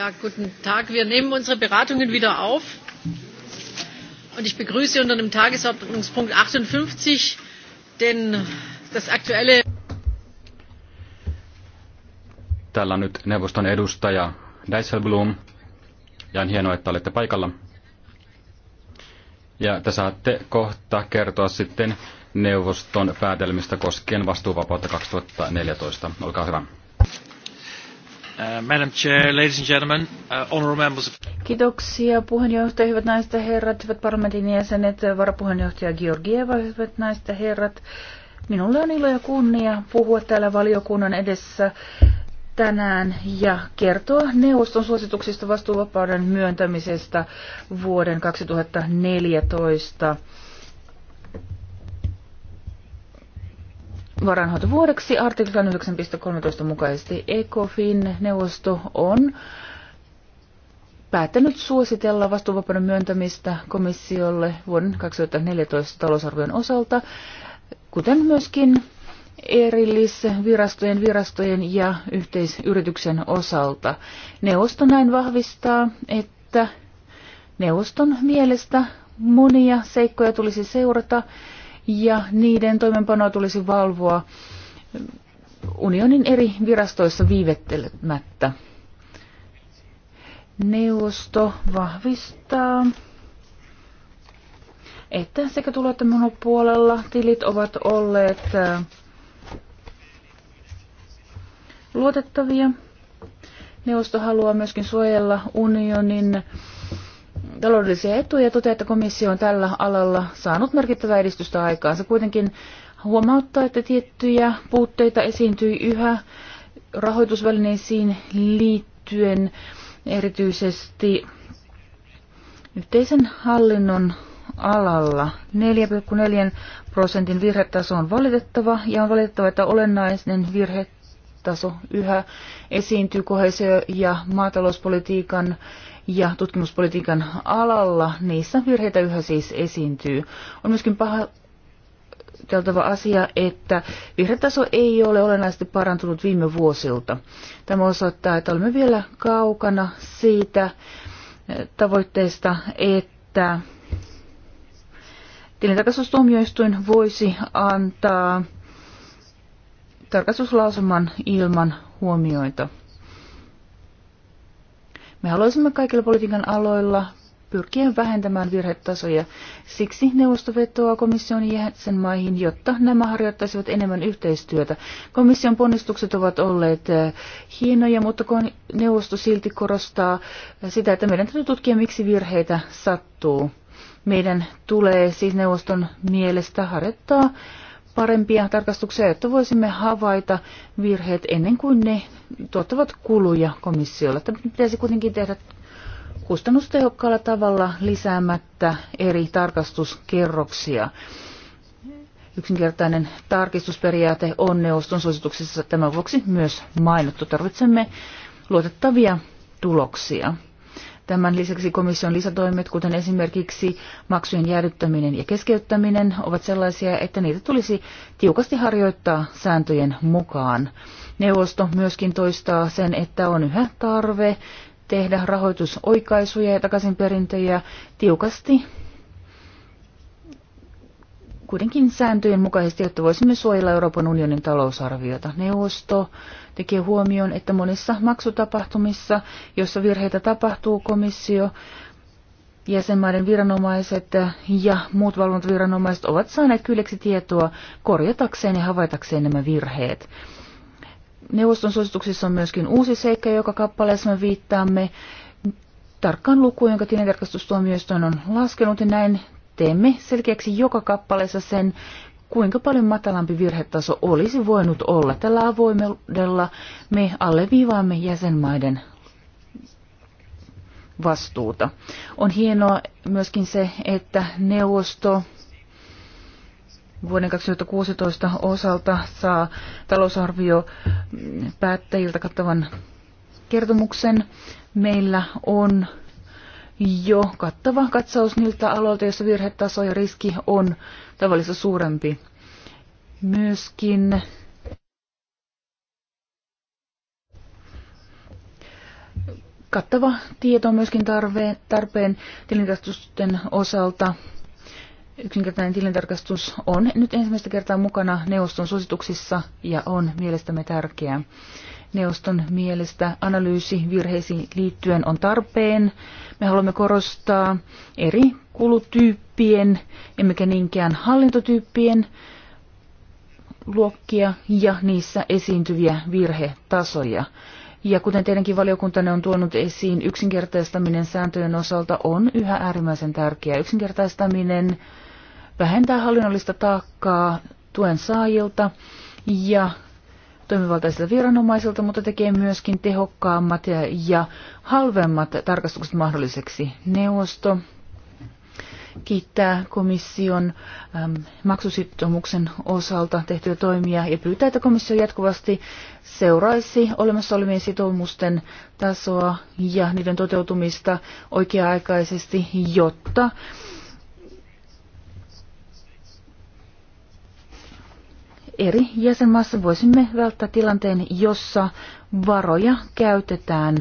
Ja, guten Tag. Wir nehmen unsere Beratungen wieder auf. Und ich begrüße unter dem Tagesordnungspunkt 58 denn das aktuelle. Täällä on nyt neuvoston edustaja Dijsselbloem. Ja on hienoa, että olette paikalla. Ja te saatte kohta kertoa sitten neuvoston päätelmistä koskien vastuuvapautta 2014. Olkaa hyvä. Uh, Madam Chair, ladies and gentlemen, uh, members of... Kiitoksia puheenjohtaja, hyvät naiset ja herrat, hyvät parlamentin jäsenet, varapuheenjohtaja Georgieva, hyvät naiset ja herrat. Minulle on ilo ja kunnia puhua täällä valiokunnan edessä tänään ja kertoa neuvoston suosituksista vastuuvapauden myöntämisestä vuoden 2014 varanhoitovuodeksi artiklan 9.13 mukaisesti ECOFIN-neuvosto on päättänyt suositella vastuuvapauden myöntämistä komissiolle vuoden 2014 talousarvion osalta, kuten myöskin erillisvirastojen, virastojen ja yhteisyrityksen osalta. Neuvosto näin vahvistaa, että neuvoston mielestä monia seikkoja tulisi seurata, ja niiden toimenpanoa tulisi valvoa unionin eri virastoissa viivettelemättä. Neuvosto vahvistaa, että sekä tulo- että menopuolella tilit ovat olleet äh, luotettavia. Neuvosto haluaa myöskin suojella unionin taloudellisia etuja ja toteaa, että komissio on tällä alalla saanut merkittävää edistystä aikaan. Se kuitenkin huomauttaa, että tiettyjä puutteita esiintyy yhä rahoitusvälineisiin liittyen erityisesti yhteisen hallinnon alalla. 4,4 prosentin virhetaso on valitettava ja on valitettava, että olennainen virhetaso yhä esiintyy kohesio- ja maatalouspolitiikan ja tutkimuspolitiikan alalla, niissä virheitä yhä siis esiintyy. On myöskin paha käsiteltävä asia, että virhetaso ei ole olennaisesti parantunut viime vuosilta. Tämä osoittaa, että olemme vielä kaukana siitä eh, tavoitteesta, että tilintarkastustuomioistuin voisi antaa tarkastuslausuman ilman huomioita. Me haluaisimme kaikilla politiikan aloilla pyrkien vähentämään virhetasoja. Siksi neuvosto vetoaa komission jäsenmaihin, jotta nämä harjoittaisivat enemmän yhteistyötä. Komission ponnistukset ovat olleet eh, hienoja, mutta neuvosto silti korostaa sitä, että meidän täytyy tutkia, miksi virheitä sattuu. Meidän tulee siis neuvoston mielestä harjoittaa parempia tarkastuksia, jotta voisimme havaita virheet ennen kuin ne tuottavat kuluja komissiolle. Tämä pitäisi kuitenkin tehdä kustannustehokkaalla tavalla lisäämättä eri tarkastuskerroksia. Yksinkertainen tarkistusperiaate on neuvoston suosituksissa tämän vuoksi myös mainittu. Tarvitsemme luotettavia tuloksia. Tämän lisäksi komission lisätoimet, kuten esimerkiksi maksujen jäädyttäminen ja keskeyttäminen, ovat sellaisia, että niitä tulisi tiukasti harjoittaa sääntöjen mukaan. Neuvosto myöskin toistaa sen, että on yhä tarve tehdä rahoitusoikaisuja ja takaisinperintöjä tiukasti kuitenkin sääntöjen mukaisesti, jotta voisimme suojella Euroopan unionin talousarviota. Neuvosto tekee huomioon, että monissa maksutapahtumissa, joissa virheitä tapahtuu, komissio, jäsenmaiden viranomaiset ja muut valvontaviranomaiset ovat saaneet kylleksi tietoa korjatakseen ja havaitakseen nämä virheet. Neuvoston suosituksissa on myöskin uusi seikka, joka kappaleessa me viittaamme tarkkaan lukuun, jonka tilintarkastustuomioistuin on laskenut, ja niin näin teemme selkeäksi joka kappaleessa sen, kuinka paljon matalampi virhetaso olisi voinut olla. Tällä avoimuudella me alleviivaamme jäsenmaiden vastuuta. On hienoa myöskin se, että neuvosto vuoden 2016 osalta saa talousarvio päättäjiltä kattavan kertomuksen. Meillä on jo kattava katsaus niiltä aloilta, joissa virhetaso ja riski on tavallista suurempi. Myöskin kattava tieto on myöskin tarve, tarpeen tilintarkastusten osalta. Yksinkertainen tilintarkastus on nyt ensimmäistä kertaa mukana neuvoston suosituksissa ja on mielestämme tärkeää. Neuvoston mielestä analyysi virheisiin liittyen on tarpeen. Me haluamme korostaa eri kulutyyppien, emmekä niinkään hallintotyyppien luokkia ja niissä esiintyviä virhetasoja. Ja kuten teidänkin valiokuntanne on tuonut esiin, yksinkertaistaminen sääntöjen osalta on yhä äärimmäisen tärkeää. Yksinkertaistaminen vähentää hallinnollista taakkaa tuen saajilta ja toimivaltaisilta viranomaisilta, mutta tekee myöskin tehokkaammat ja, ja halvemmat tarkastukset mahdolliseksi. Neuvosto kiittää komission ähm, maksusittomuksen osalta tehtyjä toimia ja pyytää, että komissio jatkuvasti seuraisi olemassa olevien sitoumusten tasoa ja niiden toteutumista oikea-aikaisesti, jotta eri jäsenmaassa voisimme välttää tilanteen, jossa varoja käytetään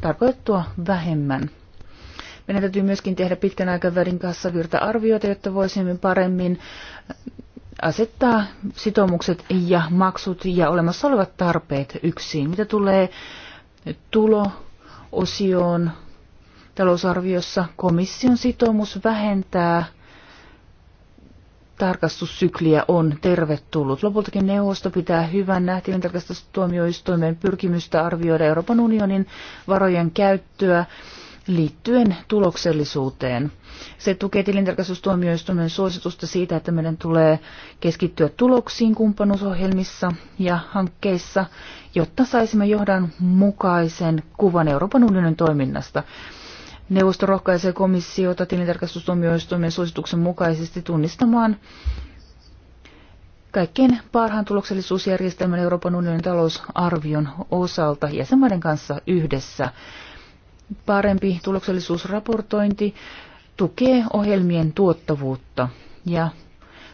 tarkoitettua vähemmän. Meidän täytyy myöskin tehdä pitkän aikavälin kassavirta-arvioita, jotta voisimme paremmin asettaa sitoumukset ja maksut ja olemassa olevat tarpeet yksin. Mitä tulee tulo-osioon talousarviossa, komission sitoumus vähentää tarkastussykliä on tervetullut. Lopultakin neuvosto pitää hyvänä tilintarkastustuomioistuimen pyrkimystä arvioida Euroopan unionin varojen käyttöä liittyen tuloksellisuuteen. Se tukee tilintarkastustuomioistuimen suositusta siitä, että meidän tulee keskittyä tuloksiin kumppanuusohjelmissa ja hankkeissa, jotta saisimme johdan mukaisen kuvan Euroopan unionin toiminnasta. Neuvosto rohkaisee komissiota tilintarkastustuomioistuimen suosituksen mukaisesti tunnistamaan kaikkein parhaan tuloksellisuusjärjestelmän Euroopan unionin talousarvion osalta jäsenmaiden kanssa yhdessä. Parempi tuloksellisuusraportointi tukee ohjelmien tuottavuutta ja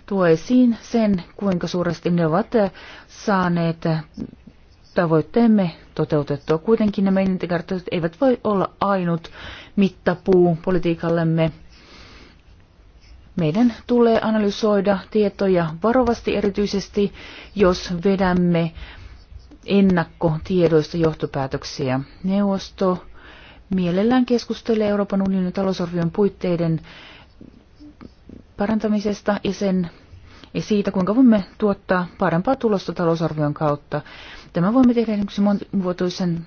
tuo esiin sen, kuinka suuresti ne ovat saaneet tavoitteemme toteutettua. Kuitenkin nämä integraatiot eivät voi olla ainut mittapuu politiikallemme. Meidän tulee analysoida tietoja varovasti erityisesti, jos vedämme ennakkotiedoista johtopäätöksiä. Neuvosto mielellään keskustelee Euroopan unionin talousarvion puitteiden parantamisesta ja sen ja siitä, kuinka voimme tuottaa parempaa tulosta talousarvion kautta. Tämä voimme tehdä yksi monivuotoisen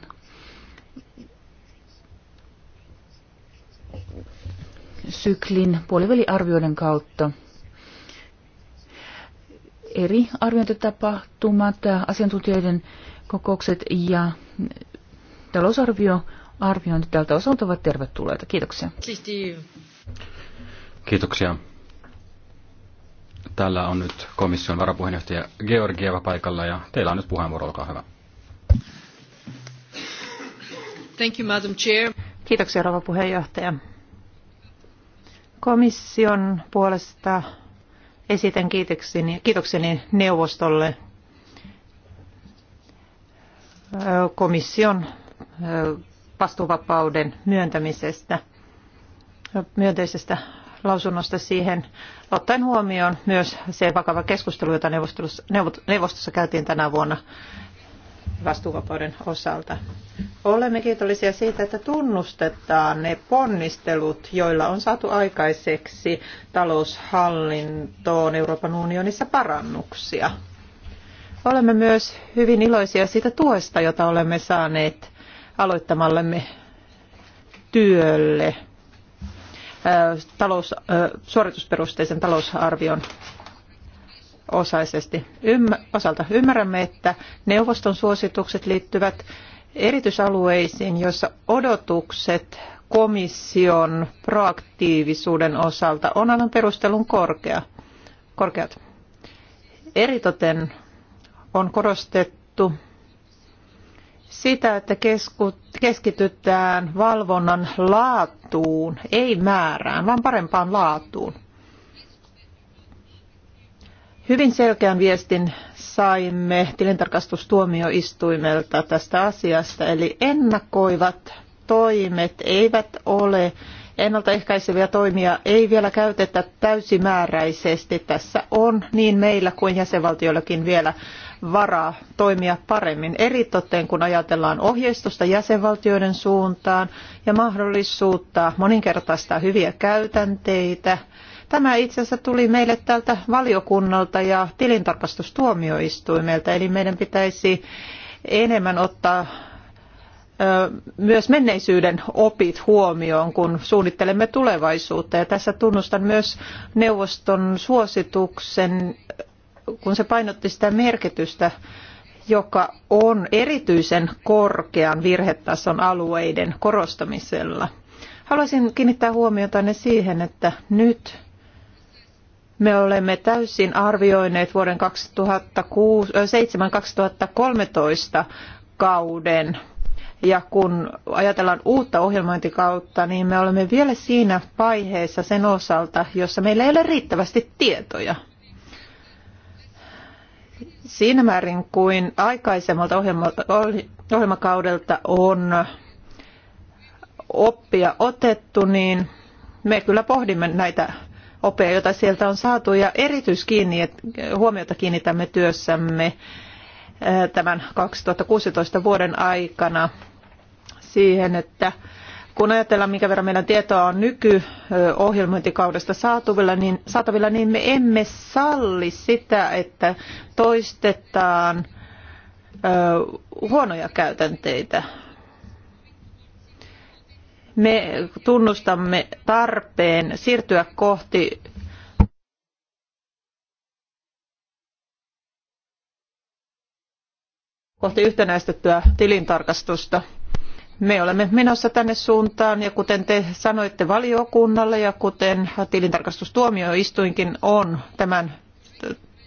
syklin puoliväliarvioiden kautta. Eri arviointitapahtumat, asiantuntijoiden kokoukset ja talousarvio arviointi tältä osalta ovat tervetulleita. Kiitoksia. Kiitoksia. Täällä on nyt komission varapuheenjohtaja Georgieva paikalla ja teillä on nyt puheenvuoro, olkaa hyvä. Thank you, Madam Chair. Kiitoksia, rouva puheenjohtaja. Komission puolesta esitän kiitokseni, kiitokseni neuvostolle komission vastuuvapauden myöntämisestä, myönteisestä lausunnosta siihen, ottaen huomioon myös se vakava keskustelu, jota neuvostossa, neuvostossa käytiin tänä vuonna vastuuvapauden osalta. Olemme kiitollisia siitä, että tunnustetaan ne ponnistelut, joilla on saatu aikaiseksi taloushallintoon Euroopan unionissa parannuksia. Olemme myös hyvin iloisia siitä tuesta, jota olemme saaneet aloittamallemme työlle talous, suoritusperusteisen talousarvion osaisesti. osalta ymmärrämme, että neuvoston suositukset liittyvät erityisalueisiin, joissa odotukset komission proaktiivisuuden osalta on aivan perustelun korkea, korkeat. Eritoten on korostettu sitä, että keskitytään valvonnan laatuun, ei määrään, vaan parempaan laatuun. Hyvin selkeän viestin saimme tilintarkastustuomioistuimelta tästä asiasta, eli ennakoivat toimet eivät ole, ennaltaehkäiseviä toimia ei vielä käytetä täysimääräisesti. Tässä on niin meillä kuin jäsenvaltioillakin vielä varaa toimia paremmin, eritoten kun ajatellaan ohjeistusta jäsenvaltioiden suuntaan ja mahdollisuutta moninkertaistaa hyviä käytänteitä. Tämä itse asiassa tuli meille tältä valiokunnalta ja tilintarkastustuomioistuimelta, eli meidän pitäisi enemmän ottaa myös menneisyyden opit huomioon, kun suunnittelemme tulevaisuutta. Ja tässä tunnustan myös neuvoston suosituksen kun se painotti sitä merkitystä, joka on erityisen korkean virhetason alueiden korostamisella. Haluaisin kiinnittää huomiota ne siihen, että nyt me olemme täysin arvioineet vuoden 2007-2013 kauden. Ja kun ajatellaan uutta ohjelmointikautta, niin me olemme vielä siinä vaiheessa sen osalta, jossa meillä ei ole riittävästi tietoja siinä määrin kuin aikaisemmalta ohjelmakaudelta on oppia otettu, niin me kyllä pohdimme näitä oppeja, joita sieltä on saatu, ja erityiskiinni, huomiota kiinnitämme työssämme eh, tämän 2016 vuoden aikana siihen, että kun ajatellaan, minkä verran meillä tietoa on nykyohjelmointikaudesta niin, saatavilla, niin, me emme salli sitä, että toistetaan huonoja käytänteitä. Me tunnustamme tarpeen siirtyä kohti kohti yhtenäistettyä tilintarkastusta. Me olemme menossa tänne suuntaan ja kuten te sanoitte valiokunnalle ja kuten tilintarkastustuomioistuinkin on tämän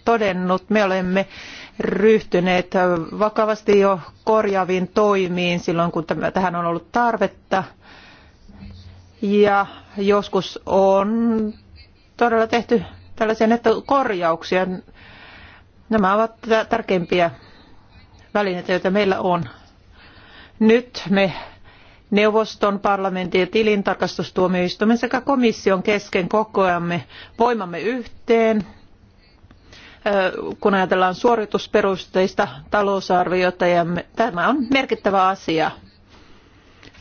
todennut, me olemme ryhtyneet vakavasti jo korjaaviin toimiin silloin, kun tähän on ollut tarvetta. Ja joskus on todella tehty tällaisia nettokorjauksia. Nämä ovat tärkeimpiä välineitä, joita meillä on nyt me neuvoston, parlamentin ja tilintarkastustuomioistuimen sekä komission kesken kokoamme voimamme yhteen, kun ajatellaan suoritusperusteista talousarviota ja tämä on merkittävä asia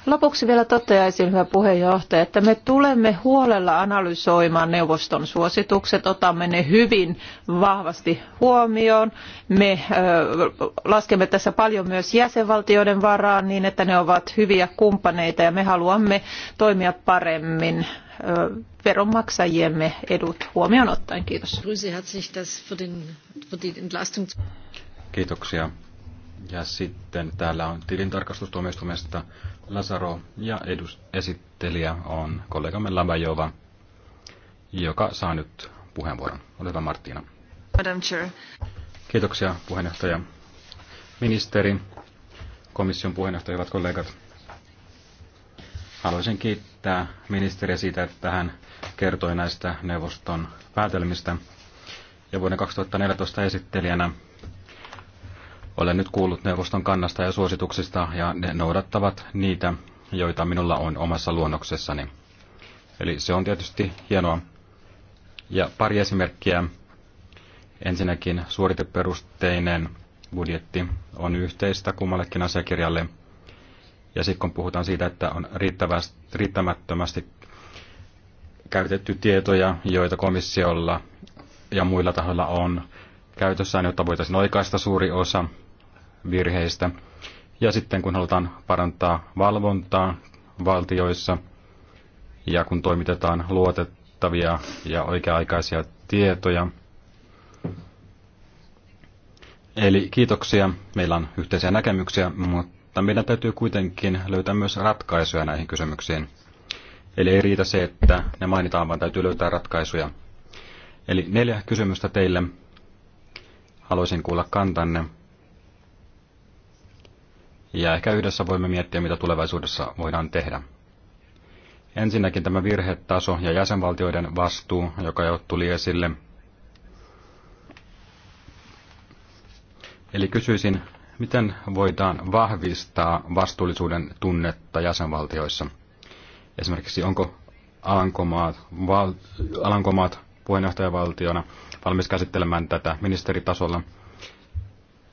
Lopuksi vielä toteaisin, hyvä puheenjohtaja, että me tulemme huolella analysoimaan neuvoston suositukset, otamme ne hyvin vahvasti huomioon. Me laskemme tässä paljon myös jäsenvaltioiden varaan niin, että ne ovat hyviä kumppaneita ja me haluamme toimia paremmin veronmaksajiemme edut huomioon ottaen. Kiitos. Kiitoksia ja sitten täällä on tilintarkastustuomioistuimesta Lasaro ja edus- esittelijä on kollegamme Labajova, joka saa nyt puheenvuoron. Ole hyvä Martina. Madam Chair. Kiitoksia puheenjohtaja. Ministeri, komission puheenjohtaja, hyvät kollegat. Haluaisin kiittää ministeriä siitä, että hän kertoi näistä neuvoston päätelmistä. Ja vuoden 2014 esittelijänä olen nyt kuullut neuvoston kannasta ja suosituksista, ja ne noudattavat niitä, joita minulla on omassa luonnoksessani. Eli se on tietysti hienoa. Ja pari esimerkkiä. Ensinnäkin suoriteperusteinen budjetti on yhteistä kummallekin asiakirjalle. Ja sitten kun puhutaan siitä, että on riittämättömästi käytetty tietoja, joita komissiolla ja muilla tahoilla on käytössään, jotta voitaisiin oikaista suuri osa virheistä. Ja sitten kun halutaan parantaa valvontaa valtioissa ja kun toimitetaan luotettavia ja oikea-aikaisia tietoja. Eli kiitoksia. Meillä on yhteisiä näkemyksiä, mutta meidän täytyy kuitenkin löytää myös ratkaisuja näihin kysymyksiin. Eli ei riitä se, että ne mainitaan, vaan täytyy löytää ratkaisuja. Eli neljä kysymystä teille. Haluaisin kuulla kantanne. Ja ehkä yhdessä voimme miettiä, mitä tulevaisuudessa voidaan tehdä. Ensinnäkin tämä virhetaso ja jäsenvaltioiden vastuu, joka jo tuli esille. Eli kysyisin, miten voidaan vahvistaa vastuullisuuden tunnetta jäsenvaltioissa? Esimerkiksi onko Alankomaat, val, Alankomaat puheenjohtajavaltiona valmis käsittelemään tätä ministeritasolla.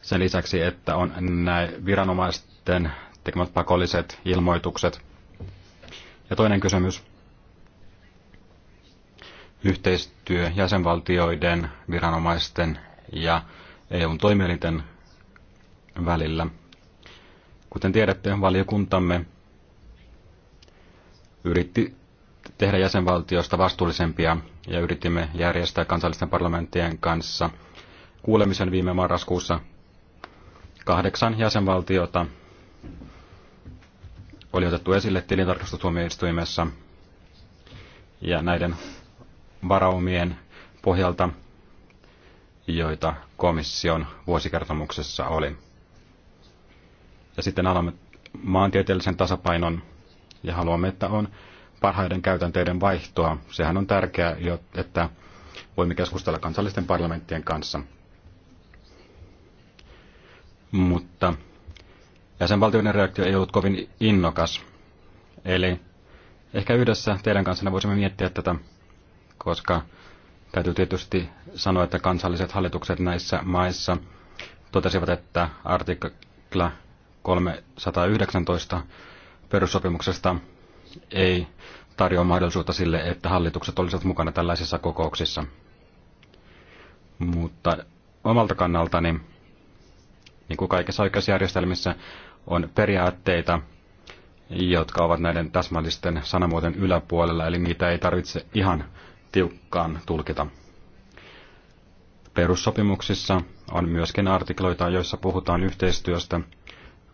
Sen lisäksi, että on näin viranomaisten tekemät pakolliset ilmoitukset. Ja toinen kysymys. Yhteistyö jäsenvaltioiden, viranomaisten ja EUn toimielinten välillä. Kuten tiedätte, valiokuntamme yritti tehdä jäsenvaltiosta vastuullisempia ja yritimme järjestää kansallisten parlamenttien kanssa kuulemisen viime marraskuussa. Kahdeksan jäsenvaltiota oli otettu esille tilintarkastustuomioistuimessa ja näiden varaumien pohjalta, joita komission vuosikertomuksessa oli. Ja sitten alamme maantieteellisen tasapainon ja haluamme, että on parhaiden käytänteiden vaihtoa. Sehän on tärkeää, että voimme keskustella kansallisten parlamenttien kanssa. Mutta jäsenvaltioiden reaktio ei ollut kovin innokas. Eli ehkä yhdessä teidän kanssanne voisimme miettiä tätä, koska täytyy tietysti sanoa, että kansalliset hallitukset näissä maissa totesivat, että artikla 319 perussopimuksesta ei tarjoa mahdollisuutta sille, että hallitukset olisivat mukana tällaisissa kokouksissa. Mutta omalta kannaltani, niin kuin kaikissa oikeusjärjestelmissä, on periaatteita, jotka ovat näiden täsmällisten sanamuoten yläpuolella, eli niitä ei tarvitse ihan tiukkaan tulkita. Perussopimuksissa on myöskin artikloita, joissa puhutaan yhteistyöstä,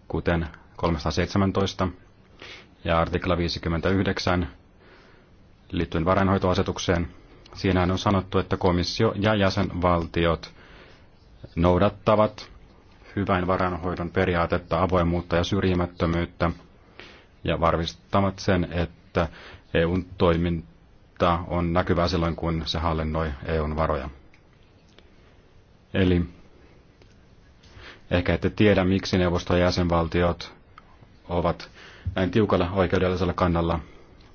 kuten 317 ja artikla 59 liittyen varainhoitoasetukseen. Siinähän on sanottu, että komissio ja jäsenvaltiot noudattavat hyvän varainhoidon periaatetta, avoimuutta ja syrjimättömyyttä ja varmistavat sen, että EUn toiminta on näkyvää silloin, kun se hallinnoi EUn varoja. Eli ehkä ette tiedä, miksi neuvoston jäsenvaltiot ovat näin tiukalla oikeudellisella kannalla.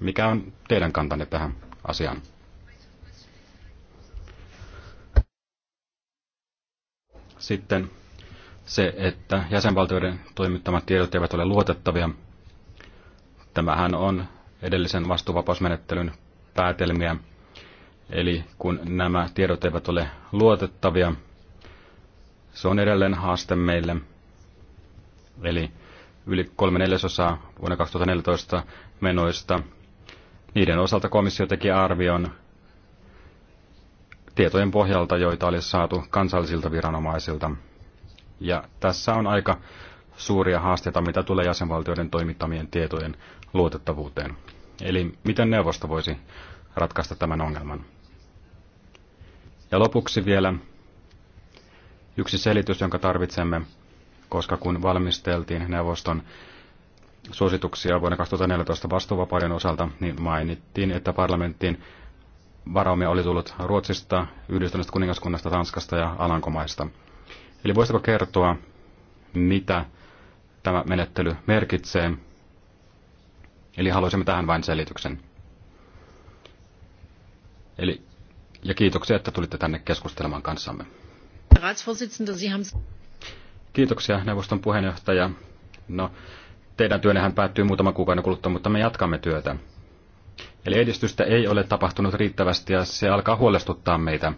Mikä on teidän kantanne tähän asiaan? Sitten se, että jäsenvaltioiden toimittamat tiedot eivät ole luotettavia. Tämähän on edellisen vastuuvapausmenettelyn päätelmiä. Eli kun nämä tiedot eivät ole luotettavia, se on edelleen haaste meille. Eli yli kolme neljäsosaa vuonna 2014 menoista. Niiden osalta komissio teki arvion tietojen pohjalta, joita oli saatu kansallisilta viranomaisilta. Ja tässä on aika suuria haasteita, mitä tulee jäsenvaltioiden toimittamien tietojen luotettavuuteen. Eli miten neuvosto voisi ratkaista tämän ongelman? Ja lopuksi vielä yksi selitys, jonka tarvitsemme, koska kun valmisteltiin neuvoston suosituksia vuonna 2014 vastuuvapauden osalta, niin mainittiin, että parlamentin varaumia oli tullut Ruotsista, Yhdistyneestä kuningaskunnasta, Tanskasta ja Alankomaista. Eli voisitko kertoa, mitä tämä menettely merkitsee? Eli haluaisimme tähän vain selityksen. Eli, ja kiitoksia, että tulitte tänne keskustelemaan kanssamme. Kiitoksia neuvoston puheenjohtaja. No, teidän työnnehän päättyy muutama kuukauden kuluttua, mutta me jatkamme työtä. Eli edistystä ei ole tapahtunut riittävästi ja se alkaa huolestuttaa meitä.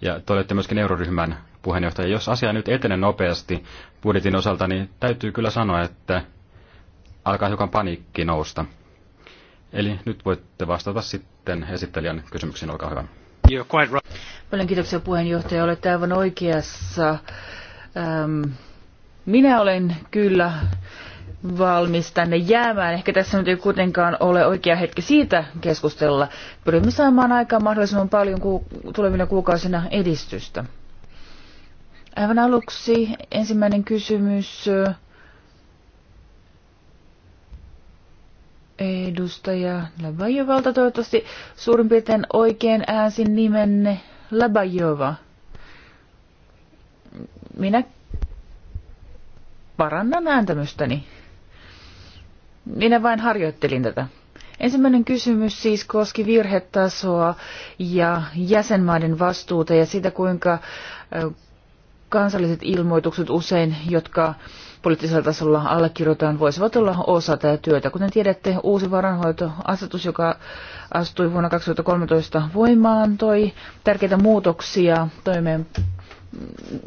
Ja te olette myöskin euroryhmän puheenjohtaja. Jos asia nyt etenee nopeasti budjetin osalta, niin täytyy kyllä sanoa, että alkaa hiukan paniikki nousta. Eli nyt voitte vastata sitten esittelijän kysymyksiin, olkaa hyvä. Paljon kiitoksia puheenjohtaja, olette aivan oikeassa minä olen kyllä valmis tänne jäämään. Ehkä tässä nyt ei kuitenkaan ole oikea hetki siitä keskustella. Pyrimme saamaan aikaan mahdollisimman paljon ku- tulevina kuukausina edistystä. Aivan aluksi ensimmäinen kysymys. Edustaja Labajovalta toivottavasti suurin piirtein oikein äänsin nimenne Labajova minä parannan ääntämystäni. Minä vain harjoittelin tätä. Ensimmäinen kysymys siis koski virhetasoa ja jäsenmaiden vastuuta ja sitä, kuinka kansalliset ilmoitukset usein, jotka poliittisella tasolla allekirjoitetaan, voisivat olla osa tätä työtä. Kuten tiedätte, uusi varanhoitoasetus, joka astui vuonna 2013 voimaan, toi tärkeitä muutoksia toimeen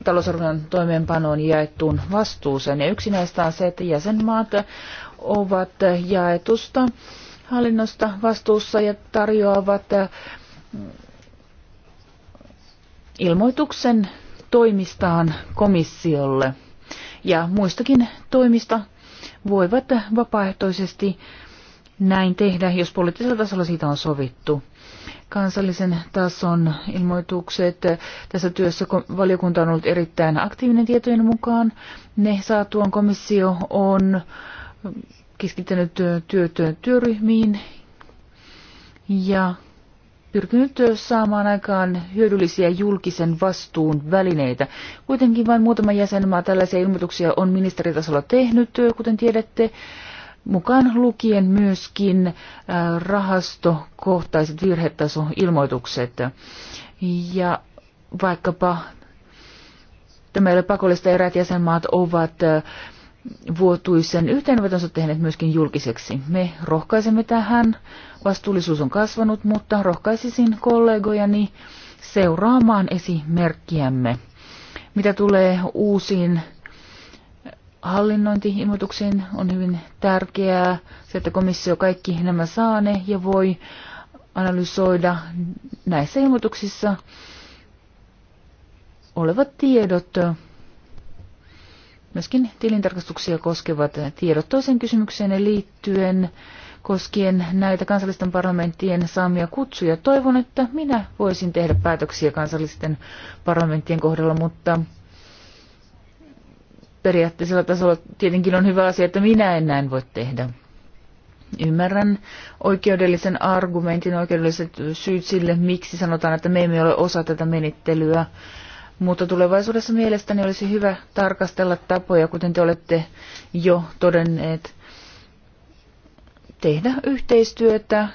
talousarvion toimeenpanoon jaettuun vastuuseen. Ja yksi näistä on se, että jäsenmaat ovat jaetusta hallinnosta vastuussa ja tarjoavat äh, ilmoituksen toimistaan komissiolle. Ja muistakin toimista voivat vapaaehtoisesti näin tehdä, jos poliittisella tasolla siitä on sovittu kansallisen tason ilmoitukset. Tässä työssä valiokunta on ollut erittäin aktiivinen tietojen mukaan. Ne saatuan komissio on keskittänyt työt työryhmiin ja pyrkinyt saamaan aikaan hyödyllisiä julkisen vastuun välineitä. Kuitenkin vain muutama jäsenmaa tällaisia ilmoituksia on ministeritasolla tehnyt, kuten tiedätte mukaan lukien myöskin äh, rahastokohtaiset virhetasoilmoitukset. Ja vaikkapa tämä ei ole pakollista, eräät jäsenmaat ovat äh, vuotuisen yhteenvetonsa tehneet myöskin julkiseksi. Me rohkaisemme tähän, vastuullisuus on kasvanut, mutta rohkaisisin kollegojani seuraamaan esimerkkiämme. Mitä tulee uusiin hallinnointi on hyvin tärkeää, se, että komissio kaikki nämä saa ne ja voi analysoida näissä ilmoituksissa olevat tiedot, myöskin tilintarkastuksia koskevat tiedot. Toisen kysymykseen liittyen koskien näitä kansallisten parlamenttien saamia kutsuja. Toivon, että minä voisin tehdä päätöksiä kansallisten parlamenttien kohdalla, mutta periaatteisella tasolla tietenkin on hyvä asia, että minä en näin voi tehdä. Ymmärrän oikeudellisen argumentin, oikeudelliset syyt sille, miksi sanotaan, että me emme ole osa tätä menettelyä. Mutta tulevaisuudessa mielestäni olisi hyvä tarkastella tapoja, kuten te olette jo todenneet, tehdä yhteistyötä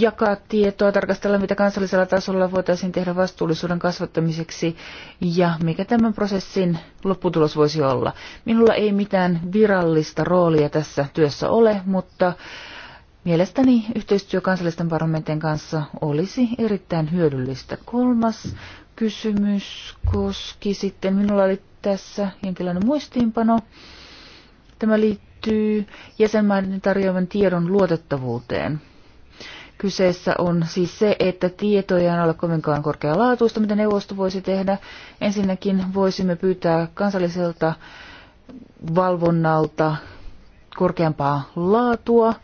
jakaa tietoa, tarkastella mitä kansallisella tasolla voitaisiin tehdä vastuullisuuden kasvattamiseksi ja mikä tämän prosessin lopputulos voisi olla. Minulla ei mitään virallista roolia tässä työssä ole, mutta Mielestäni yhteistyö kansallisten parlamentin kanssa olisi erittäin hyödyllistä. Kolmas kysymys koski sitten, minulla oli tässä jonkinlainen muistiinpano. Tämä liittyy jäsenmaiden tarjoavan tiedon luotettavuuteen. Kyseessä on siis se, että tietoja ei ole kovinkaan korkealaatuista, mitä neuvosto voisi tehdä. Ensinnäkin voisimme pyytää kansalliselta valvonnalta korkeampaa laatua.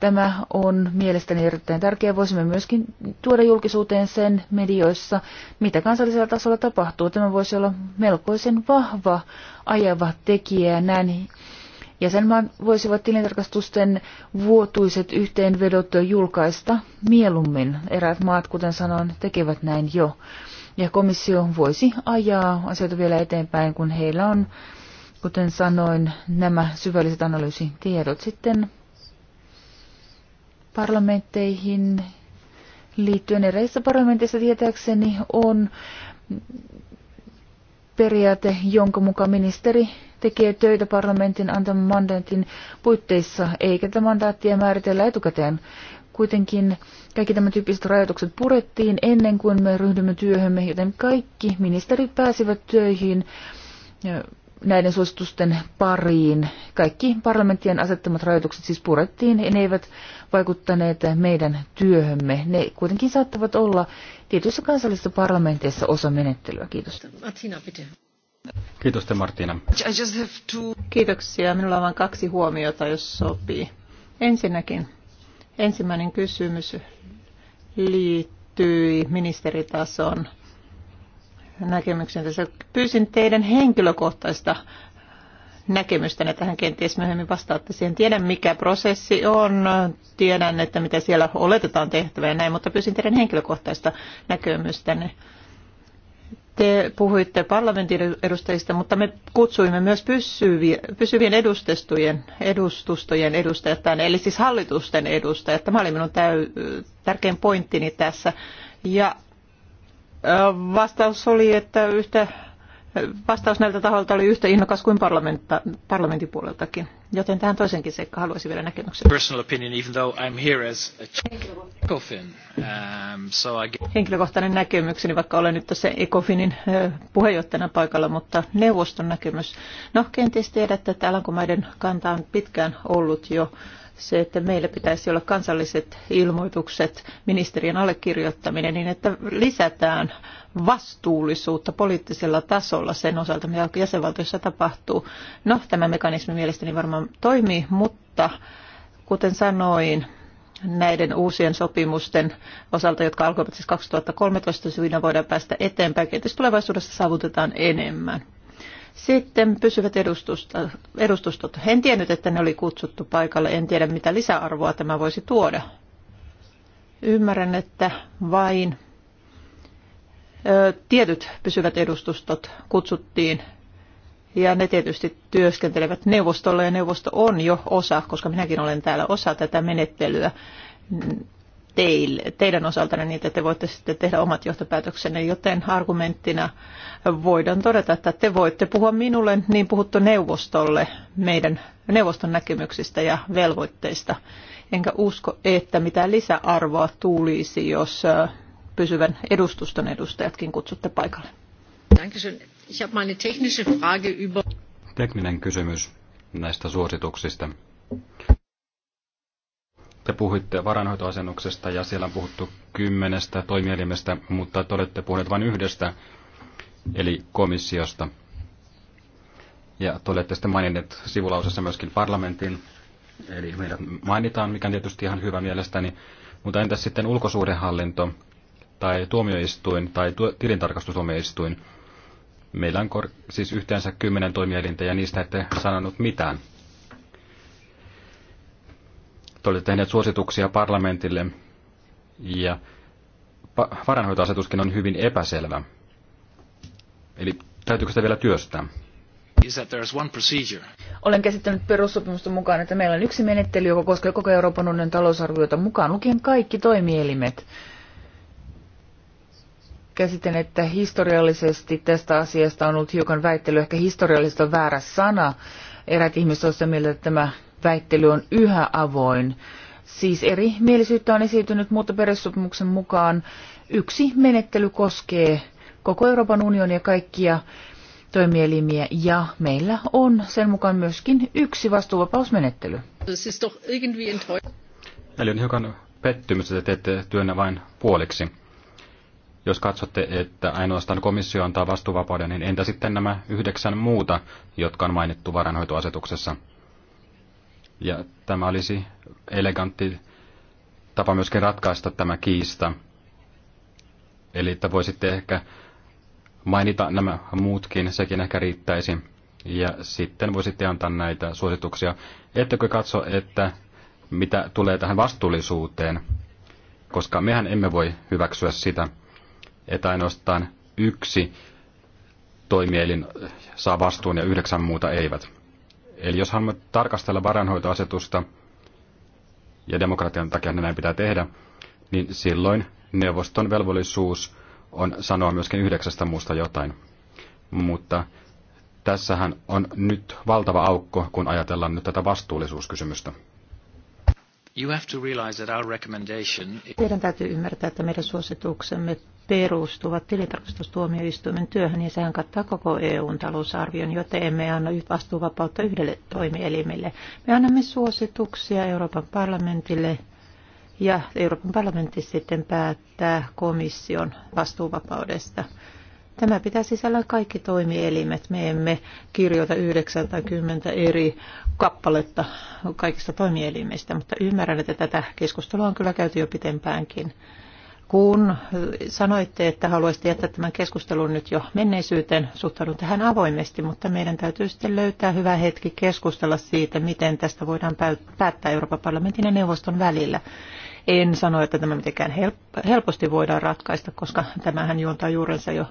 Tämä on mielestäni erittäin tärkeää. Voisimme myöskin tuoda julkisuuteen sen medioissa, mitä kansallisella tasolla tapahtuu. Tämä voisi olla melkoisen vahva ajava tekijä. Näin Jäsenmaat voisivat tilintarkastusten vuotuiset yhteenvedot julkaista mieluummin. Eräät maat, kuten sanoin, tekevät näin jo. Ja komissio voisi ajaa asioita vielä eteenpäin, kun heillä on, kuten sanoin, nämä syvälliset analyysitiedot sitten parlamentteihin liittyen. Eräissä parlamenteissa tietääkseni on periaate, jonka mukaan ministeri tekee töitä parlamentin antaman mandaatin puitteissa, eikä tätä mandaattia määritellä etukäteen. Kuitenkin kaikki tämän tyyppiset rajoitukset purettiin ennen kuin me ryhdymme työhömme, joten kaikki ministerit pääsivät töihin näiden suositusten pariin. Kaikki parlamenttien asettamat rajoitukset siis purettiin ja ne eivät vaikuttaneet meidän työhömme. Ne kuitenkin saattavat olla tietyissä kansallisissa parlamenteissa osa menettelyä. Kiitos. Martina, bitte. Kiitos te Martina. Kiitoksia. Minulla on vain kaksi huomiota, jos sopii. Ensinnäkin, ensimmäinen kysymys liittyy ministeritason näkemykseen tässä. Pyysin teidän henkilökohtaista että tähän kenties myöhemmin vastaatte siihen. Tiedän, mikä prosessi on, tiedän, että mitä siellä oletetaan tehtävä ja näin, mutta pyysin teidän henkilökohtaista näkemystänne. Te puhuitte parlamentin edustajista, mutta me kutsuimme myös pysyvien edustustojen, edustustojen edustajat tänne, eli siis hallitusten edustajat. Tämä oli minun täy- tärkein pointtini tässä. Ja vastaus oli, että yhtä vastaus näiltä tahoilta oli yhtä innokas kuin parlamentin puoleltakin. Joten tähän toisenkin seikka haluaisin vielä näkemyksen. Personal opinion, even though I'm here as a Ecofin, um, so I... Henkilökohtainen näkemykseni, vaikka olen nyt tässä Ecofinin puheenjohtajana paikalla, mutta neuvoston näkemys. No, kenties tiedätte, että Alankomaiden kanta on pitkään ollut jo se, että meillä pitäisi olla kansalliset ilmoitukset, ministerien allekirjoittaminen, niin että lisätään vastuullisuutta poliittisella tasolla sen osalta, mitä jäsenvaltiossa tapahtuu. No, tämä mekanismi mielestäni varmaan toimii, mutta kuten sanoin, näiden uusien sopimusten osalta, jotka alkoivat siis 2013, siinä voidaan päästä eteenpäin. Tietysti tulevaisuudessa saavutetaan enemmän. Sitten pysyvät edustustot. En tiennyt, että ne oli kutsuttu paikalle. En tiedä, mitä lisäarvoa tämä voisi tuoda. Ymmärrän, että vain tietyt pysyvät edustustot kutsuttiin. Ja ne tietysti työskentelevät neuvostolla ja neuvosto on jo osa, koska minäkin olen täällä osa tätä menettelyä teille, teidän osaltanne niin, että te voitte sitten tehdä omat johtopäätöksenne, joten argumenttina voidaan todeta, että te voitte puhua minulle niin puhuttu neuvostolle meidän neuvoston näkemyksistä ja velvoitteista. Enkä usko, että mitään lisäarvoa tulisi, jos pysyvän edustuston edustajatkin kutsutte paikalle. Tekninen kysymys näistä suosituksista. Te puhuitte varainhoitoasennuksesta ja siellä on puhuttu kymmenestä toimielimestä, mutta te olette puhuneet vain yhdestä, eli komissiosta. Ja te olette sitten maininneet sivulausessa myöskin parlamentin, eli meidät mainitaan, mikä on tietysti ihan hyvä mielestäni. Mutta entäs sitten ulkosuhdehallinto tai tuomioistuin tai tu- tilintarkastustuomioistuin? Meillä on siis yhteensä kymmenen toimielintä ja niistä ette sanonut mitään. Te olette tehneet suosituksia parlamentille ja varanhoitoasetuskin on hyvin epäselvä. Eli täytyykö sitä vielä työstää? Olen käsittänyt perussopimusten mukaan, että meillä on yksi menettely, joka koskee koko Euroopan unionin talousarviota mukaan lukien kaikki toimielimet. Käsitän, että historiallisesti tästä asiasta on ollut hiukan väittely, ehkä historiallisesti on väärä sana. Erät ihmiset ovat sitä mieltä, että tämä väittely on yhä avoin. Siis eri mielisyyttä on esiintynyt, mutta perussopimuksen mukaan yksi menettely koskee koko Euroopan unionia kaikkia toimielimiä ja meillä on sen mukaan myöskin yksi vastuuvapausmenettely. Eli on hiukan pettymys, että teette työnne vain puoliksi. Jos katsotte, että ainoastaan komissio antaa vastuuvapauden, niin entä sitten nämä yhdeksän muuta, jotka on mainittu varainhoitoasetuksessa? Ja tämä olisi elegantti tapa myöskin ratkaista tämä kiista. Eli että voisitte ehkä mainita nämä muutkin, sekin ehkä riittäisi. Ja sitten voisitte antaa näitä suosituksia. Ettekö katso, että mitä tulee tähän vastuullisuuteen, koska mehän emme voi hyväksyä sitä, että ainoastaan yksi toimielin saa vastuun ja yhdeksän muuta eivät. Eli jos haluamme tarkastella varainhoitoasetusta, ja demokratian takia näin pitää tehdä, niin silloin neuvoston velvollisuus on sanoa myöskin yhdeksästä muusta jotain. Mutta tässähän on nyt valtava aukko, kun ajatellaan nyt tätä vastuullisuuskysymystä. Teidän täytyy ymmärtää, että meidän suosituksemme perustuvat tilintarkastustuomioistuimen työhön ja sehän kattaa koko EUn talousarvion, joten emme anna vastuuvapautta yhdelle toimielimelle. Me annamme suosituksia Euroopan parlamentille ja Euroopan parlamentti sitten päättää komission vastuuvapaudesta. Tämä pitää sisällään kaikki toimielimet. Me emme kirjoita 90 eri kappaletta kaikista toimielimistä, mutta ymmärrän, että tätä keskustelua on kyllä käyty jo pitempäänkin. Kun sanoitte, että haluaisitte jättää tämän keskustelun nyt jo menneisyyteen, suhtaudun tähän avoimesti, mutta meidän täytyy sitten löytää hyvä hetki keskustella siitä, miten tästä voidaan päättää Euroopan parlamentin ja neuvoston välillä. En sano, että tämä mitenkään helposti voidaan ratkaista, koska tämähän juontaa juurensa jo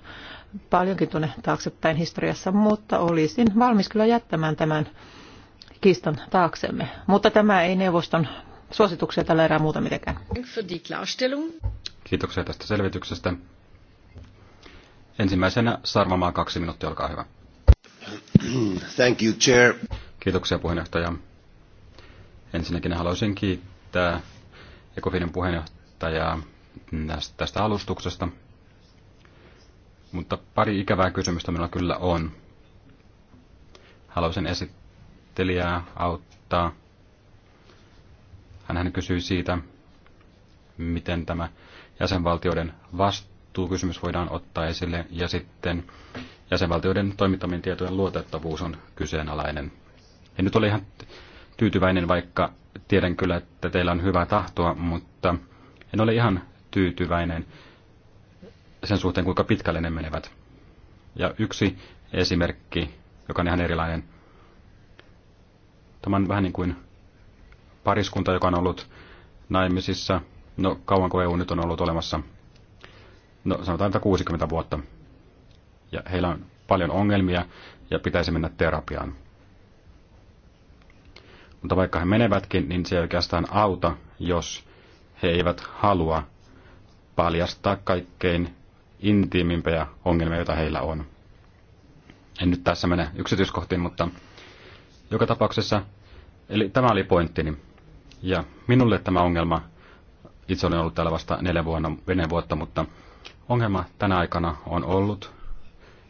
paljonkin tuonne taaksepäin historiassa, mutta olisin valmis kyllä jättämään tämän kiistan taaksemme. Mutta tämä ei neuvoston suosituksia tällä erää muuta mitenkään. Kiitoksia tästä selvityksestä. Ensimmäisenä Sarvamaa kaksi minuuttia, olkaa hyvä. Thank you, chair. Kiitoksia puheenjohtaja. Ensinnäkin haluaisin kiittää Ecofinin puheenjohtajaa tästä alustuksesta. Mutta pari ikävää kysymystä minulla kyllä on. Haluaisin esittelijää auttaa. Hän kysyi siitä, miten tämä jäsenvaltioiden vastuukysymys voidaan ottaa esille, ja sitten jäsenvaltioiden toimittamien tietojen luotettavuus on kyseenalainen. En nyt ole ihan tyytyväinen, vaikka tiedän kyllä, että teillä on hyvää tahtoa, mutta en ole ihan tyytyväinen sen suhteen, kuinka pitkälle ne menevät. Ja yksi esimerkki, joka on ihan erilainen, tämä on vähän niin kuin pariskunta, joka on ollut naimisissa, no kauanko EU nyt on ollut olemassa, no sanotaan, että 60 vuotta. Ja heillä on paljon ongelmia ja pitäisi mennä terapiaan. Mutta vaikka he menevätkin, niin se ei oikeastaan auta, jos he eivät halua paljastaa kaikkein intiimimpiä ongelmia, joita heillä on. En nyt tässä mene yksityiskohtiin, mutta joka tapauksessa, eli tämä oli pointtini. Ja minulle tämä ongelma, itse olen ollut täällä vasta neljä, vuonna, neljä vuotta, mutta ongelma tänä aikana on ollut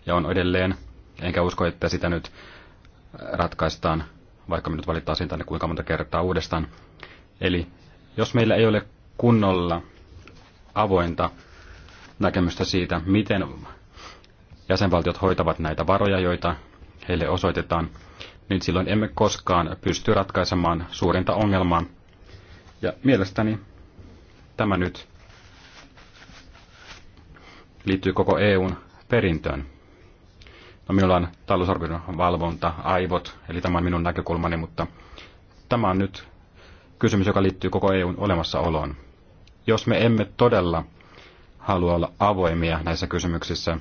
ja on edelleen, enkä usko, että sitä nyt äh, ratkaistaan, vaikka minut valittaisiin tänne kuinka monta kertaa uudestaan. Eli jos meillä ei ole kunnolla avointa näkemystä siitä, miten jäsenvaltiot hoitavat näitä varoja, joita heille osoitetaan, niin silloin emme koskaan pysty ratkaisemaan suurinta ongelmaa. Ja mielestäni tämä nyt liittyy koko EUn perintöön. No, minulla on talousarvion valvonta, aivot, eli tämä on minun näkökulmani, mutta tämä on nyt kysymys, joka liittyy koko EUn olemassaoloon. Jos me emme todella haluaa olla avoimia näissä kysymyksissä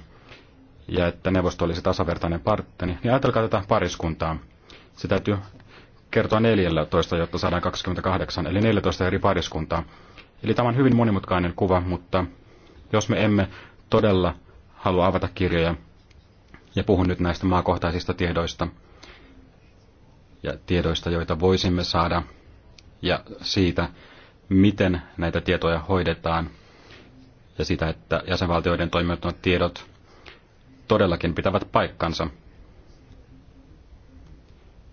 ja että neuvosto olisi tasavertainen partteri. niin ajatelkaa tätä pariskuntaa. Se täytyy kertoa 14, jotta saadaan 28, eli 14 eri pariskuntaa. Eli tämä on hyvin monimutkainen kuva, mutta jos me emme todella halua avata kirjoja, ja puhun nyt näistä maakohtaisista tiedoista, ja tiedoista, joita voisimme saada, ja siitä, miten näitä tietoja hoidetaan ja sitä, että jäsenvaltioiden toimittamat tiedot todellakin pitävät paikkansa.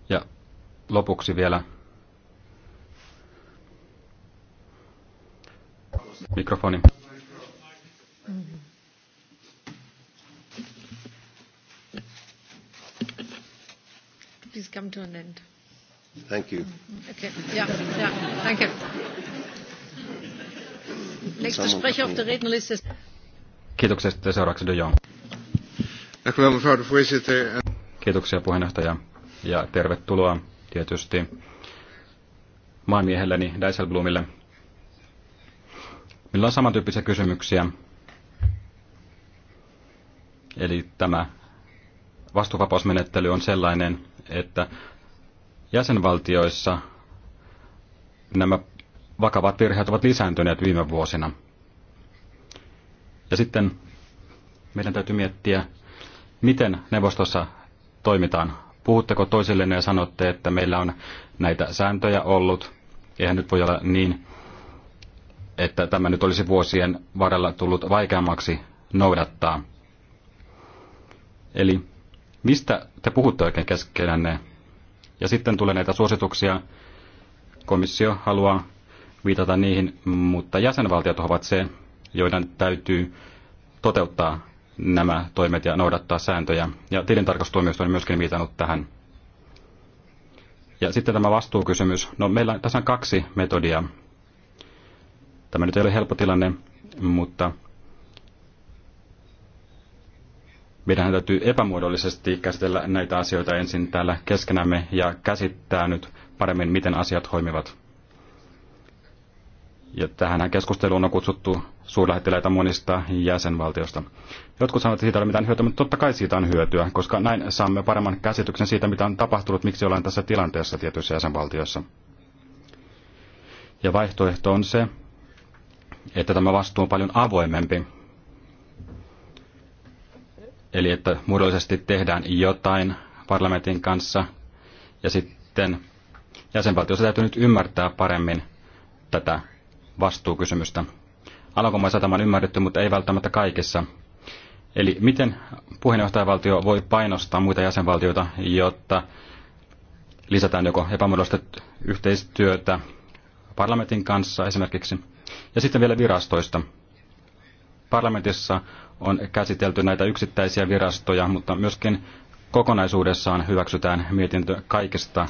Ja lopuksi vielä mikrofoni. Please come to an end. Thank you. Mm-hmm. Okay. Yeah, yeah. Thank you. Kiitoksia sitten seuraavaksi De Jong. Kiitoksia puheenjohtaja ja tervetuloa tietysti maanmiehelleni Dijsselbloomille. Minulla on samantyyppisiä kysymyksiä. Eli tämä vastuvapausmenettely on sellainen, että jäsenvaltioissa nämä vakavat virheet ovat lisääntyneet viime vuosina. Ja sitten meidän täytyy miettiä, miten neuvostossa toimitaan. Puhutteko toisillenne ja sanotte, että meillä on näitä sääntöjä ollut. Eihän nyt voi olla niin, että tämä nyt olisi vuosien varrella tullut vaikeammaksi noudattaa. Eli mistä te puhutte oikein keskenänne? Ja sitten tulee näitä suosituksia. Komissio haluaa viitata niihin, mutta jäsenvaltiot ovat se, joiden täytyy toteuttaa nämä toimet ja noudattaa sääntöjä. Ja tilintarkastustuomioistuin on myöskin viitannut tähän. Ja sitten tämä vastuukysymys. No meillä tässä on kaksi metodia. Tämä nyt ei ole helppo tilanne, mutta meidän täytyy epämuodollisesti käsitellä näitä asioita ensin täällä keskenämme ja käsittää nyt paremmin, miten asiat toimivat. Ja tähän keskusteluun on kutsuttu suurlähettiläitä monista jäsenvaltiosta. Jotkut sanovat, että siitä ei ole mitään hyötyä, mutta totta kai siitä on hyötyä, koska näin saamme paremman käsityksen siitä, mitä on tapahtunut, miksi ollaan tässä tilanteessa tietyissä jäsenvaltioissa. Ja vaihtoehto on se, että tämä vastuu on paljon avoimempi. Eli että muodollisesti tehdään jotain parlamentin kanssa ja sitten jäsenvaltiossa täytyy nyt ymmärtää paremmin tätä vastuukysymystä. Alankomaan tämä on ymmärretty, mutta ei välttämättä kaikessa. Eli miten puheenjohtajavaltio voi painostaa muita jäsenvaltioita, jotta lisätään joko epämuodollista yhteistyötä parlamentin kanssa esimerkiksi. Ja sitten vielä virastoista. Parlamentissa on käsitelty näitä yksittäisiä virastoja, mutta myöskin kokonaisuudessaan hyväksytään mietintö kaikista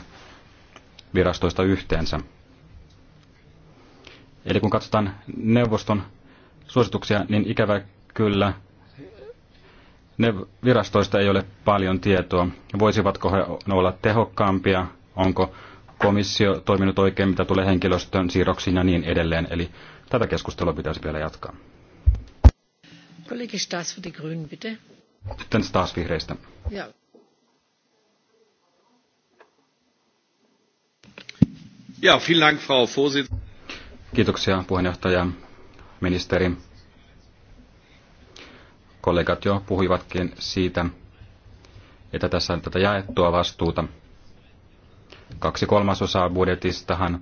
virastoista yhteensä. Eli kun katsotaan neuvoston suosituksia, niin ikävä kyllä ne virastoista ei ole paljon tietoa. Voisivatko he olla tehokkaampia? Onko komissio toiminut oikein, mitä tulee henkilöstön siirroksiin ja niin edelleen? Eli tätä keskustelua pitäisi vielä jatkaa. Kollegi Staas für die Grünen, bitte. Sitten Staas vihreistä. Ja. Ja, vielen Dank, Frau Vorsitzende. Kiitoksia puheenjohtaja, ministeri. Kollegat jo puhuivatkin siitä, että tässä on tätä jaettua vastuuta. Kaksi kolmasosaa budjetistahan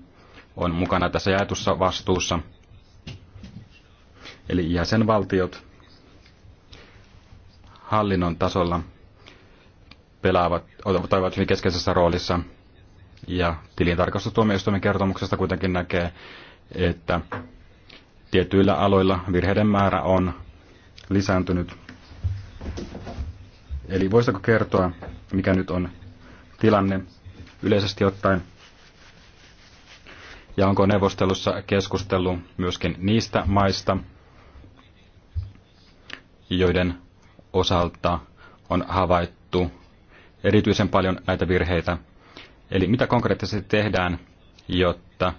on mukana tässä jaetussa vastuussa. Eli jäsenvaltiot hallinnon tasolla pelaavat, ovat hyvin keskeisessä roolissa. Ja tilintarkastustuomioistuimen kertomuksesta kuitenkin näkee, että tietyillä aloilla virheiden määrä on lisääntynyt. Eli voisitko kertoa, mikä nyt on tilanne yleisesti ottaen? Ja onko neuvostelussa keskustellut myöskin niistä maista, joiden osalta on havaittu erityisen paljon näitä virheitä? Eli mitä konkreettisesti tehdään, jotta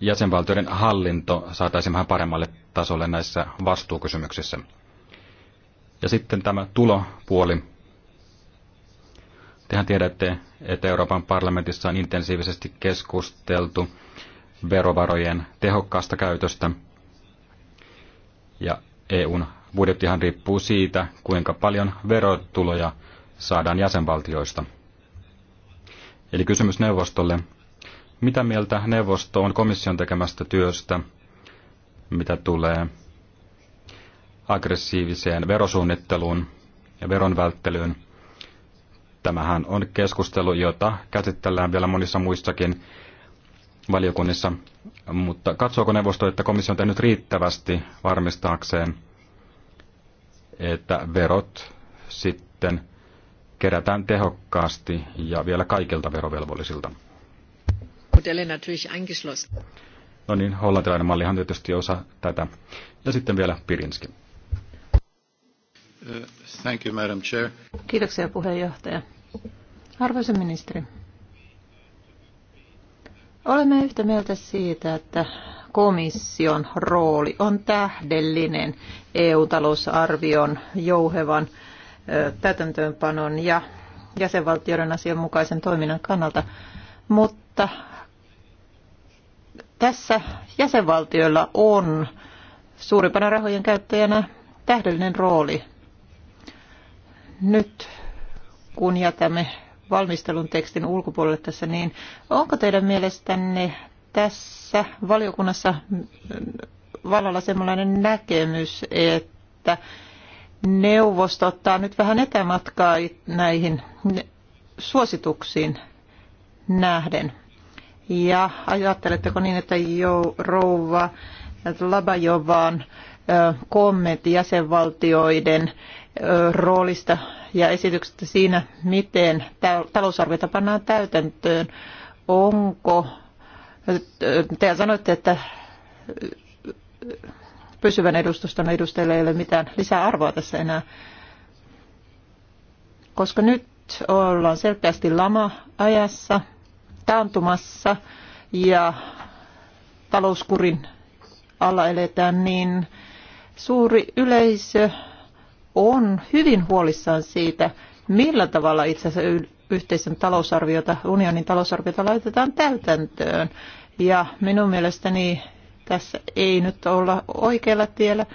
jäsenvaltioiden hallinto saataisiin vähän paremmalle tasolle näissä vastuukysymyksissä. Ja sitten tämä tulopuoli. Tehän tiedätte, että Euroopan parlamentissa on intensiivisesti keskusteltu verovarojen tehokkaasta käytöstä. Ja EUn budjettihan riippuu siitä, kuinka paljon verotuloja saadaan jäsenvaltioista. Eli kysymys neuvostolle mitä mieltä neuvosto on komission tekemästä työstä, mitä tulee aggressiiviseen verosuunnitteluun ja veronvälttelyyn? Tämähän on keskustelu, jota käsitellään vielä monissa muissakin valiokunnissa, mutta katsooko neuvosto, että komissio on tehnyt riittävästi varmistaakseen, että verot sitten kerätään tehokkaasti ja vielä kaikilta verovelvollisilta? Modelle natürlich eingeschlossen. No niin, hollantilainen mallihan tietysti osa tätä. Ja sitten vielä Pirinski. Uh, thank you, Madam Chair. Kiitoksia puheenjohtaja. Arvoisa ministeri, olemme yhtä mieltä siitä, että komission rooli on tähdellinen EU-talousarvion jouhevan täytäntöönpanon ja jäsenvaltioiden asianmukaisen toiminnan kannalta, mutta tässä jäsenvaltioilla on suurimpana rahojen käyttäjänä tähdellinen rooli. Nyt kun jätämme valmistelun tekstin ulkopuolelle tässä, niin onko teidän mielestänne tässä valiokunnassa vallalla sellainen näkemys, että neuvosto ottaa nyt vähän etämatkaa näihin suosituksiin nähden? Ja ajatteletteko niin, että jo, rouva Labajovaan kommentti jäsenvaltioiden roolista ja esityksestä siinä, miten talousarviota pannaan täytäntöön. Onko, te sanoitte, että pysyvän edustuston edustajille ei ole mitään lisäarvoa tässä enää, koska nyt ollaan selkeästi lama-ajassa – taantumassa ja talouskurin alla eletään, niin suuri yleisö on hyvin huolissaan siitä, millä tavalla itse asiassa yhteisen talousarviota, unionin talousarviota laitetaan täytäntöön. Ja minun mielestäni tässä ei nyt olla oikealla tiellä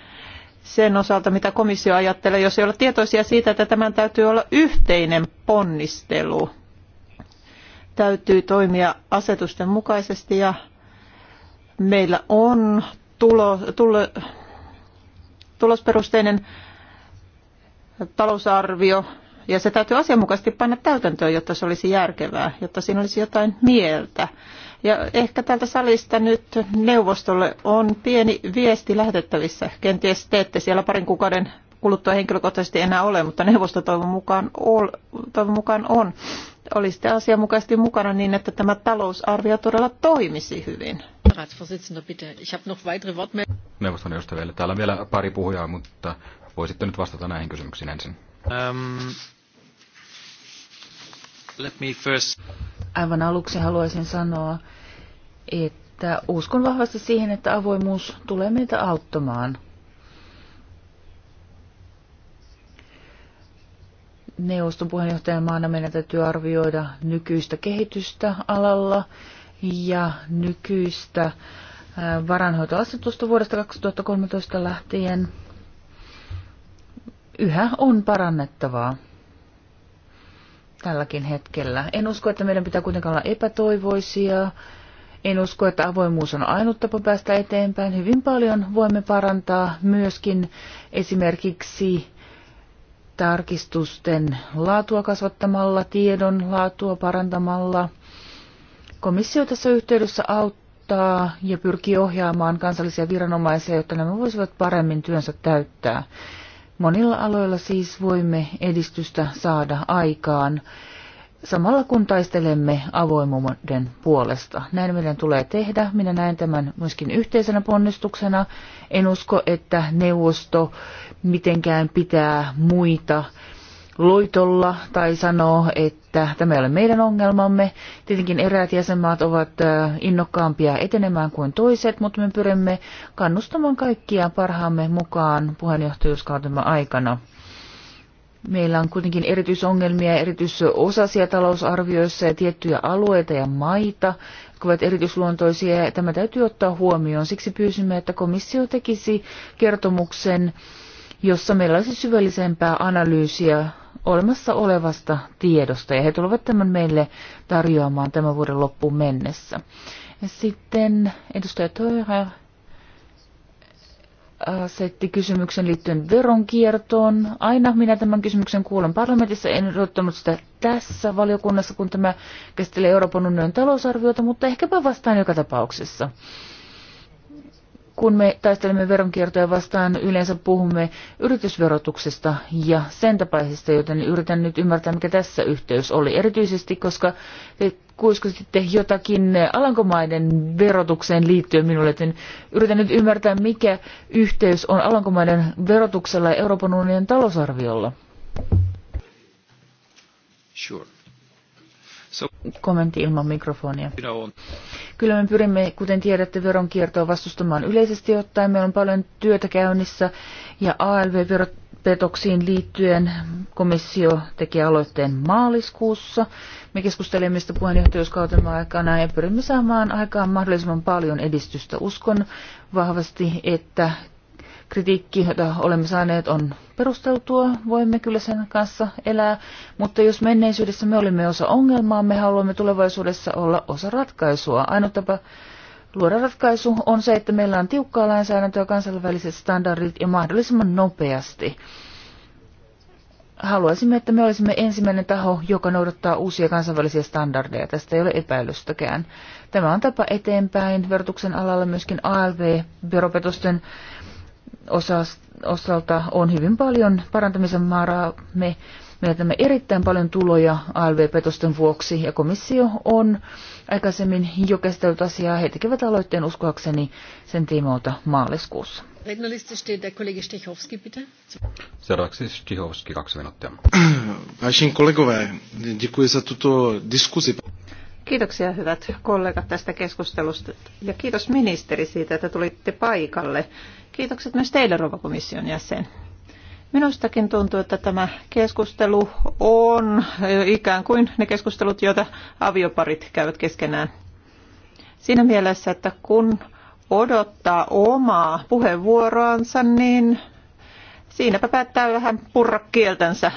sen osalta, mitä komissio ajattelee, jos ei olla tietoisia siitä, että tämän täytyy olla yhteinen ponnistelu täytyy toimia asetusten mukaisesti ja meillä on tulo, tulo, tulosperusteinen talousarvio ja se täytyy asianmukaisesti panna täytäntöön, jotta se olisi järkevää, jotta siinä olisi jotain mieltä. Ja ehkä tältä salista nyt neuvostolle on pieni viesti lähetettävissä. Kenties teette siellä parin kuukauden kuluttua henkilökohtaisesti enää ole, mutta neuvosto toivon mukaan, ol, toivon mukaan on. Olisitte asianmukaisesti mukana niin, että tämä talousarvio todella toimisi hyvin. Neuvoston edustajille. Täällä on vielä pari puhujaa, mutta voisitte nyt vastata näihin kysymyksiin ensin. Um, let me first... Aivan aluksi haluaisin sanoa, että uskon vahvasti siihen, että avoimuus tulee meitä auttamaan. neuvoston maana meidän täytyy arvioida nykyistä kehitystä alalla ja nykyistä varanhoitoasetusta vuodesta 2013 lähtien. Yhä on parannettavaa tälläkin hetkellä. En usko, että meidän pitää kuitenkaan olla epätoivoisia. En usko, että avoimuus on ainut tapa päästä eteenpäin. Hyvin paljon voimme parantaa myöskin esimerkiksi tarkistusten laatua kasvattamalla, tiedon laatua parantamalla. Komissio tässä yhteydessä auttaa ja pyrkii ohjaamaan kansallisia viranomaisia, jotta nämä voisivat paremmin työnsä täyttää. Monilla aloilla siis voimme edistystä saada aikaan samalla kun taistelemme avoimuuden puolesta. Näin meidän tulee tehdä. Minä näen tämän myöskin yhteisenä ponnistuksena. En usko, että neuvosto mitenkään pitää muita loitolla tai sanoo, että tämä ei ole meidän ongelmamme. Tietenkin eräät jäsenmaat ovat innokkaampia etenemään kuin toiset, mutta me pyrimme kannustamaan kaikkia parhaamme mukaan puheenjohtajuuskautemme aikana. Meillä on kuitenkin erityisongelmia, erityisosasia talousarvioissa ja tiettyjä alueita ja maita, jotka ovat erityisluontoisia ja tämä täytyy ottaa huomioon. Siksi pyysimme, että komissio tekisi kertomuksen, jossa meillä olisi syvällisempää analyysiä olemassa olevasta tiedosta ja he tulevat tämän meille tarjoamaan tämän vuoden loppuun mennessä. Ja sitten edustaja Töyhä asetti kysymyksen liittyen veronkiertoon. Aina minä tämän kysymyksen kuulen parlamentissa, en odottanut sitä tässä valiokunnassa, kun tämä käsittelee Euroopan unionin talousarviota, mutta ehkäpä vastaan joka tapauksessa kun me taistelemme veronkiertoja vastaan, yleensä puhumme yritysverotuksesta ja sen tapaisesta, joten yritän nyt ymmärtää, mikä tässä yhteys oli. Erityisesti, koska te kuiskusitte jotakin Alankomaiden verotukseen liittyen minulle, joten yritän nyt ymmärtää, mikä yhteys on Alankomaiden verotuksella ja Euroopan unionin talousarviolla. Sure. Kommentti ilman mikrofonia. Kyllä me pyrimme, kuten tiedätte, veronkiertoa vastustamaan yleisesti ottaen. Meillä on paljon työtä käynnissä ja ALV-veropetoksiin liittyen komissio teki aloitteen maaliskuussa. Me keskustelemme sitä puheenjohtajuuskautemme aikana ja pyrimme saamaan aikaan mahdollisimman paljon edistystä. Uskon vahvasti, että kritiikki, jota olemme saaneet, on perusteltua. Voimme kyllä sen kanssa elää, mutta jos menneisyydessä me olimme osa ongelmaa, me haluamme tulevaisuudessa olla osa ratkaisua. Ainut tapa luoda ratkaisu on se, että meillä on tiukkaa lainsäädäntöä, kansainväliset standardit ja mahdollisimman nopeasti. Haluaisimme, että me olisimme ensimmäinen taho, joka noudattaa uusia kansainvälisiä standardeja. Tästä ei ole epäilystäkään. Tämä on tapa eteenpäin verotuksen alalla myöskin ALV-veropetosten osalta on hyvin paljon parantamisen määrää. Me menetämme erittäin paljon tuloja ALV-petosten vuoksi ja komissio on aikaisemmin jo käsitellyt asiaa. He tekevät aloitteen uskoakseni sen tiimoilta maaliskuussa. Seuraavaksi Stihovski, kaksi minuuttia. Vážení za tuto diskusi. Kiitoksia hyvät kollegat tästä keskustelusta ja kiitos ministeri siitä, että tulitte paikalle. Kiitokset myös teille, Rova komission jäsen. Minustakin tuntuu, että tämä keskustelu on ikään kuin ne keskustelut, joita avioparit käyvät keskenään. Siinä mielessä, että kun odottaa omaa puheenvuoroansa, niin siinäpä päättää vähän purra kieltänsä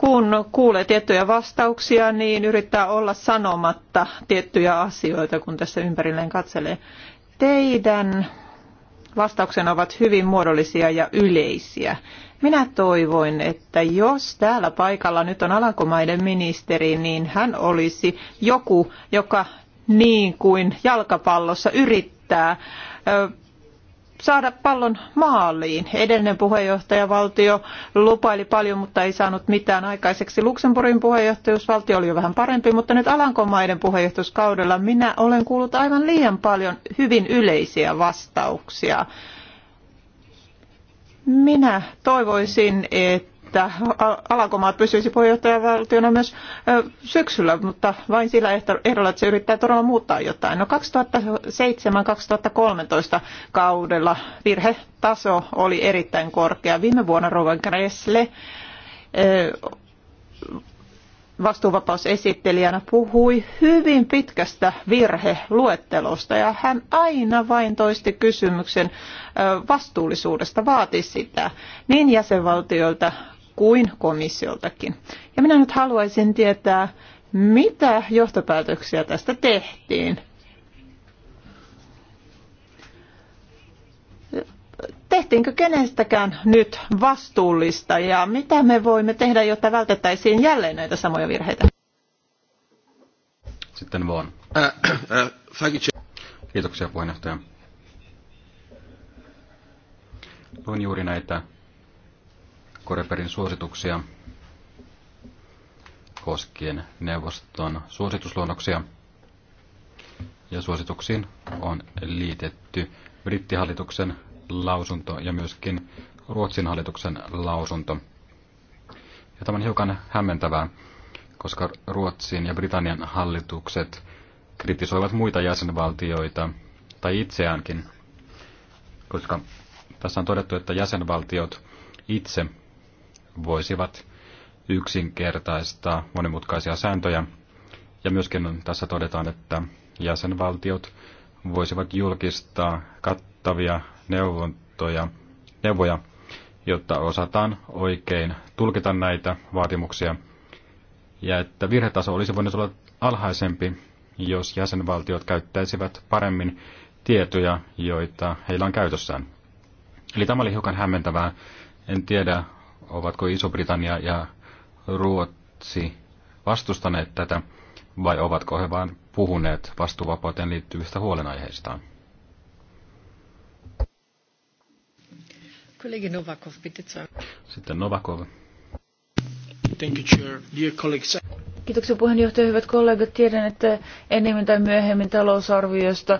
kun kuulee tiettyjä vastauksia, niin yrittää olla sanomatta tiettyjä asioita, kun tässä ympärilleen katselee. Teidän vastauksen ovat hyvin muodollisia ja yleisiä. Minä toivoin, että jos täällä paikalla nyt on Alankomaiden ministeri, niin hän olisi joku, joka niin kuin jalkapallossa yrittää saada pallon maaliin. Edellinen puheenjohtajavaltio lupaili paljon, mutta ei saanut mitään aikaiseksi. Luxemburgin puheenjohtajuusvaltio oli jo vähän parempi, mutta nyt Alankomaiden puheenjohtajuuskaudella minä olen kuullut aivan liian paljon hyvin yleisiä vastauksia. Minä toivoisin, että että Alankomaat pysyisi puheenjohtajavaltiona myös syksyllä, mutta vain sillä ehdolla, että se yrittää todella muuttaa jotain. No 2007-2013 kaudella virhetaso oli erittäin korkea. Viime vuonna Rovan Gressle vastuuvapausesittelijänä puhui hyvin pitkästä virheluettelosta ja hän aina vain toisti kysymyksen vastuullisuudesta, vaati sitä niin jäsenvaltioilta kuin komissioltakin. Ja minä nyt haluaisin tietää, mitä johtopäätöksiä tästä tehtiin. tehtiinkö kenestäkään nyt vastuullista ja mitä me voimme tehdä, jotta vältettäisiin jälleen näitä samoja virheitä? Sitten vaan. Äh, äh, Kiitoksia puheenjohtaja. Luin juuri näitä Koreperin suosituksia koskien neuvoston suositusluonnoksia. Ja suosituksiin on liitetty brittihallituksen lausunto ja myöskin Ruotsin hallituksen lausunto. Ja tämä on hiukan hämmentävää, koska Ruotsin ja Britannian hallitukset kritisoivat muita jäsenvaltioita tai itseäänkin, koska tässä on todettu, että jäsenvaltiot itse voisivat yksinkertaistaa monimutkaisia sääntöjä. Ja myöskin tässä todetaan, että jäsenvaltiot voisivat julkistaa kattavia neuvontoja, neuvoja, jotta osataan oikein tulkita näitä vaatimuksia, ja että virhetaso olisi voinut olla alhaisempi, jos jäsenvaltiot käyttäisivät paremmin tietoja, joita heillä on käytössään. Eli tämä oli hiukan hämmentävää. En tiedä, ovatko Iso-Britannia ja Ruotsi vastustaneet tätä vai ovatko he vain puhuneet vastuuvapauteen liittyvistä huolenaiheistaan? Kollegi Novakov, bitte Sitten Novakov. Thank you, Chair. Dear colleagues. Kiitoksia puheenjohtaja, hyvät kollegat. Tiedän, että enemmän tai myöhemmin talousarviosta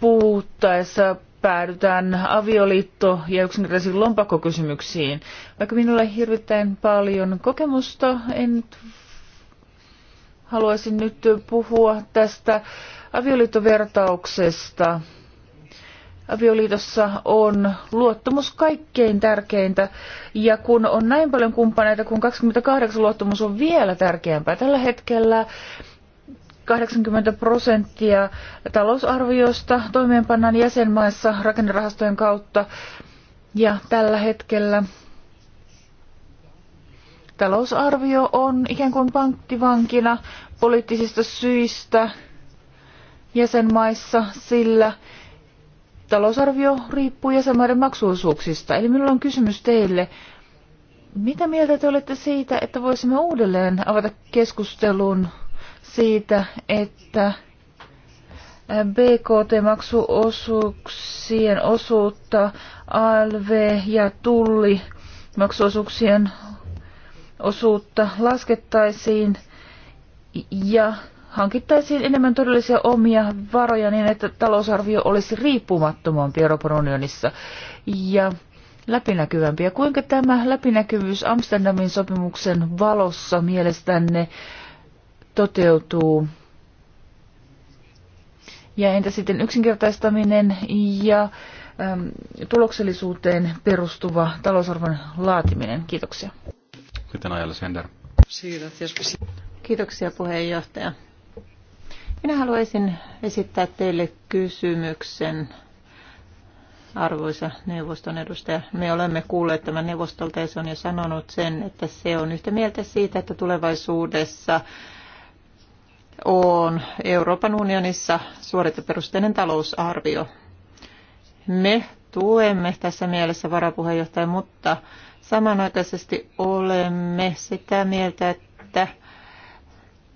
puhuttaessa päädytään avioliitto- ja yksinkertaisiin lompakkokysymyksiin. Vaikka minulla ei hirvittäin paljon kokemusta, en haluaisi haluaisin nyt puhua tästä avioliittovertauksesta. Avioliitossa on luottamus kaikkein tärkeintä, ja kun on näin paljon kumppaneita kun 28, luottamus on vielä tärkeämpää. Tällä hetkellä 80 prosenttia talousarviosta toimeenpannaan jäsenmaissa rakennerahastojen kautta ja tällä hetkellä talousarvio on ikään kuin panttivankina poliittisista syistä jäsenmaissa, sillä talousarvio riippuu jäsenmaiden maksuosuuksista. Eli minulla on kysymys teille. Mitä mieltä te olette siitä, että voisimme uudelleen avata keskustelun siitä, että BKT-maksuosuuksien osuutta ALV ja tulli maksuosuuksien osuutta laskettaisiin ja hankittaisiin enemmän todellisia omia varoja niin, että talousarvio olisi riippumattomampi Euroopan unionissa ja läpinäkyvämpiä. kuinka tämä läpinäkyvyys Amsterdamin sopimuksen valossa mielestänne toteutuu. Ja entä sitten yksinkertaistaminen ja äm, tuloksellisuuteen perustuva talousarvon laatiminen? Kiitoksia. Miten Ajalla Sender. Kiitoksia puheenjohtaja. Minä haluaisin esittää teille kysymyksen, arvoisa neuvoston edustaja. Me olemme kuulleet tämän neuvostolta ja se on jo sanonut sen, että se on yhtä mieltä siitä, että tulevaisuudessa on Euroopan unionissa suoriteperusteinen talousarvio. Me tuemme tässä mielessä varapuheenjohtaja, mutta samanaikaisesti olemme sitä mieltä, että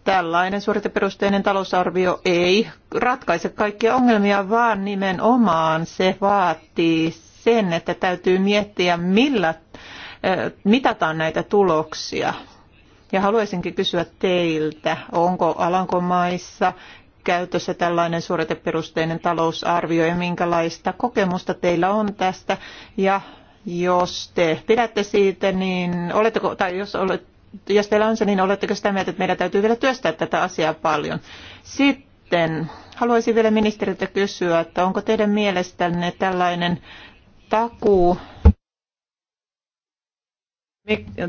tällainen suoriteperusteinen talousarvio ei ratkaise kaikkia ongelmia, vaan nimenomaan se vaatii sen, että täytyy miettiä, millä eh, mitataan näitä tuloksia ja haluaisinkin kysyä teiltä, onko Alankomaissa käytössä tällainen suoriteperusteinen talousarvio ja minkälaista kokemusta teillä on tästä ja jos te pidätte siitä, niin oletteko, tai jos, olet, jos teillä on se, niin oletteko sitä mieltä, että meidän täytyy vielä työstää tätä asiaa paljon? Sitten haluaisin vielä ministeriltä kysyä, että onko teidän mielestänne tällainen takuu,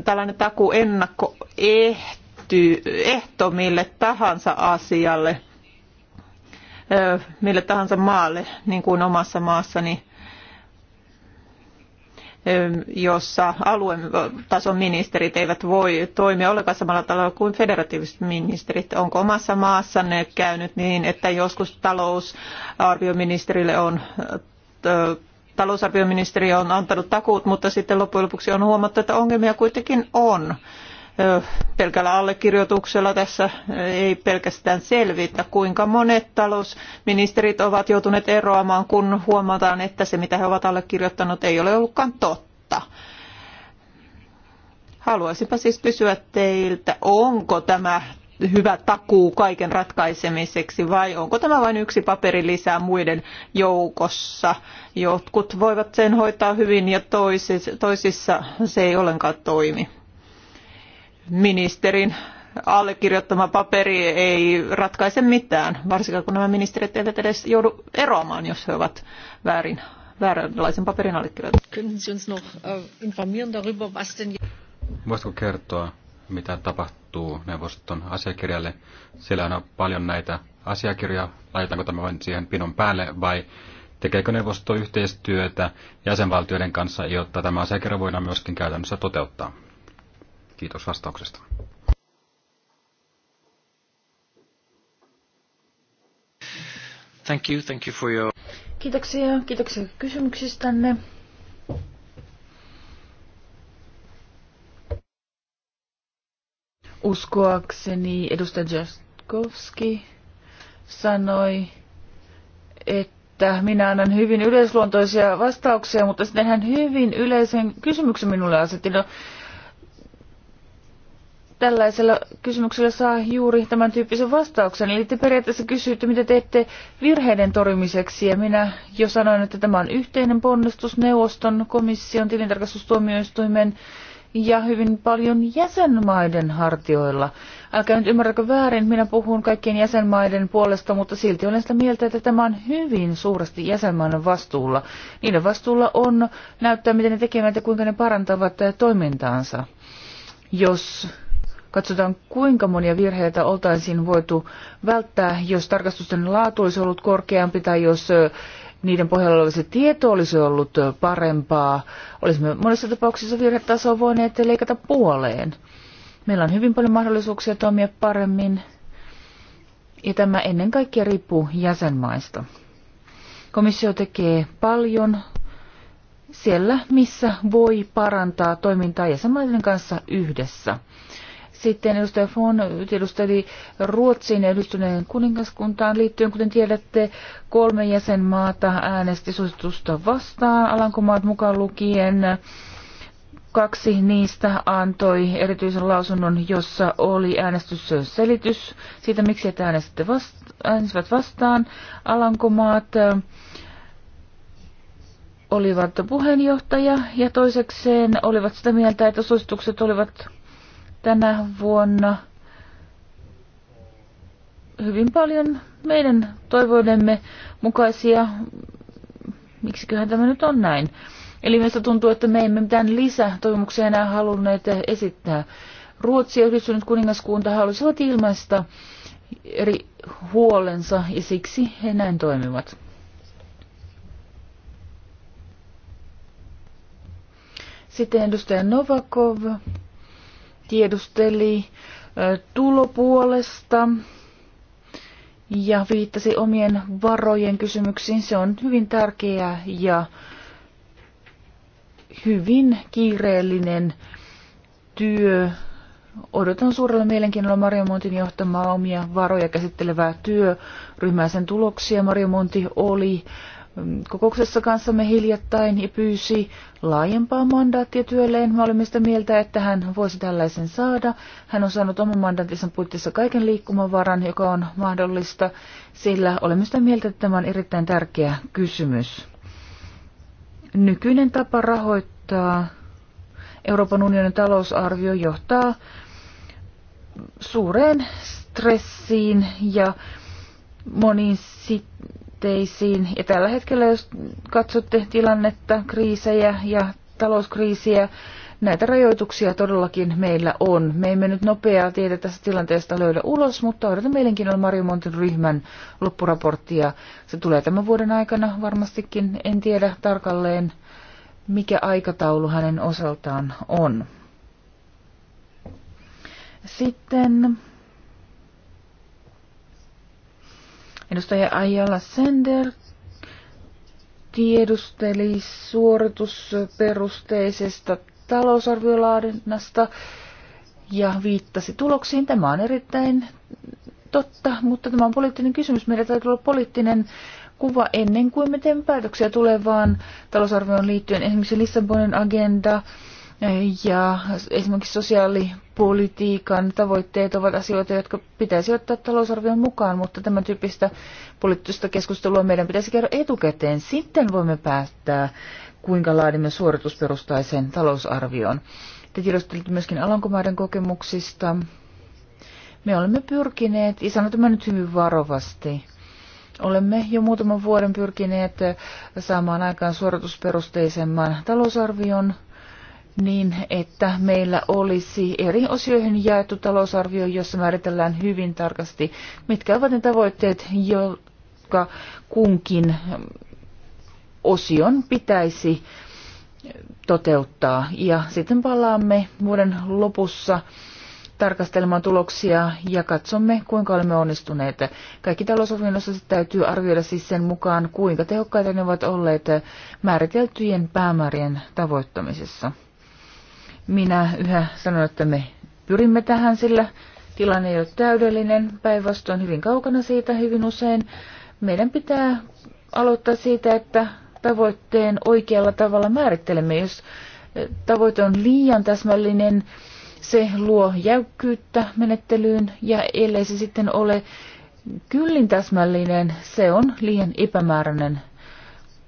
tällainen takuu ennakko ehty, ehto mille tahansa asialle, mille tahansa maalle, niin kuin omassa maassani, jossa aluetason ministerit eivät voi toimia ollenkaan samalla tavalla kuin federatiiviset ministerit. Onko omassa maassanne käynyt niin, että joskus talousarvioministerille on talousarvioministeri on antanut takuut, mutta sitten loppujen lopuksi on huomattu, että ongelmia kuitenkin on pelkällä allekirjoituksella tässä ei pelkästään selvitä, kuinka monet talousministerit ovat joutuneet eroamaan, kun huomataan, että se mitä he ovat allekirjoittaneet ei ole ollutkaan totta. Haluaisinpa siis kysyä teiltä, onko tämä hyvä takuu kaiken ratkaisemiseksi vai onko tämä vain yksi paperi lisää muiden joukossa? Jotkut voivat sen hoitaa hyvin ja toisissa, toisissa se ei ollenkaan toimi ministerin allekirjoittama paperi ei ratkaise mitään, varsinkaan kun nämä ministerit eivät edes joudu eroamaan, jos he ovat väärin, vääränlaisen paperin allekirjoittaneet. Äh, Voisitko kertoa, mitä tapahtuu neuvoston asiakirjalle? Siellä on paljon näitä asiakirjoja. Laitetaanko tämä vain siihen pinon päälle vai tekeekö neuvosto yhteistyötä jäsenvaltioiden kanssa, jotta tämä asiakirja voidaan myöskin käytännössä toteuttaa? Kiitos vastauksesta. Thank you, thank you for your... Kiitoksia, kiitoksia kysymyksistänne. Uskoakseni edustaja Jaskowski sanoi, että minä annan hyvin yleisluontoisia vastauksia, mutta sitten hän hyvin yleisen kysymyksen minulle asetti. No, tällaisella kysymyksellä saa juuri tämän tyyppisen vastauksen. Eli te periaatteessa kysyitte, mitä teette virheiden torjumiseksi, ja minä jo sanoin, että tämä on yhteinen ponnistus neuvoston, komission, tilintarkastustuomioistuimen ja hyvin paljon jäsenmaiden hartioilla. Älkää nyt ymmärräkö väärin, minä puhun kaikkien jäsenmaiden puolesta, mutta silti olen sitä mieltä, että tämä on hyvin suuresti jäsenmaiden vastuulla. Niiden vastuulla on näyttää, miten ne tekevät ja kuinka ne parantavat toimintaansa. Jos katsotaan kuinka monia virheitä oltaisiin voitu välttää, jos tarkastusten laatu olisi ollut korkeampi tai jos niiden pohjalla olisi tieto olisi ollut parempaa. Olisimme monessa tapauksessa virhetasoa voineet leikata puoleen. Meillä on hyvin paljon mahdollisuuksia toimia paremmin ja tämä ennen kaikkea riippuu jäsenmaista. Komissio tekee paljon siellä, missä voi parantaa toimintaa jäsenmaiden kanssa yhdessä. Sitten edustaja Fon tiedusteli Ruotsin edustuneen kuningaskuntaan liittyen. Kuten tiedätte, kolme jäsenmaata äänesti suositusta vastaan, Alankomaat mukaan lukien. Kaksi niistä antoi erityisen lausunnon, jossa oli äänestysselitys siitä, miksi et äänestivät vasta- äänestivät vastaan. Alankomaat äh, olivat puheenjohtaja ja toisekseen olivat sitä mieltä, että suositukset olivat tänä vuonna hyvin paljon meidän toivoidemme mukaisia. Miksiköhän tämä nyt on näin? Eli meistä tuntuu, että me emme mitään lisätoimuksia enää halunneet esittää. Ruotsi ja yhdistynyt kuningaskunta halusivat ilmaista eri huolensa ja siksi he näin toimivat. Sitten edustaja Novakov tiedusteli tulopuolesta ja viittasi omien varojen kysymyksiin. Se on hyvin tärkeä ja hyvin kiireellinen työ. Odotan suurella mielenkiinnolla Mario Montin johtamaa omia varoja käsittelevää työryhmää sen tuloksia. Mario Monti oli kokouksessa kanssamme hiljattain ja pyysi laajempaa mandaattia työlleen. Me olimme sitä mieltä, että hän voisi tällaisen saada. Hän on saanut oman mandaattinsa puitteissa kaiken liikkumavaran, joka on mahdollista, sillä olemme sitä mieltä, että tämä on erittäin tärkeä kysymys. Nykyinen tapa rahoittaa Euroopan unionin talousarvio johtaa suureen stressiin ja moniin sit- tavoitteisiin. Ja tällä hetkellä, jos katsotte tilannetta, kriisejä ja talouskriisiä, näitä rajoituksia todellakin meillä on. Me emme nyt nopeaa tietä tästä tilanteesta löydä ulos, mutta odotan mielenkiinnolla Mario Montin ryhmän loppuraporttia. Se tulee tämän vuoden aikana varmastikin. En tiedä tarkalleen, mikä aikataulu hänen osaltaan on. Sitten Edustaja Ajala Sender tiedusteli suoritusperusteisesta talousarviolaadinnasta ja viittasi tuloksiin. Tämä on erittäin totta, mutta tämä on poliittinen kysymys. Meillä täytyy olla poliittinen kuva ennen kuin me teemme päätöksiä tulevaan talousarvioon liittyen. Esimerkiksi Lissabonin agenda, ja esimerkiksi sosiaalipolitiikan tavoitteet ovat asioita, jotka pitäisi ottaa talousarvion mukaan, mutta tämän tyyppistä poliittista keskustelua meidän pitäisi käydä etukäteen. Sitten voimme päättää, kuinka laadimme suoritusperustaisen talousarvion. Te tiedostelitte myöskin Alankomaiden kokemuksista. Me olemme pyrkineet, ja sanon tämä nyt hyvin varovasti, olemme jo muutaman vuoden pyrkineet saamaan aikaan suoritusperusteisemman talousarvion – niin, että meillä olisi eri osioihin jaettu talousarvio, jossa määritellään hyvin tarkasti, mitkä ovat ne tavoitteet, jotka kunkin osion pitäisi toteuttaa. Ja sitten palaamme vuoden lopussa tarkastelemaan tuloksia ja katsomme, kuinka olemme onnistuneet. Kaikki osat täytyy arvioida siis sen mukaan, kuinka tehokkaita ne ovat olleet määriteltyjen päämäärien tavoittamisessa. Minä yhä sanon, että me pyrimme tähän, sillä tilanne ei ole täydellinen. Päinvastoin hyvin kaukana siitä hyvin usein. Meidän pitää aloittaa siitä, että tavoitteen oikealla tavalla määrittelemme. Jos eh, tavoite on liian täsmällinen, se luo jäykkyyttä menettelyyn ja ellei se sitten ole kyllin täsmällinen, se on liian epämääräinen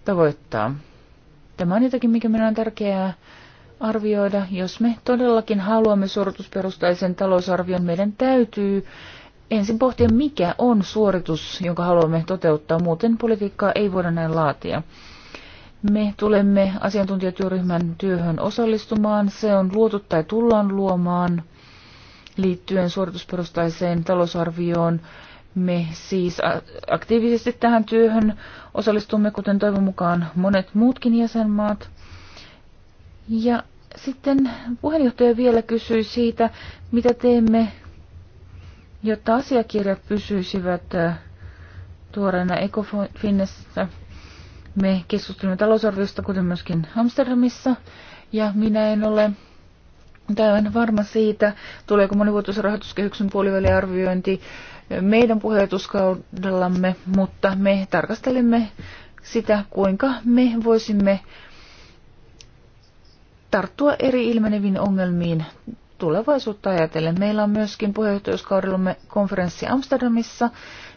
tavoittaa. Tämä on jotakin, mikä minä on tärkeää arvioida. Jos me todellakin haluamme suoritusperustaisen talousarvion, meidän täytyy ensin pohtia, mikä on suoritus, jonka haluamme toteuttaa. Muuten politiikkaa ei voida näin laatia. Me tulemme asiantuntijatyöryhmän työhön osallistumaan. Se on luotu tai tullaan luomaan liittyen suoritusperustaiseen talousarvioon. Me siis aktiivisesti tähän työhön osallistumme, kuten toivon mukaan monet muutkin jäsenmaat. Ja sitten puheenjohtaja vielä kysyi siitä, mitä teemme, jotta asiakirjat pysyisivät äh, tuoreena Ecofinnessä. Me keskustelimme talousarviosta, kuten myöskin Amsterdamissa, ja minä en ole täysin varma siitä, tuleeko monivuotoisrahoituskehyksen puoliväliarviointi äh, meidän puheenjohtuskaudellamme, mutta me tarkastelimme sitä, kuinka me voisimme tarttua eri ilmeneviin ongelmiin tulevaisuutta ajatellen. Meillä on myöskin puheenjohtajuuskaudellamme konferenssi Amsterdamissa.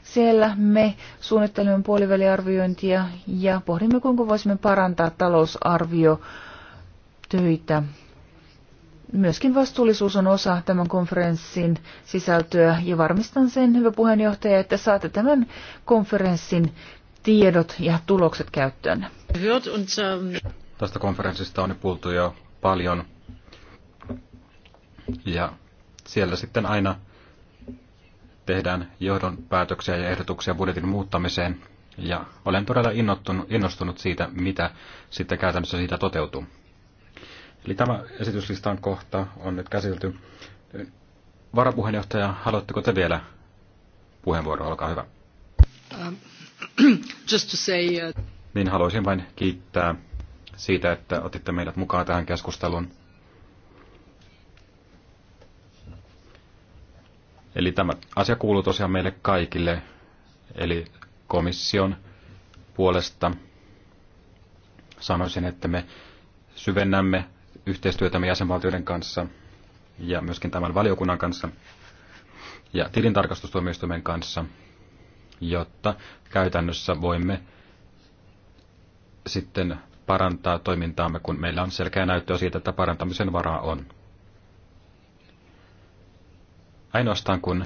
Siellä me suunnittelemme puoliväliarviointia ja pohdimme, kuinka voisimme parantaa talousarvio töitä. Myöskin vastuullisuus on osa tämän konferenssin sisältöä ja varmistan sen, hyvä puheenjohtaja, että saatte tämän konferenssin tiedot ja tulokset käyttöön. Ähm, Tästä konferenssista on puhuttu jo paljon. Ja siellä sitten aina tehdään johdon päätöksiä ja ehdotuksia budjetin muuttamiseen. Ja olen todella innostunut siitä, mitä sitten käytännössä siitä toteutuu. Eli tämä esityslistan kohta on nyt käsitelty. Varapuheenjohtaja, haluatteko te vielä puheenvuoro? Olkaa hyvä. Um, just to say, uh... Niin haluaisin vain kiittää siitä, että otitte meidät mukaan tähän keskusteluun. Eli tämä asia kuuluu tosiaan meille kaikille, eli komission puolesta sanoisin, että me syvennämme yhteistyötämme jäsenvaltioiden kanssa ja myöskin tämän valiokunnan kanssa ja tilintarkastustuomioistuimen kanssa, jotta käytännössä voimme sitten parantaa toimintaamme, kun meillä on selkeä näyttöä siitä, että parantamisen varaa on. Ainoastaan kun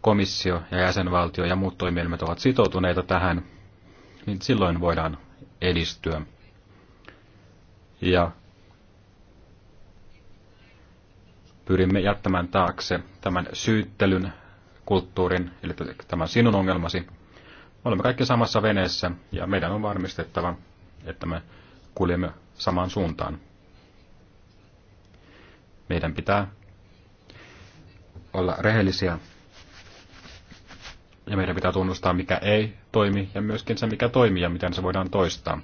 komissio ja jäsenvaltio ja muut toimielimet ovat sitoutuneita tähän, niin silloin voidaan edistyä. Ja pyrimme jättämään taakse tämän syyttelyn kulttuurin, eli tämän sinun ongelmasi. Olemme kaikki samassa veneessä ja meidän on varmistettava, että me kuljemme samaan suuntaan. Meidän pitää olla rehellisiä ja meidän pitää tunnustaa, mikä ei toimi ja myöskin se, mikä toimii ja miten se voidaan toistaa.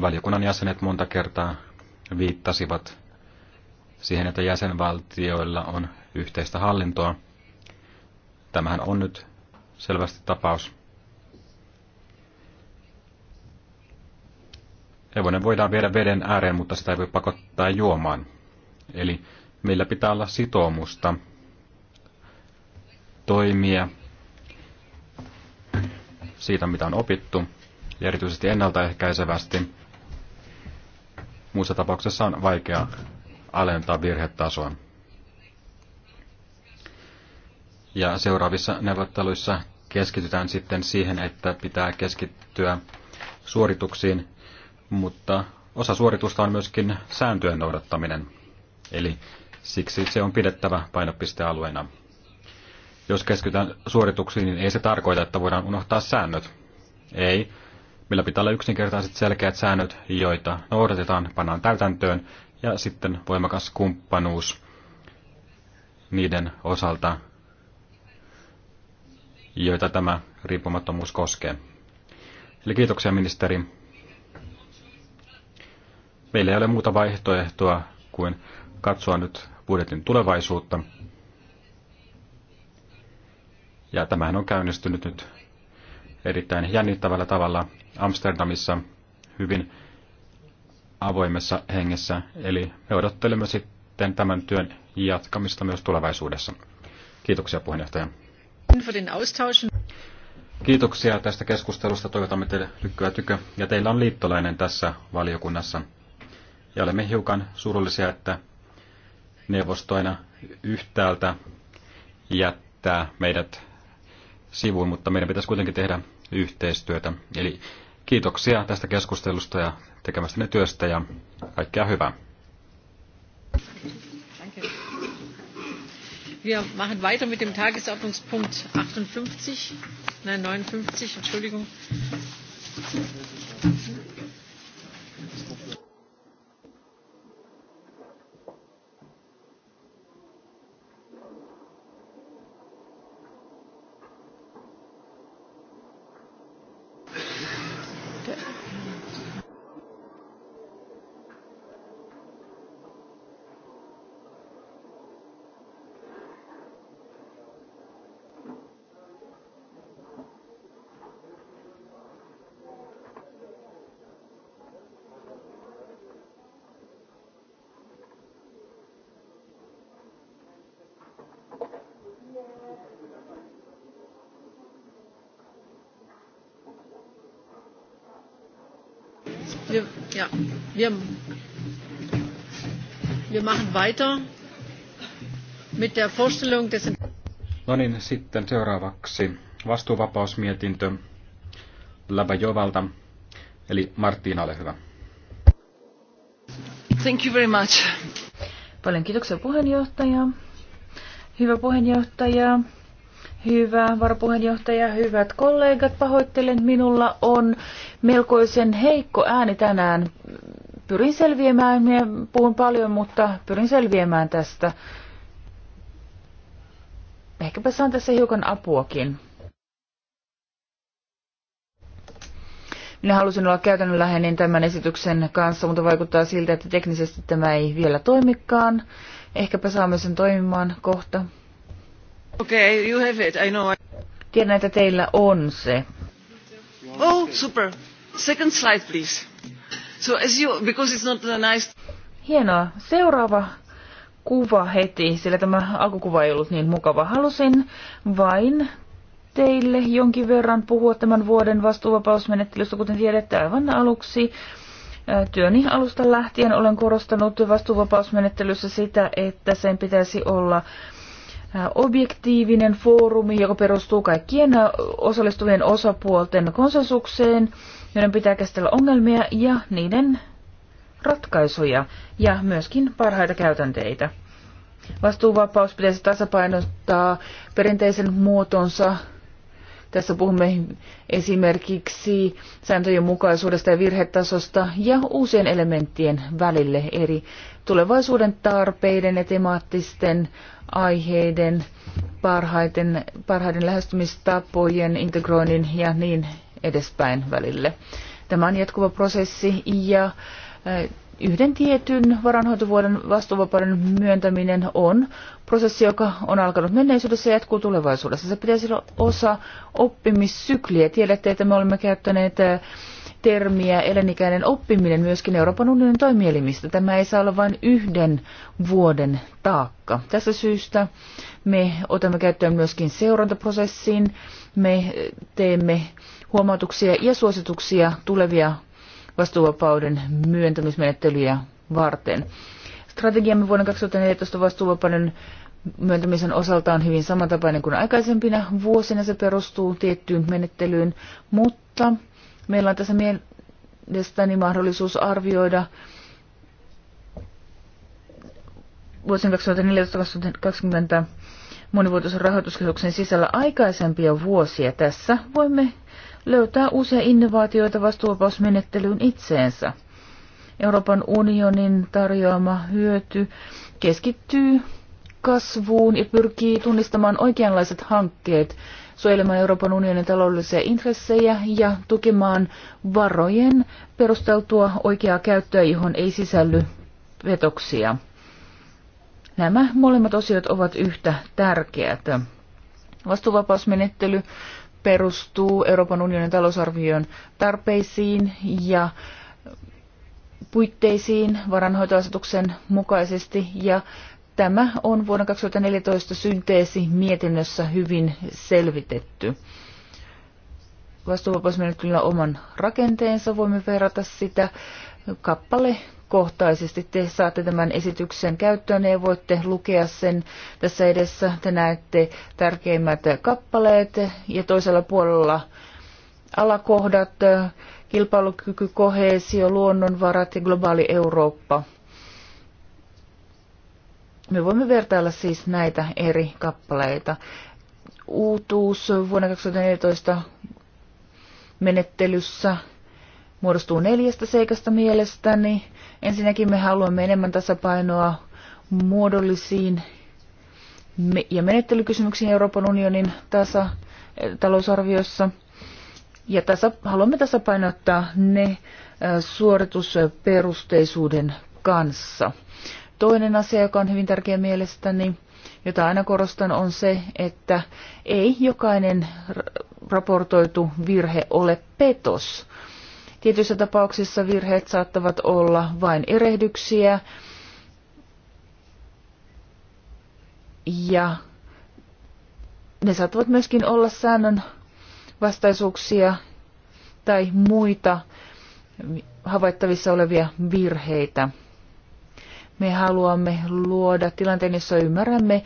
Valiokunnan jäsenet monta kertaa viittasivat siihen, että jäsenvaltioilla on yhteistä hallintoa. Tämähän on nyt selvästi tapaus. Hevonen voidaan viedä veden ääreen, mutta sitä ei voi pakottaa juomaan. Eli meillä pitää olla sitoumusta toimia siitä, mitä on opittu, ja erityisesti ennaltaehkäisevästi. Muussa tapauksessa on vaikea alentaa virhetasoa. Ja seuraavissa neuvotteluissa keskitytään sitten siihen, että pitää keskittyä suorituksiin mutta osa suoritusta on myöskin sääntöjen noudattaminen. Eli siksi se on pidettävä painopistealueena. Jos keskitytään suorituksiin, niin ei se tarkoita, että voidaan unohtaa säännöt. Ei. Meillä pitää olla yksinkertaiset selkeät säännöt, joita noudatetaan, pannaan täytäntöön, ja sitten voimakas kumppanuus niiden osalta, joita tämä riippumattomuus koskee. Eli kiitoksia ministeri Meillä ei ole muuta vaihtoehtoa kuin katsoa nyt budjetin tulevaisuutta. Ja tämähän on käynnistynyt nyt erittäin jännittävällä tavalla Amsterdamissa hyvin avoimessa hengessä. Eli me odottelemme sitten tämän työn jatkamista myös tulevaisuudessa. Kiitoksia puheenjohtaja. Kiitoksia tästä keskustelusta. Toivotamme teille lykkyä tykö. Ja teillä on liittolainen tässä valiokunnassa. Ja olemme hiukan surullisia, että neuvosto aina yhtäältä jättää meidät sivuun, mutta meidän pitäisi kuitenkin tehdä yhteistyötä. Eli kiitoksia tästä keskustelusta ja tekemästäne työstä ja kaikkea hyvää. Wir machen weiter mit dem Tagesordnungspunkt 58, nein 59, Entschuldigung. Ja, wir, wir machen weiter mit der Vorstellung des... No niin, sitten seuraavaksi vastuuvapausmietintö Labajovalta, eli Martina, ole hyvä. Thank you very much. Paljon kiitoksia puheenjohtaja. Hyvä puheenjohtaja. Hyvä varapuheenjohtaja, hyvät kollegat, pahoittelen, minulla on melkoisen heikko ääni tänään. Pyrin selviämään, minä puhun paljon, mutta pyrin selviämään tästä. Ehkäpä saan tässä hiukan apuakin. Minä halusin olla käytännönläheinen tämän esityksen kanssa, mutta vaikuttaa siltä, että teknisesti tämä ei vielä toimikaan. Ehkäpä saamme sen toimimaan kohta. Okay, you have it, I know. Tiedän, että teillä on se. Oh, super. Second slide, please. So as you, because it's not a nice... Hienoa. Seuraava kuva heti, sillä tämä alkukuva ei ollut niin mukava. Halusin vain teille jonkin verran puhua tämän vuoden vastuuvapausmenettelystä, kuten tiedätte aivan aluksi. Työni alusta lähtien olen korostanut vastuuvapausmenettelyssä sitä, että sen pitäisi olla objektiivinen foorumi, joka perustuu kaikkien osallistuvien osapuolten konsensukseen, joiden pitää käsitellä ongelmia ja niiden ratkaisuja ja myöskin parhaita käytänteitä. Vastuuvapaus pitäisi tasapainottaa perinteisen muotonsa tässä puhumme esimerkiksi sääntöjen mukaisuudesta ja virhetasosta ja uusien elementtien välille eri tulevaisuuden tarpeiden ja temaattisten aiheiden, parhaiten, parhaiden lähestymistapojen, integroinnin ja niin edespäin välille. Tämä on jatkuva prosessi ja äh, yhden tietyn varanhoitovuoden vastuuvapauden myöntäminen on prosessi, joka on alkanut menneisyydessä ja jatkuu tulevaisuudessa. Se pitäisi olla osa oppimissykliä. Tiedätte, että me olemme käyttäneet äh, termiä elinikäinen oppiminen myöskin Euroopan unionin toimielimistä. Tämä ei saa olla vain yhden vuoden taakka. Tässä syystä me otamme käyttöön myöskin seurantaprosessin. Me teemme huomautuksia ja suosituksia tulevia vastuuvapauden myöntämismenettelyjä varten. Strategiamme vuonna 2014 vastuuvapauden myöntämisen osalta on hyvin samantapainen kuin aikaisempina vuosina. Se perustuu tiettyyn menettelyyn, mutta meillä on tässä mielestäni mahdollisuus arvioida vuosien 2014-2020 monivuotoisen rahoituskehyksen sisällä aikaisempia vuosia. Tässä voimme löytää uusia innovaatioita vastuupausmenettelyyn itseensä. Euroopan unionin tarjoama hyöty keskittyy kasvuun ja pyrkii tunnistamaan oikeanlaiset hankkeet, suojelemaan Euroopan unionin taloudellisia intressejä ja tukemaan varojen perusteltua oikeaa käyttöä, johon ei sisälly vetoksia. Nämä molemmat osiot ovat yhtä tärkeät. Vastuuvapausmenettely perustuu Euroopan unionin talousarvion tarpeisiin ja puitteisiin varanhoitoasetuksen mukaisesti ja tämä on vuonna 2014 synteesi mietinnössä hyvin selvitetty. Vastuuvapausmenettelyllä oman rakenteensa voimme verrata sitä kappale kohtaisesti. Te saatte tämän esityksen käyttöön ja voitte lukea sen tässä edessä. Te näette tärkeimmät kappaleet ja toisella puolella alakohdat, kilpailukyky, kohesio, luonnonvarat ja globaali Eurooppa. Me voimme vertailla siis näitä eri kappaleita. Uutuus vuonna 2014 menettelyssä muodostuu neljästä seikasta mielestäni. Ensinnäkin me haluamme enemmän tasapainoa muodollisiin ja menettelykysymyksiin Euroopan unionin tasa, talousarviossa. Ja tasa, haluamme tasapainottaa ne suoritusperusteisuuden kanssa. Toinen asia, joka on hyvin tärkeä mielestäni, jota aina korostan, on se, että ei jokainen raportoitu virhe ole petos. Tietyissä tapauksissa virheet saattavat olla vain erehdyksiä ja ne saattavat myöskin olla säännön vastaisuuksia tai muita havaittavissa olevia virheitä. Me haluamme luoda tilanteen, jossa ymmärrämme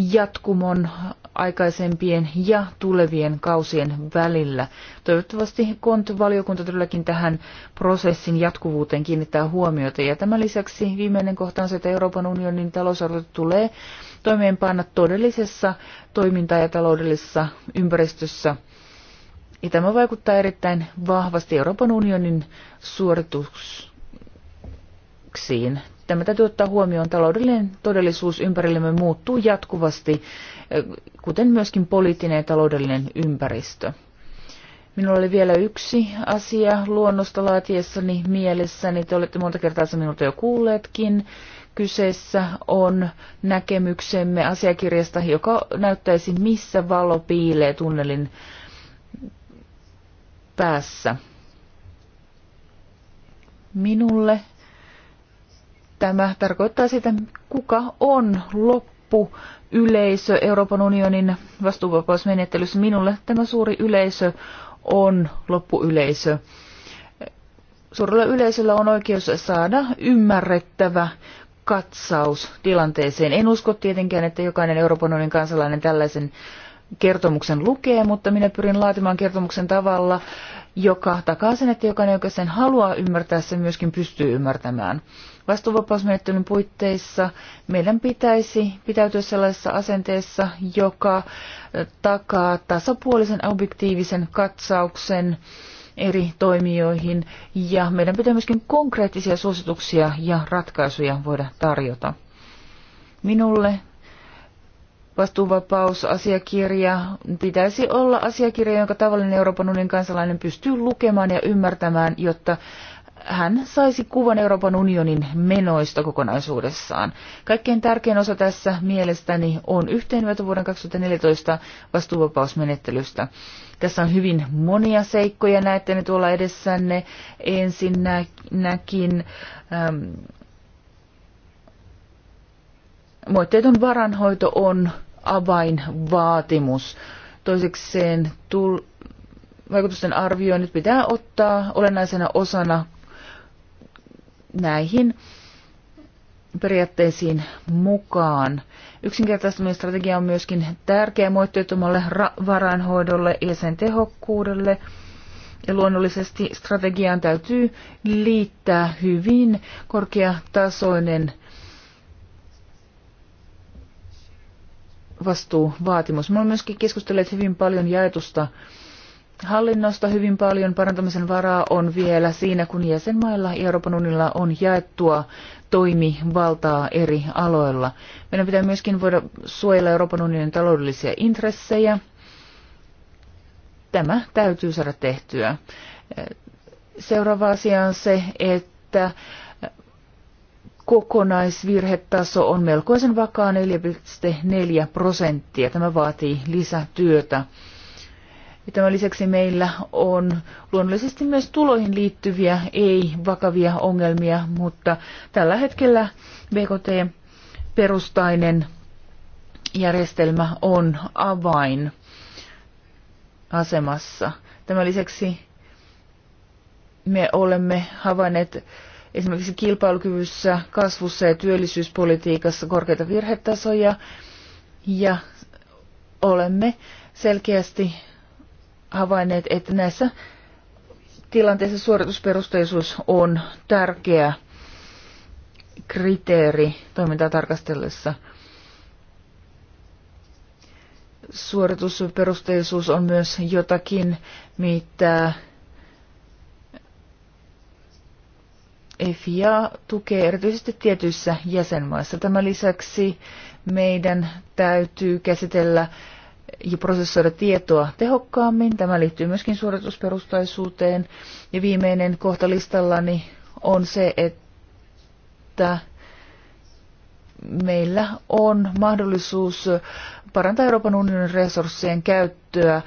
jatkumon aikaisempien ja tulevien kausien välillä. Toivottavasti KONT-valiokunta todellakin tähän prosessin jatkuvuuteen kiinnittää huomiota. Ja tämän lisäksi viimeinen kohta on se, että Euroopan unionin talousarvo tulee toimeenpanna todellisessa toiminta- ja taloudellisessa ympäristössä. Ja tämä vaikuttaa erittäin vahvasti Euroopan unionin suorituksiin. Tämä täytyy ottaa huomioon. Taloudellinen todellisuus ympärillämme muuttuu jatkuvasti, eh, kuten myöskin poliittinen ja taloudellinen ympäristö. Minulla oli vielä yksi asia luonnosta laatiessani mielessäni. Te olette monta kertaa se minulta jo kuulleetkin. Kyseessä on näkemyksemme asiakirjasta, joka näyttäisi, missä valo piilee tunnelin päässä. Minulle Tämä tarkoittaa sitä, kuka on loppu yleisö Euroopan unionin vastuuvapausmenettelyssä. Minulle tämä suuri yleisö on loppuyleisö. Suurella yleisöllä on oikeus saada ymmärrettävä katsaus tilanteeseen. En usko tietenkään, että jokainen Euroopan unionin kansalainen tällaisen kertomuksen lukee, mutta minä pyrin laatimaan kertomuksen tavalla, joka takaa sen, että jokainen, joka sen haluaa ymmärtää, sen myöskin pystyy ymmärtämään. Vastuuvapausmenettelyn puitteissa meidän pitäisi pitäytyä sellaisessa asenteessa, joka takaa tasapuolisen objektiivisen katsauksen eri toimijoihin ja meidän pitää myöskin konkreettisia suosituksia ja ratkaisuja voida tarjota. Minulle vastuuvapausasiakirja pitäisi olla asiakirja, jonka tavallinen Euroopan unionin kansalainen pystyy lukemaan ja ymmärtämään, jotta hän saisi kuvan Euroopan unionin menoista kokonaisuudessaan. Kaikkein tärkein osa tässä mielestäni on yhteenveto vuoden 2014 vastuuvapausmenettelystä. Tässä on hyvin monia seikkoja, näette ne tuolla edessänne. Ensinnäkin ähm, moitteeton varanhoito on avainvaatimus. Toisekseen tul- vaikutusten arvioinnit pitää ottaa olennaisena osana näihin periaatteisiin mukaan. Yksinkertaistaminen strategia on myöskin tärkeä moitteettomalle varanhoidolle ja sen tehokkuudelle. Ja luonnollisesti strategiaan täytyy liittää hyvin korkeatasoinen vastuuvaatimus. Me olemme myöskin keskustelleet hyvin paljon jaetusta hallinnosta hyvin paljon parantamisen varaa on vielä siinä, kun jäsenmailla ja Euroopan unionilla on jaettua toimivaltaa eri aloilla. Meidän pitää myöskin voida suojella Euroopan unionin taloudellisia intressejä. Tämä täytyy saada tehtyä. Seuraava asia on se, että kokonaisvirhetaso on melkoisen vakaa 4,4 prosenttia. Tämä vaatii lisätyötä. Ja tämän lisäksi meillä on luonnollisesti myös tuloihin liittyviä ei-vakavia ongelmia, mutta tällä hetkellä BKT-perustainen järjestelmä on avain asemassa. Tämän lisäksi me olemme havainneet esimerkiksi kilpailukyvyssä, kasvussa ja työllisyyspolitiikassa korkeita virhetasoja ja olemme selkeästi havainneet, että näissä tilanteissa suoritusperusteisuus on tärkeä kriteeri toimintaa tarkastellessa. Suoritusperusteisuus on myös jotakin, mitä EFIA tukee erityisesti tietyissä jäsenmaissa. Tämän lisäksi meidän täytyy käsitellä ja prosessoida tietoa tehokkaammin. Tämä liittyy myöskin suoritusperustaisuuteen. Ja viimeinen kohta listallani on se, että meillä on mahdollisuus parantaa Euroopan unionin resurssien käyttöä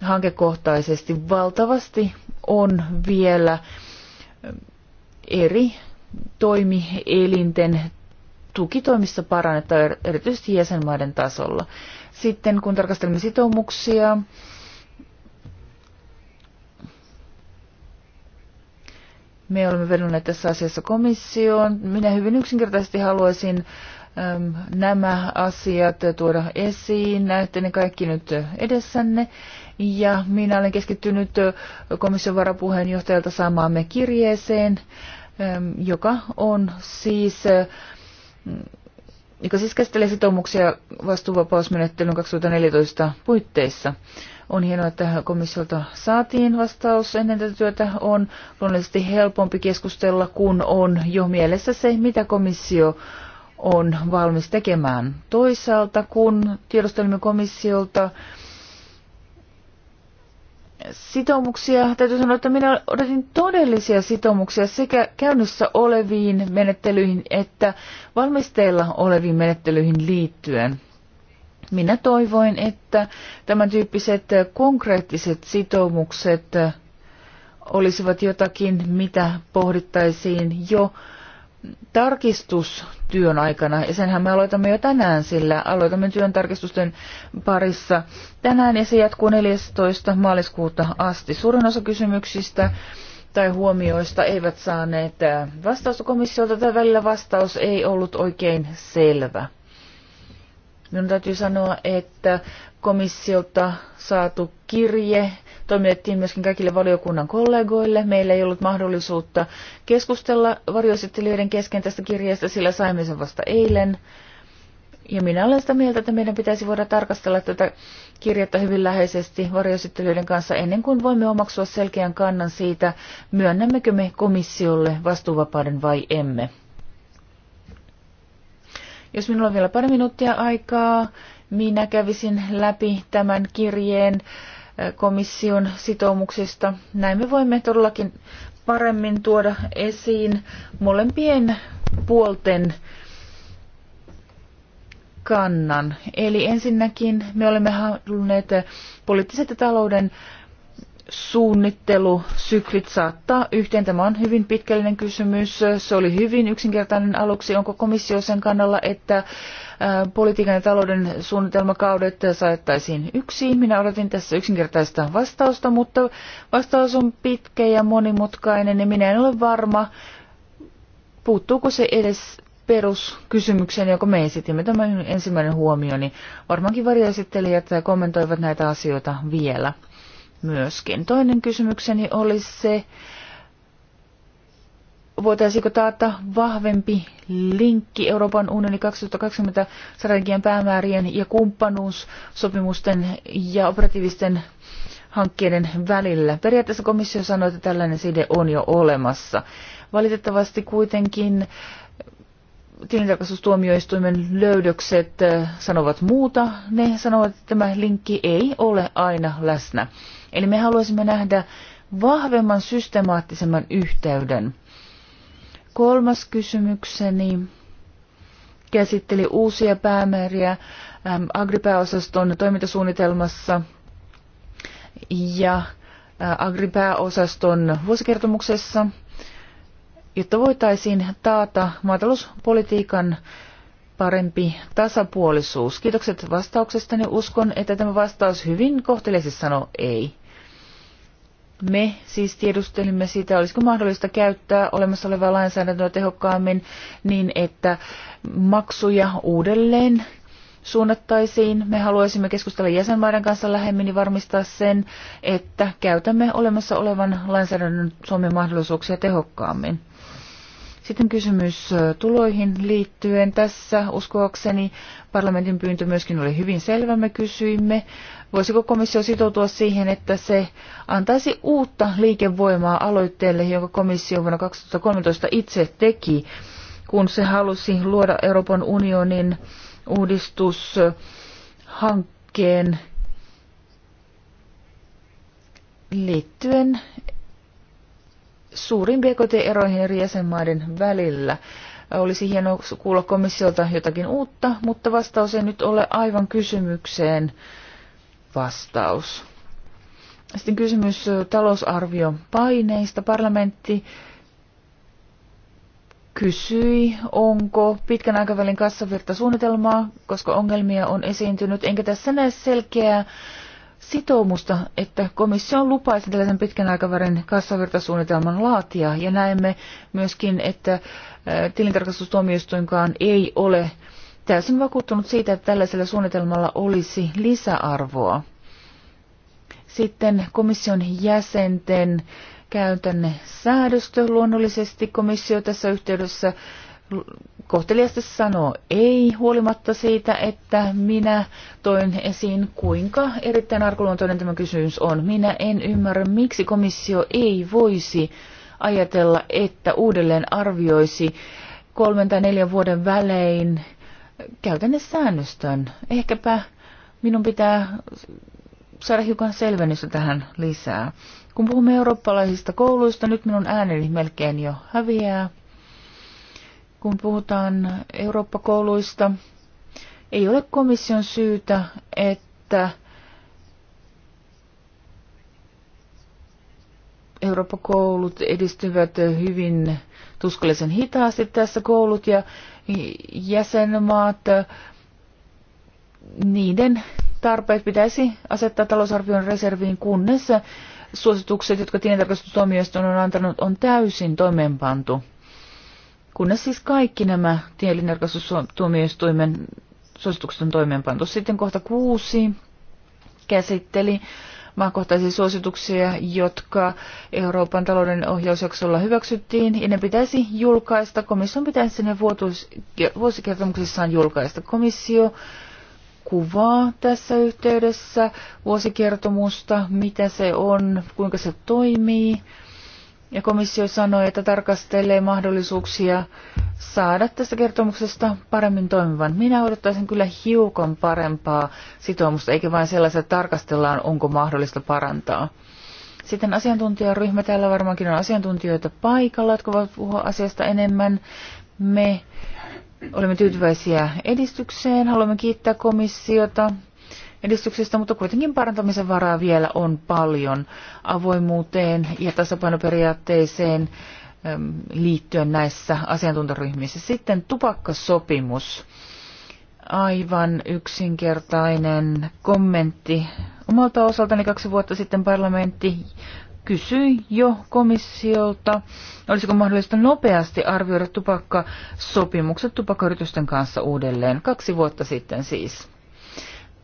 hankekohtaisesti. Valtavasti on vielä eri toimielinten tukitoimissa parannetta er-, erityisesti jäsenmaiden tasolla. Sitten kun tarkastelemme sitoumuksia, me olemme vedonneet tässä asiassa komissioon. Minä hyvin yksinkertaisesti haluaisin äm, nämä asiat tuoda esiin. Näette ne kaikki nyt edessänne ja minä olen keskittynyt komission varapuheenjohtajalta saamaamme kirjeeseen, ähm, joka on siis äh, joka siis käsittelee sitoumuksia vastuuvapausmenettelyn 2014 puitteissa. On hienoa, että komissiolta saatiin vastaus ennen tätä työtä. On luonnollisesti helpompi keskustella, kun on jo mielessä se, mitä komissio on valmis tekemään. Toisaalta, kun tiedostelimme komissiolta sitoumuksia. Täytyy sanoa, että minä odotin todellisia sitoumuksia sekä käynnissä oleviin menettelyihin että valmisteilla oleviin menettelyihin liittyen. Minä toivoin, että tämän tyyppiset konkreettiset sitoumukset olisivat jotakin, mitä pohdittaisiin jo tarkistustyön aikana, ja senhän me aloitamme jo tänään, sillä aloitamme työn tarkistusten parissa tänään, ja se jatkuu 14. maaliskuuta asti. Suurin osa kysymyksistä tai huomioista eivät saaneet äh, vastausta komissiolta, tai välillä vastaus ei ollut oikein selvä. Minun täytyy sanoa, että komissiolta saatu kirje toimitettiin myöskin kaikille valiokunnan kollegoille. Meillä ei ollut mahdollisuutta keskustella varjoesittelijöiden kesken tästä kirjeestä, sillä saimme sen vasta eilen. Ja minä olen sitä mieltä, että meidän pitäisi voida tarkastella tätä kirjettä hyvin läheisesti varjoesittelyiden kanssa ennen kuin voimme omaksua selkeän kannan siitä, myönnämmekö me komissiolle vastuuvapauden vai emme. Jos minulla on vielä pari minuuttia aikaa, minä kävisin läpi tämän kirjeen komission sitoumuksista. Näin me voimme todellakin paremmin tuoda esiin molempien puolten kannan. Eli ensinnäkin me olemme halunneet poliittiset ja talouden suunnittelusyklit saattaa yhteen. Tämä on hyvin pitkällinen kysymys. Se oli hyvin yksinkertainen aluksi. Onko komissio sen kannalla, että politiikan ja talouden suunnitelmakaudet saattaisiin yksiin. Minä odotin tässä yksinkertaista vastausta, mutta vastaus on pitkä ja monimutkainen ja minä en ole varma, puuttuuko se edes peruskysymykseen, jonka me esitimme. Tämä on ensimmäinen huomio, Niin varmaankin varjoesittelijät kommentoivat näitä asioita vielä myöskin. Toinen kysymykseni oli se, voitaisiinko taata vahvempi linkki Euroopan unionin 2020 strategian päämäärien ja kumppanuussopimusten ja operatiivisten hankkeiden välillä. Periaatteessa komissio sanoi, että tällainen side on jo olemassa. Valitettavasti kuitenkin tilintarkastustuomioistuimen löydökset sanovat muuta. Ne sanovat, että tämä linkki ei ole aina läsnä. Eli me haluaisimme nähdä vahvemman systemaattisemman yhteyden Kolmas kysymykseni käsitteli uusia päämääriä Agripääosaston toimintasuunnitelmassa ja Agripääosaston vuosikertomuksessa, jotta voitaisiin taata maatalouspolitiikan parempi tasapuolisuus. Kiitokset vastauksestani. Uskon, että tämä vastaus hyvin kohteliaisesti sanoo ei. Me siis tiedustelimme sitä, olisiko mahdollista käyttää olemassa olevaa lainsäädäntöä tehokkaammin niin, että maksuja uudelleen suunnattaisiin. Me haluaisimme keskustella jäsenmaiden kanssa lähemmin ja varmistaa sen, että käytämme olemassa olevan lainsäädännön Suomen mahdollisuuksia tehokkaammin. Sitten kysymys tuloihin liittyen. Tässä uskoakseni parlamentin pyyntö myöskin oli hyvin selvä. Me kysyimme, voisiko komissio sitoutua siihen, että se antaisi uutta liikevoimaa aloitteelle, jonka komissio vuonna 2013 itse teki, kun se halusi luoda Euroopan unionin uudistushankkeen liittyen Suurin BKT-eroihin eri jäsenmaiden välillä. Olisi hienoa kuulla komissiolta jotakin uutta, mutta vastaus ei nyt ole aivan kysymykseen vastaus. Sitten kysymys talousarviopaineista. Parlamentti kysyi, onko pitkän aikavälin kassavirtasuunnitelmaa, koska ongelmia on esiintynyt, enkä tässä näe selkeää sitoumusta, että komissio on lupaisi tällaisen pitkän aikavälin kassavirtasuunnitelman laatia, ja näemme myöskin, että tilintarkastustuomioistuinkaan ei ole täysin vakuuttunut siitä, että tällaisella suunnitelmalla olisi lisäarvoa. Sitten komission jäsenten käytännön säädöstö. Luonnollisesti komissio tässä yhteydessä kohteliasti sanoo ei, huolimatta siitä, että minä toin esiin, kuinka erittäin arkuluontoinen tämä kysymys on. Minä en ymmärrä, miksi komissio ei voisi ajatella, että uudelleen arvioisi kolmen tai neljän vuoden välein säännöstön. Ehkäpä minun pitää saada hiukan selvennystä tähän lisää. Kun puhumme eurooppalaisista kouluista, nyt minun ääneni melkein jo häviää kun puhutaan Eurooppa-kouluista, ei ole komission syytä, että Eurooppa-koulut edistyvät hyvin tuskallisen hitaasti tässä koulut ja jäsenmaat, niiden tarpeet pitäisi asettaa talousarvion reserviin, kunnes suositukset, jotka tilintarkastustuomioistuin on antanut, on täysin toimeenpantu kunnes siis kaikki nämä tielinarkastustuomioistuimen suositukset on toimeenpantu. Sitten kohta kuusi käsitteli maakohtaisia suosituksia, jotka Euroopan talouden ohjausjaksolla hyväksyttiin, ja ne pitäisi julkaista. Komission pitäisi ne vuosikertomuksissaan julkaista. Komissio kuvaa tässä yhteydessä vuosikertomusta, mitä se on, kuinka se toimii, ja komissio sanoi, että tarkastelee mahdollisuuksia saada tästä kertomuksesta paremmin toimivan. Minä odottaisin kyllä hiukan parempaa sitoumusta, eikä vain sellaista, että tarkastellaan, onko mahdollista parantaa. Sitten asiantuntijaryhmä, täällä varmaankin on asiantuntijoita paikalla, jotka voivat puhua asiasta enemmän. Me olemme tyytyväisiä edistykseen, haluamme kiittää komissiota edistyksestä, mutta kuitenkin parantamisen varaa vielä on paljon avoimuuteen ja tasapainoperiaatteeseen liittyen näissä asiantuntoryhmissä. Sitten tupakkasopimus. Aivan yksinkertainen kommentti. Omalta osaltani kaksi vuotta sitten parlamentti kysyi jo komissiolta, olisiko mahdollista nopeasti arvioida tupakkasopimukset tupakkayritysten kanssa uudelleen, kaksi vuotta sitten siis.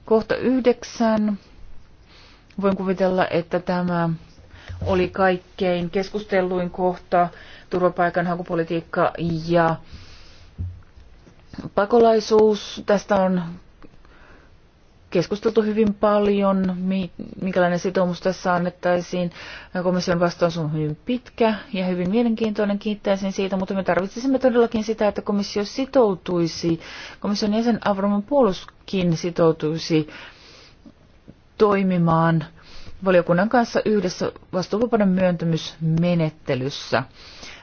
Kohta yhdeksän. Voin kuvitella, että tämä oli kaikkein keskustelluin kohta turvapaikanhakupolitiikka ja pakolaisuus. Tästä on keskusteltu hyvin paljon, minkälainen sitoumus tässä annettaisiin. Komission vastaus on hyvin pitkä ja hyvin mielenkiintoinen, kiittäisin siitä, mutta me tarvitsisimme todellakin sitä, että komissio sitoutuisi, komission jäsen Avramon puoluskin sitoutuisi toimimaan valiokunnan kanssa yhdessä vastuuvapauden myöntämysmenettelyssä.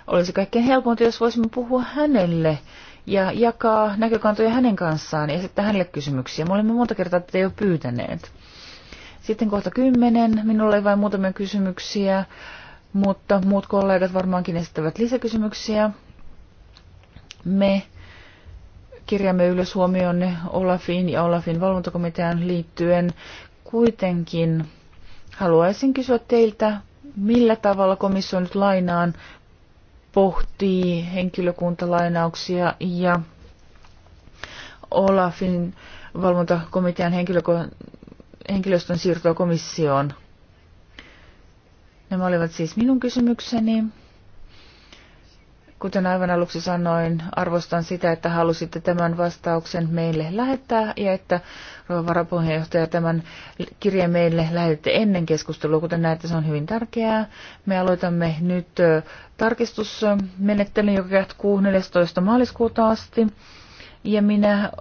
Olisi kaikkein helpointa, jos voisimme puhua hänelle ja jakaa näkökantoja hänen kanssaan ja esittää hänelle kysymyksiä. Me olemme monta kertaa tätä jo pyytäneet. Sitten kohta kymmenen. Minulla ei vain muutamia kysymyksiä, mutta muut kollegat varmaankin esittävät lisäkysymyksiä. Me kirjaamme ylös huomioon Olafin ja Olafin valvontakomitean liittyen. Kuitenkin haluaisin kysyä teiltä, millä tavalla komissio nyt lainaan pohtii henkilökuntalainauksia ja Olafin valvontakomitean henkilöstön siirtoa komissioon. Nämä olivat siis minun kysymykseni. Kuten aivan aluksi sanoin, arvostan sitä, että halusitte tämän vastauksen meille lähettää ja että varapuheenjohtaja tämän kirjeen meille lähetitte ennen keskustelua. Kuten näette, se on hyvin tärkeää. Me aloitamme nyt tarkistusmenettelyn, joka jatkuu 14. maaliskuuta asti. Ja minä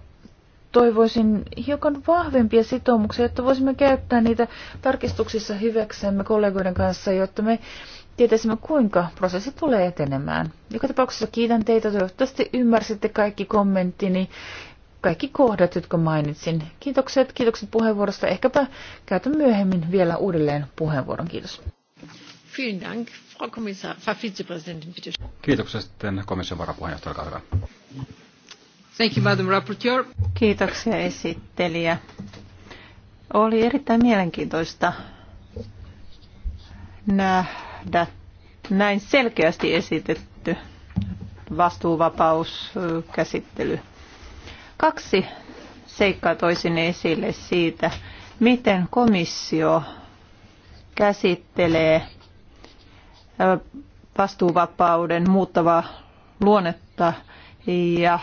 toivoisin hiukan vahvempia sitoumuksia, että voisimme käyttää niitä tarkistuksissa hyväksemme kollegoiden kanssa, jotta me tietäisimme, kuinka prosessi tulee etenemään. Joka tapauksessa kiitän teitä. Toivottavasti ymmärsitte kaikki kommenttini, kaikki kohdat, jotka mainitsin. Kiitokset, kiitokset puheenvuorosta. Ehkäpä käytän myöhemmin vielä uudelleen puheenvuoron. Kiitos. Vielen Dank, Frau Kommissar, Frau Vizepräsidentin, bitte. Kiitoksia sitten komission varapuheenjohtaja, olkaa hyvä. Thank you, Madam Rapporteur. Kiitoksia esittelijä. Oli erittäin mielenkiintoista nähdä nähdä näin selkeästi esitetty vastuuvapauskäsittely. Kaksi seikkaa toisin esille siitä, miten komissio käsittelee vastuuvapauden muuttavaa luonnetta ja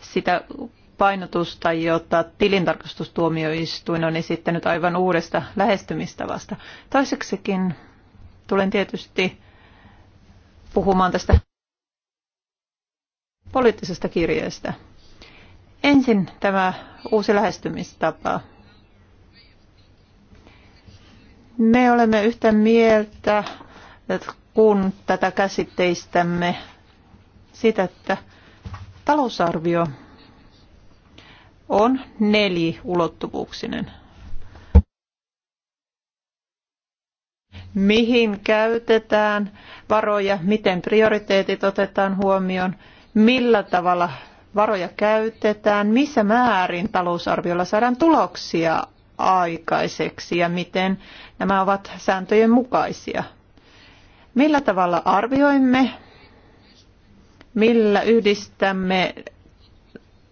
sitä painotusta, jota tilintarkastustuomioistuin on esittänyt aivan uudesta lähestymistavasta. Toiseksikin tulen tietysti puhumaan tästä poliittisesta kirjeestä. Ensin tämä uusi lähestymistapa. Me olemme yhtä mieltä, kun tätä käsitteistämme sitä, että talousarvio on neliulottuvuuksinen. mihin käytetään varoja, miten prioriteetit otetaan huomioon, millä tavalla varoja käytetään, missä määrin talousarviolla saadaan tuloksia aikaiseksi ja miten nämä ovat sääntöjen mukaisia. Millä tavalla arvioimme, millä yhdistämme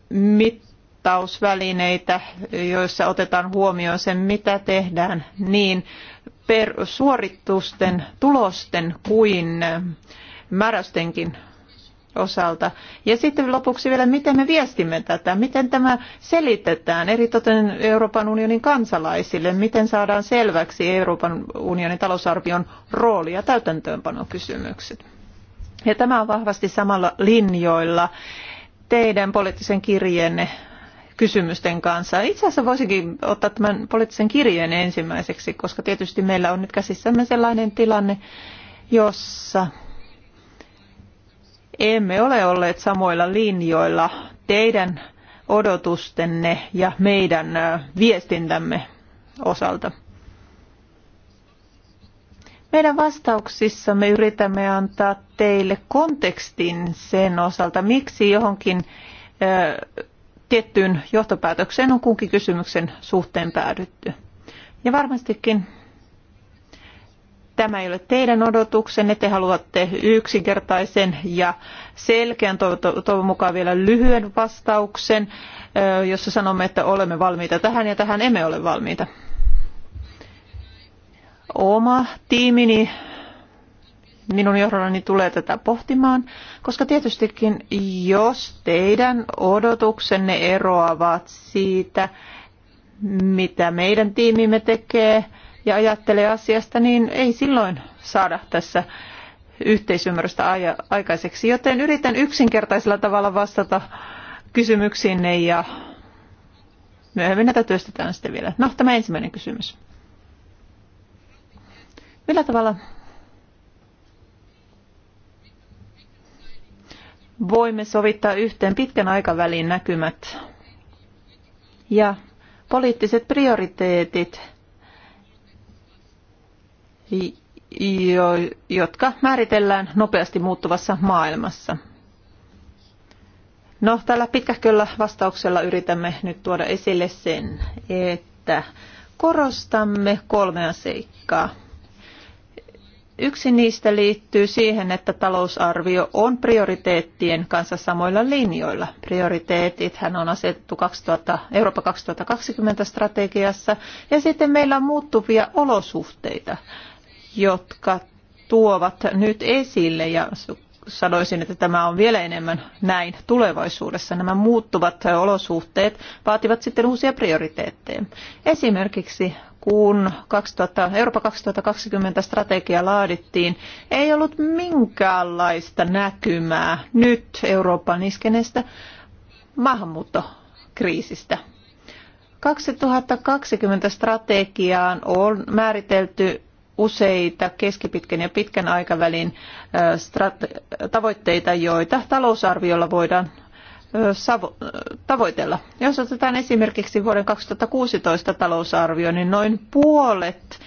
mittausvälineitä, joissa otetaan huomioon se, mitä tehdään, niin per, suoritusten, tulosten kuin äh, määräystenkin osalta. Ja sitten lopuksi vielä, miten me viestimme tätä, miten tämä selitetään eritoten Euroopan unionin kansalaisille, miten saadaan selväksi Euroopan unionin talousarvion rooli ja täytäntöönpanokysymykset. Ja tämä on vahvasti samalla linjoilla teidän poliittisen kirjeenne kysymysten kanssa. Itse asiassa voisikin ottaa tämän poliittisen kirjeen ensimmäiseksi, koska tietysti meillä on nyt käsissämme sellainen tilanne, jossa emme ole olleet samoilla linjoilla teidän odotustenne ja meidän viestintämme osalta. Meidän vastauksissamme yritämme antaa teille kontekstin sen osalta, miksi johonkin tiettyyn johtopäätökseen on kunkin kysymyksen suhteen päädytty. Ja varmastikin tämä ei ole teidän odotuksenne, te haluatte yksinkertaisen ja selkeän, toivon mukaan vielä lyhyen vastauksen, jossa sanomme, että olemme valmiita tähän ja tähän emme ole valmiita. Oma tiimini minun johdollani tulee tätä pohtimaan, koska tietystikin jos teidän odotuksenne eroavat siitä, mitä meidän tiimimme tekee ja ajattelee asiasta, niin ei silloin saada tässä yhteisymmärrystä aikaiseksi. Joten yritän yksinkertaisella tavalla vastata kysymyksiinne ja myöhemmin näitä työstetään sitten vielä. No, tämä ensimmäinen kysymys. Millä tavalla voimme sovittaa yhteen pitkän aikavälin näkymät ja poliittiset prioriteetit, jotka määritellään nopeasti muuttuvassa maailmassa. No, tällä pitkäköllä vastauksella yritämme nyt tuoda esille sen, että korostamme kolmea seikkaa. Yksi niistä liittyy siihen, että talousarvio on prioriteettien kanssa samoilla linjoilla. Prioriteetit hän on asetettu 2000, Eurooppa 2020 strategiassa ja sitten meillä on muuttuvia olosuhteita, jotka tuovat nyt esille ja sanoisin, että tämä on vielä enemmän näin tulevaisuudessa. Nämä muuttuvat olosuhteet vaativat sitten uusia prioriteetteja. Esimerkiksi kun 2000, Eurooppa 2020 strategia laadittiin, ei ollut minkäänlaista näkymää nyt Euroopan iskeneestä maahanmuuttokriisistä. 2020 strategiaan on määritelty useita keskipitkän ja pitkän aikavälin tavoitteita, joita talousarviolla voidaan tavoitella. Jos otetaan esimerkiksi vuoden 2016 talousarvio, niin noin puolet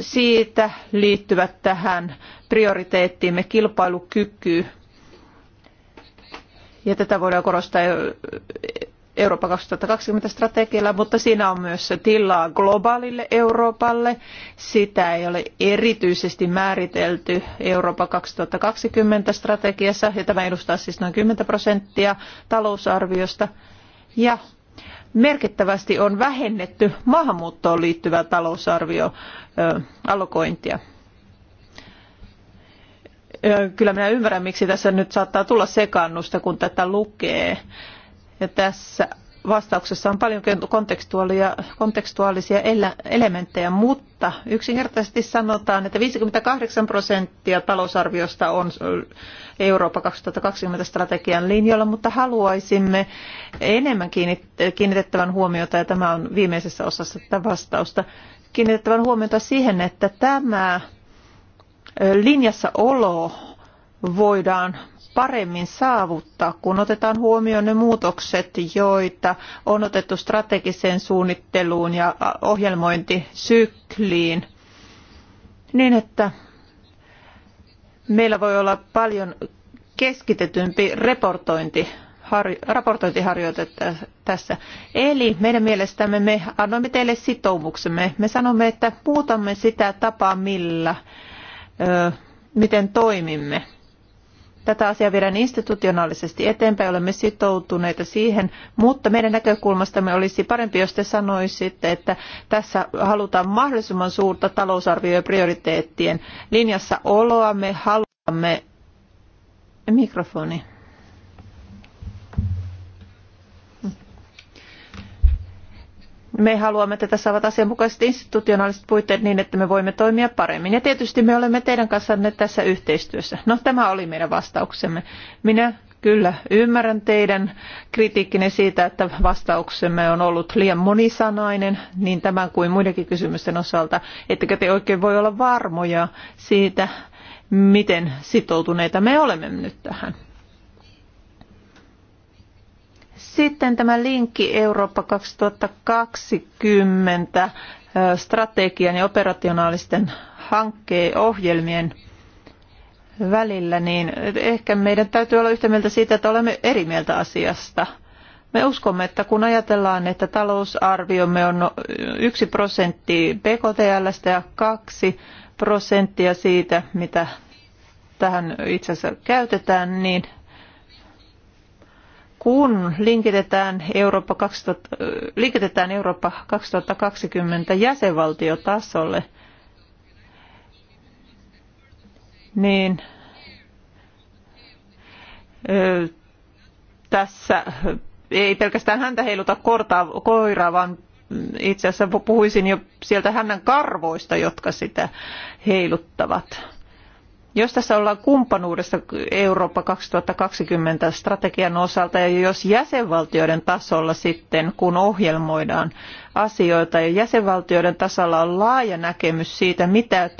siitä liittyvät tähän prioriteettiimme kilpailukyky. Ja tätä voidaan korostaa Eurooppa 2020 strategialla, mutta siinä on myös tilaa globaalille Euroopalle. Sitä ei ole erityisesti määritelty Eurooppa 2020 strategiassa, ja tämä edustaa siis noin 10 prosenttia talousarviosta. Ja merkittävästi on vähennetty maahanmuuttoon liittyvää talousarvioallokointia. Kyllä minä ymmärrän, miksi tässä nyt saattaa tulla sekannusta, kun tätä lukee tässä vastauksessa on paljon kontekstuaalisia elementtejä, mutta yksinkertaisesti sanotaan, että 58 prosenttia talousarviosta on Eurooppa 2020 strategian linjoilla, mutta haluaisimme enemmän kiinnitettävän huomiota, ja tämä on viimeisessä osassa tätä vastausta, kiinnitettävän huomiota siihen, että tämä linjassa olo voidaan paremmin saavuttaa, kun otetaan huomioon ne muutokset, joita on otettu strategiseen suunnitteluun ja ohjelmointisykliin, niin että meillä voi olla paljon keskitetympi raportointi raportointiharjoite tässä. Eli meidän mielestämme me annoimme teille sitoumuksemme. Me sanomme, että muutamme sitä tapaa, millä, ö, miten toimimme. Tätä asiaa viedään institutionaalisesti eteenpäin, olemme sitoutuneita siihen, mutta meidän näkökulmastamme olisi parempi, jos te sanoisitte, että tässä halutaan mahdollisimman suurta talousarvio- ja prioriteettien linjassa oloa. Me haluamme mikrofoni. me haluamme, että tässä ovat asianmukaiset institutionaaliset puitteet niin, että me voimme toimia paremmin. Ja tietysti me olemme teidän kanssanne tässä yhteistyössä. No tämä oli meidän vastauksemme. Minä kyllä ymmärrän teidän kritiikkinne siitä, että vastauksemme on ollut liian monisanainen, niin tämän kuin muidenkin kysymysten osalta. Ettekö te oikein voi olla varmoja siitä, miten sitoutuneita me olemme nyt tähän? Sitten tämä linkki Eurooppa 2020 strategian ja operationaalisten hankkeen ohjelmien välillä, niin ehkä meidän täytyy olla yhtä mieltä siitä, että olemme eri mieltä asiasta. Me uskomme, että kun ajatellaan, että talousarviomme on yksi prosentti BKTL ja kaksi prosenttia siitä, mitä tähän itse asiassa käytetään, niin kun linkitetään Eurooppa, 2000, linkitetään Eurooppa 2020 jäsenvaltiotasolle, niin tässä ei pelkästään häntä heiluta kortaa, koiraa, vaan itse asiassa puhuisin jo sieltä hänen karvoista, jotka sitä heiluttavat. Jos tässä ollaan kumppanuudessa Eurooppa 2020 strategian osalta ja jos jäsenvaltioiden tasolla sitten, kun ohjelmoidaan asioita ja jäsenvaltioiden tasolla on laaja näkemys siitä, mitä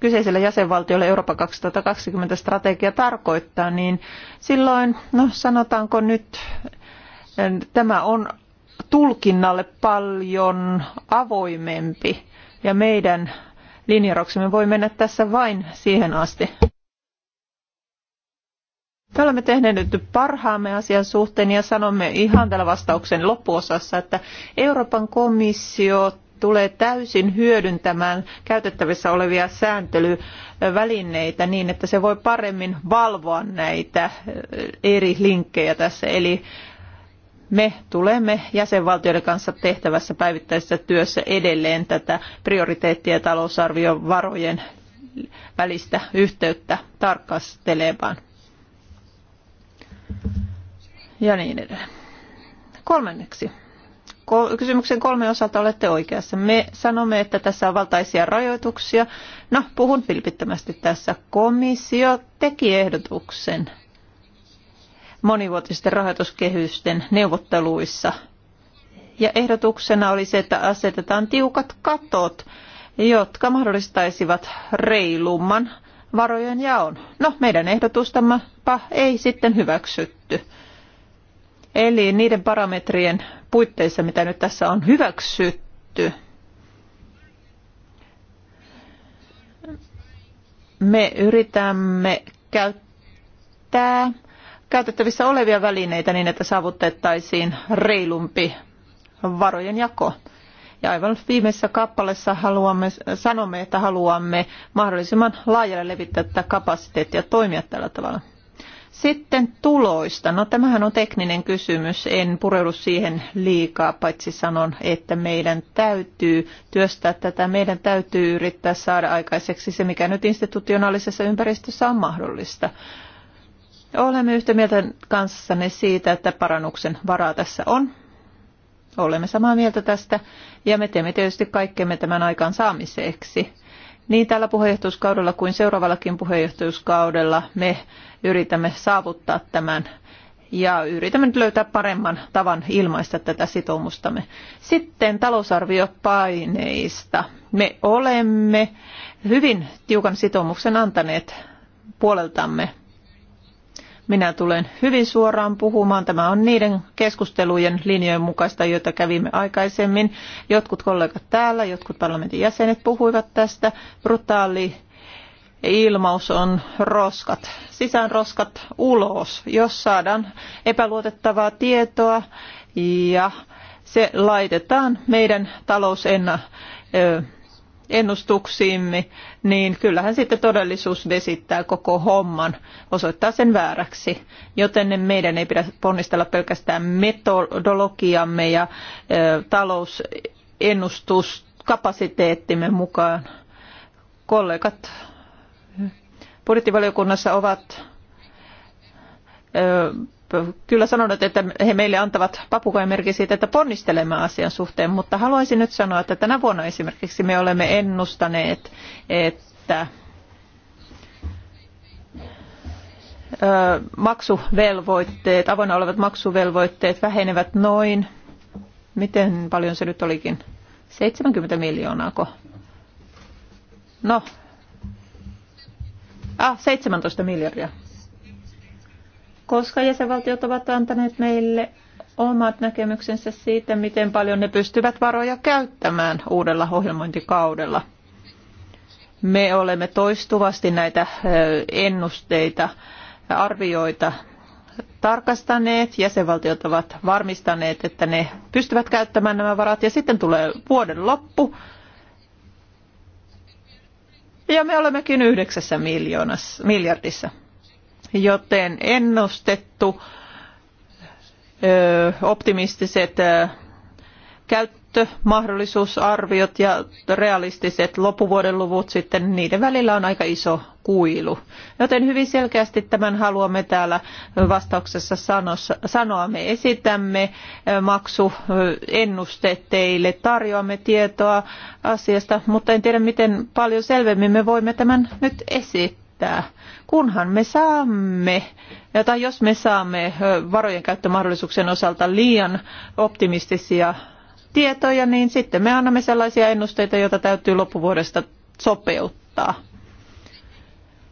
kyseisellä jäsenvaltiolla Eurooppa 2020 strategia tarkoittaa, niin silloin, no sanotaanko nyt, tämä on tulkinnalle paljon avoimempi ja meidän linjarauksemme voi mennä tässä vain siihen asti. Me olemme tehneet nyt parhaamme asian suhteen ja sanomme ihan tällä vastauksen loppuosassa, että Euroopan komissio tulee täysin hyödyntämään käytettävissä olevia sääntelyvälineitä niin, että se voi paremmin valvoa näitä eri linkkejä tässä. Eli me tulemme jäsenvaltioiden kanssa tehtävässä päivittäisessä työssä edelleen tätä prioriteettia ja talousarvion varojen välistä yhteyttä tarkastelemaan. Ja niin edelleen. Kolmanneksi. Kysymyksen kolme osalta olette oikeassa. Me sanomme, että tässä on valtaisia rajoituksia. No, puhun vilpittömästi tässä. Komissio teki ehdotuksen monivuotisten rahoituskehysten neuvotteluissa. Ja ehdotuksena oli se, että asetetaan tiukat katot, jotka mahdollistaisivat reilumman varojen jaon. No, meidän ehdotustammepa ei sitten hyväksytty. Eli niiden parametrien puitteissa, mitä nyt tässä on hyväksytty, me yritämme käyttää käytettävissä olevia välineitä niin, että saavutettaisiin reilumpi varojen jako. Ja aivan viimeisessä kappaleessa haluamme, sanomme, että haluamme mahdollisimman laajalle levittää tätä kapasiteettia toimia tällä tavalla. Sitten tuloista. No tämähän on tekninen kysymys. En pureudu siihen liikaa, paitsi sanon, että meidän täytyy työstää tätä. Meidän täytyy yrittää saada aikaiseksi se, mikä nyt institutionaalisessa ympäristössä on mahdollista. Olemme yhtä mieltä kanssanne siitä, että parannuksen varaa tässä on. Olemme samaa mieltä tästä ja me teemme tietysti kaikkemme tämän aikaan saamiseksi. Niin tällä puheenjohtajuuskaudella kuin seuraavallakin puheenjohtajuuskaudella me yritämme saavuttaa tämän ja yritämme nyt löytää paremman tavan ilmaista tätä sitoumustamme. Sitten talousarviopaineista. Me olemme hyvin tiukan sitoumuksen antaneet puoleltamme minä tulen hyvin suoraan puhumaan. Tämä on niiden keskustelujen linjojen mukaista, joita kävimme aikaisemmin. Jotkut kollegat täällä, jotkut parlamentin jäsenet puhuivat tästä. Brutaali ilmaus on roskat. Sisään roskat ulos, jos saadaan epäluotettavaa tietoa ja se laitetaan meidän talousenna ennustuksiimme, niin kyllähän sitten todellisuus vesittää koko homman, osoittaa sen vääräksi. Joten meidän ei pidä ponnistella pelkästään metodologiamme ja talousennustuskapasiteettimme mukaan. Kollegat budjettivaliokunnassa ovat kyllä sanonut, että he meille antavat papukoimerkin siitä, että ponnistelemme asian suhteen, mutta haluaisin nyt sanoa, että tänä vuonna esimerkiksi me olemme ennustaneet, että maksuvelvoitteet, avoinna olevat maksuvelvoitteet vähenevät noin, miten paljon se nyt olikin, 70 miljoonaako? No, ah, 17 miljardia koska jäsenvaltiot ovat antaneet meille omat näkemyksensä siitä, miten paljon ne pystyvät varoja käyttämään uudella ohjelmointikaudella. Me olemme toistuvasti näitä ennusteita, arvioita tarkastaneet, jäsenvaltiot ovat varmistaneet, että ne pystyvät käyttämään nämä varat ja sitten tulee vuoden loppu. Ja me olemmekin yhdeksässä miljoonassa, miljardissa joten ennustettu optimistiset käyttömahdollisuusarviot ja realistiset loppuvuoden luvut sitten niiden välillä on aika iso kuilu. Joten hyvin selkeästi tämän haluamme täällä vastauksessa sanoa. Me esitämme maksuennusteet teille, tarjoamme tietoa asiasta, mutta en tiedä miten paljon selvemmin me voimme tämän nyt esittää riittää, kunhan me saamme, tai jos me saamme varojen käyttömahdollisuuksien osalta liian optimistisia tietoja, niin sitten me annamme sellaisia ennusteita, joita täytyy loppuvuodesta sopeuttaa.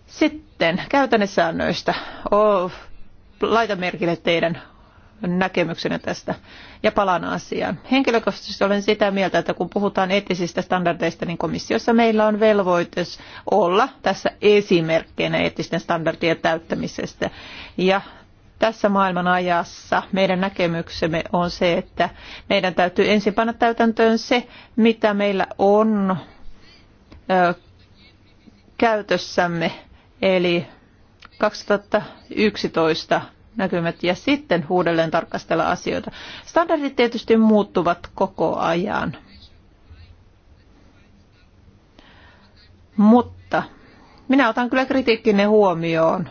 Sitten käytännössäännöistä. Oh, laita merkille teidän näkemyksenä tästä ja palaan asiaan. Henkilökohtaisesti olen sitä mieltä, että kun puhutaan eettisistä standardeista, niin komissiossa meillä on velvoitus olla tässä esimerkkeinä eettisten standardien täyttämisestä. Ja tässä maailman ajassa meidän näkemyksemme on se, että meidän täytyy ensin panna täytäntöön se, mitä meillä on ö, käytössämme, eli 2011 näkymät ja sitten uudelleen tarkastella asioita. Standardit tietysti muuttuvat koko ajan. Mutta minä otan kyllä kritiikkinne huomioon.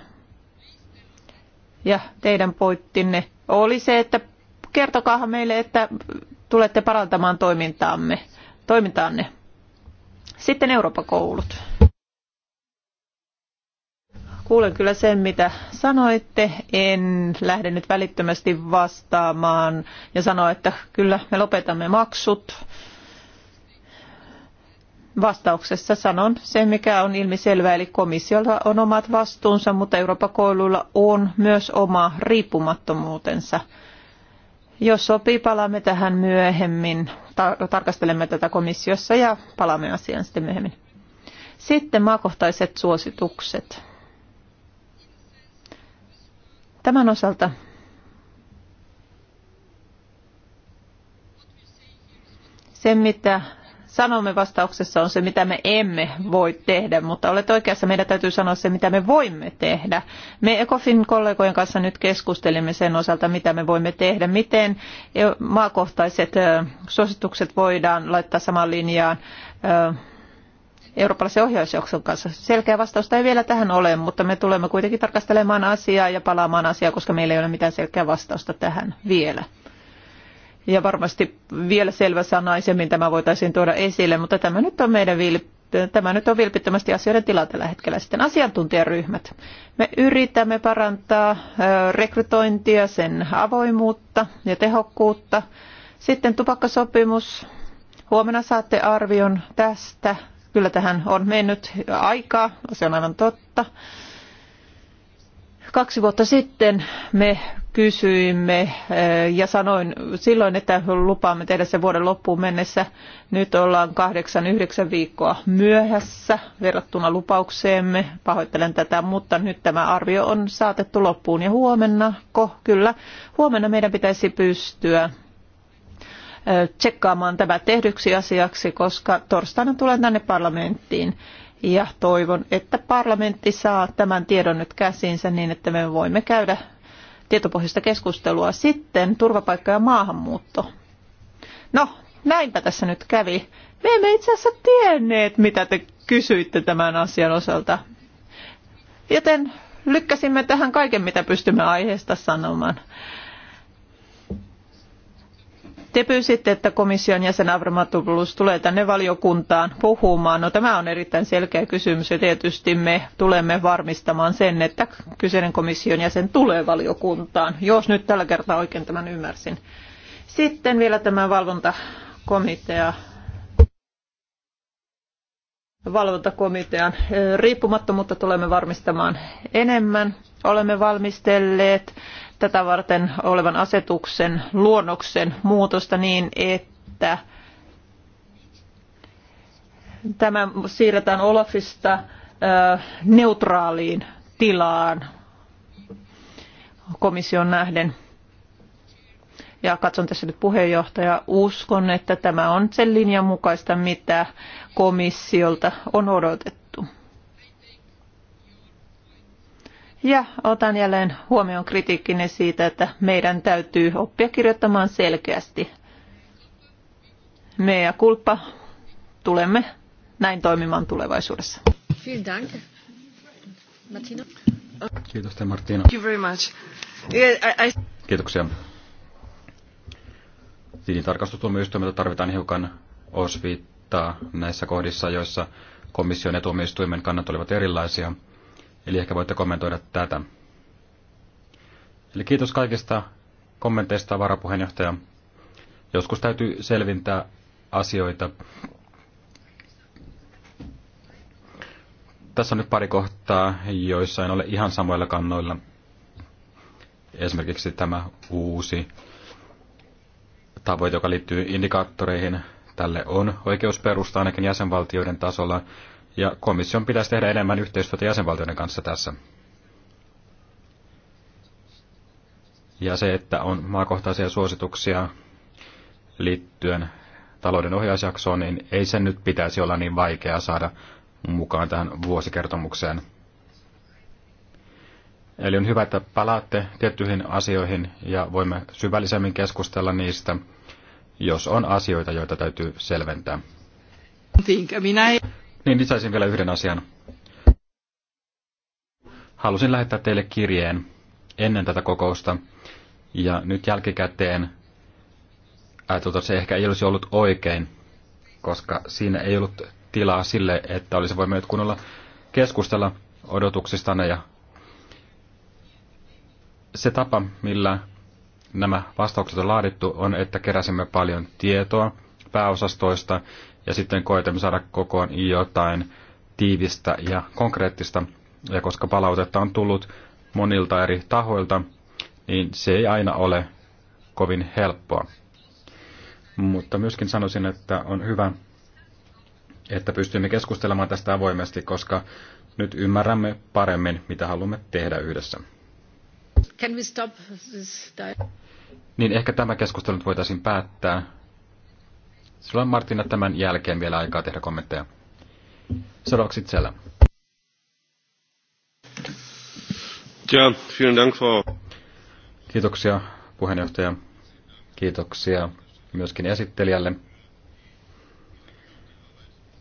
Ja teidän poittinne oli se, että kertokaa meille, että tulette parantamaan toimintaamme, toimintaanne. Sitten Euroopan koulut Kuulen kyllä sen, mitä sanoitte. En lähde nyt välittömästi vastaamaan ja sanoa, että kyllä me lopetamme maksut. Vastauksessa sanon sen, mikä on ilmiselvää, eli komissiolla on omat vastuunsa, mutta Euroopan kouluilla on myös oma riippumattomuutensa. Jos sopii, palaamme tähän myöhemmin. tarkastelemme tätä komissiossa ja palaamme asiaan sitten myöhemmin. Sitten maakohtaiset suositukset. Tämän osalta se, mitä sanomme vastauksessa, on se, mitä me emme voi tehdä, mutta olet oikeassa, meidän täytyy sanoa se, mitä me voimme tehdä. Me ECOFIN kollegojen kanssa nyt keskustelimme sen osalta, mitä me voimme tehdä, miten maakohtaiset suositukset voidaan laittaa samaan linjaan eurooppalaisen ohjausjakson kanssa. Selkeä vastausta ei vielä tähän ole, mutta me tulemme kuitenkin tarkastelemaan asiaa ja palaamaan asiaa, koska meillä ei ole mitään selkeää vastausta tähän vielä. Ja varmasti vielä selväsanaisemmin tämä voitaisiin tuoda esille, mutta tämä nyt on meidän vilp- tämä nyt on vilpittömästi asioiden tila tällä hetkellä. Sitten asiantuntijaryhmät. Me yritämme parantaa rekrytointia, sen avoimuutta ja tehokkuutta. Sitten tupakkasopimus. Huomenna saatte arvion tästä Kyllä tähän on mennyt aikaa, se on aivan totta. Kaksi vuotta sitten me kysyimme eh, ja sanoin silloin, että lupaamme tehdä se vuoden loppuun mennessä. Nyt ollaan kahdeksan, yhdeksän viikkoa myöhässä verrattuna lupaukseemme. Pahoittelen tätä, mutta nyt tämä arvio on saatettu loppuun ja huomenna, ko, kyllä, huomenna meidän pitäisi pystyä tsekkaamaan tämä tehdyksi asiaksi, koska torstaina tulen tänne parlamenttiin ja toivon, että parlamentti saa tämän tiedon nyt käsiinsä niin, että me voimme käydä tietopohjaista keskustelua. Sitten turvapaikka ja maahanmuutto. No, näinpä tässä nyt kävi. Me emme itse asiassa tienneet, mitä te kysyitte tämän asian osalta. Joten lykkäsimme tähän kaiken, mitä pystymme aiheesta sanomaan. Te pyysitte, että komission jäsen avramopoulos tulee tänne valiokuntaan puhumaan. No tämä on erittäin selkeä kysymys ja tietysti me tulemme varmistamaan sen, että kyseinen komission jäsen tulee valiokuntaan, jos nyt tällä kertaa oikein tämän ymmärsin. Sitten vielä tämä valvontakomitea valvontakomitean eh, riippumattomuutta tulemme varmistamaan enemmän. Olemme valmistelleet tätä varten olevan asetuksen luonnoksen muutosta niin, että tämä siirretään Olafista neutraaliin tilaan komission nähden. Ja katson tässä nyt puheenjohtaja, uskon, että tämä on sen linjan mukaista, mitä komissiolta on odotettu Ja otan jälleen huomioon kritiikkinne siitä, että meidän täytyy oppia kirjoittamaan selkeästi. Me ja kulppa tulemme näin toimimaan tulevaisuudessa. Kiitos te Martina. Kiitoksia. you very tarvitaan hiukan osviittaa näissä kohdissa, joissa komission ja tuomioistuimen kannat olivat erilaisia – Eli ehkä voitte kommentoida tätä. Eli kiitos kaikista kommenteista, varapuheenjohtaja. Joskus täytyy selvintää asioita. Tässä on nyt pari kohtaa, joissa en ole ihan samoilla kannoilla. Esimerkiksi tämä uusi tavoite, joka liittyy indikaattoreihin. Tälle on oikeusperusta ainakin jäsenvaltioiden tasolla, ja komission pitäisi tehdä enemmän yhteistyötä jäsenvaltioiden kanssa tässä. Ja se, että on maakohtaisia suosituksia liittyen talouden ohjausjaksoon, niin ei sen nyt pitäisi olla niin vaikeaa saada mukaan tähän vuosikertomukseen. Eli on hyvä, että palaatte tiettyihin asioihin ja voimme syvällisemmin keskustella niistä, jos on asioita, joita täytyy selventää. Niin lisäisin vielä yhden asian. Halusin lähettää teille kirjeen ennen tätä kokousta, ja nyt jälkikäteen ää, tuota, se ehkä ei olisi ollut oikein, koska siinä ei ollut tilaa sille, että olisi voinut kunnolla keskustella odotuksistanne ja se tapa, millä nämä vastaukset on laadittu, on, että keräsimme paljon tietoa pääosastoista ja sitten koetamme saada kokoon jotain tiivistä ja konkreettista. Ja koska palautetta on tullut monilta eri tahoilta, niin se ei aina ole kovin helppoa. Mutta myöskin sanoisin, että on hyvä, että pystymme keskustelemaan tästä avoimesti, koska nyt ymmärrämme paremmin, mitä haluamme tehdä yhdessä. Can we stop this? Niin ehkä tämä keskustelu voitaisiin päättää Sulla on Martina tämän jälkeen vielä aikaa tehdä kommentteja. Seuraavaksi itsellä. Ja, vielen Dank, Frau. Kiitoksia puheenjohtaja. Kiitoksia myöskin esittelijälle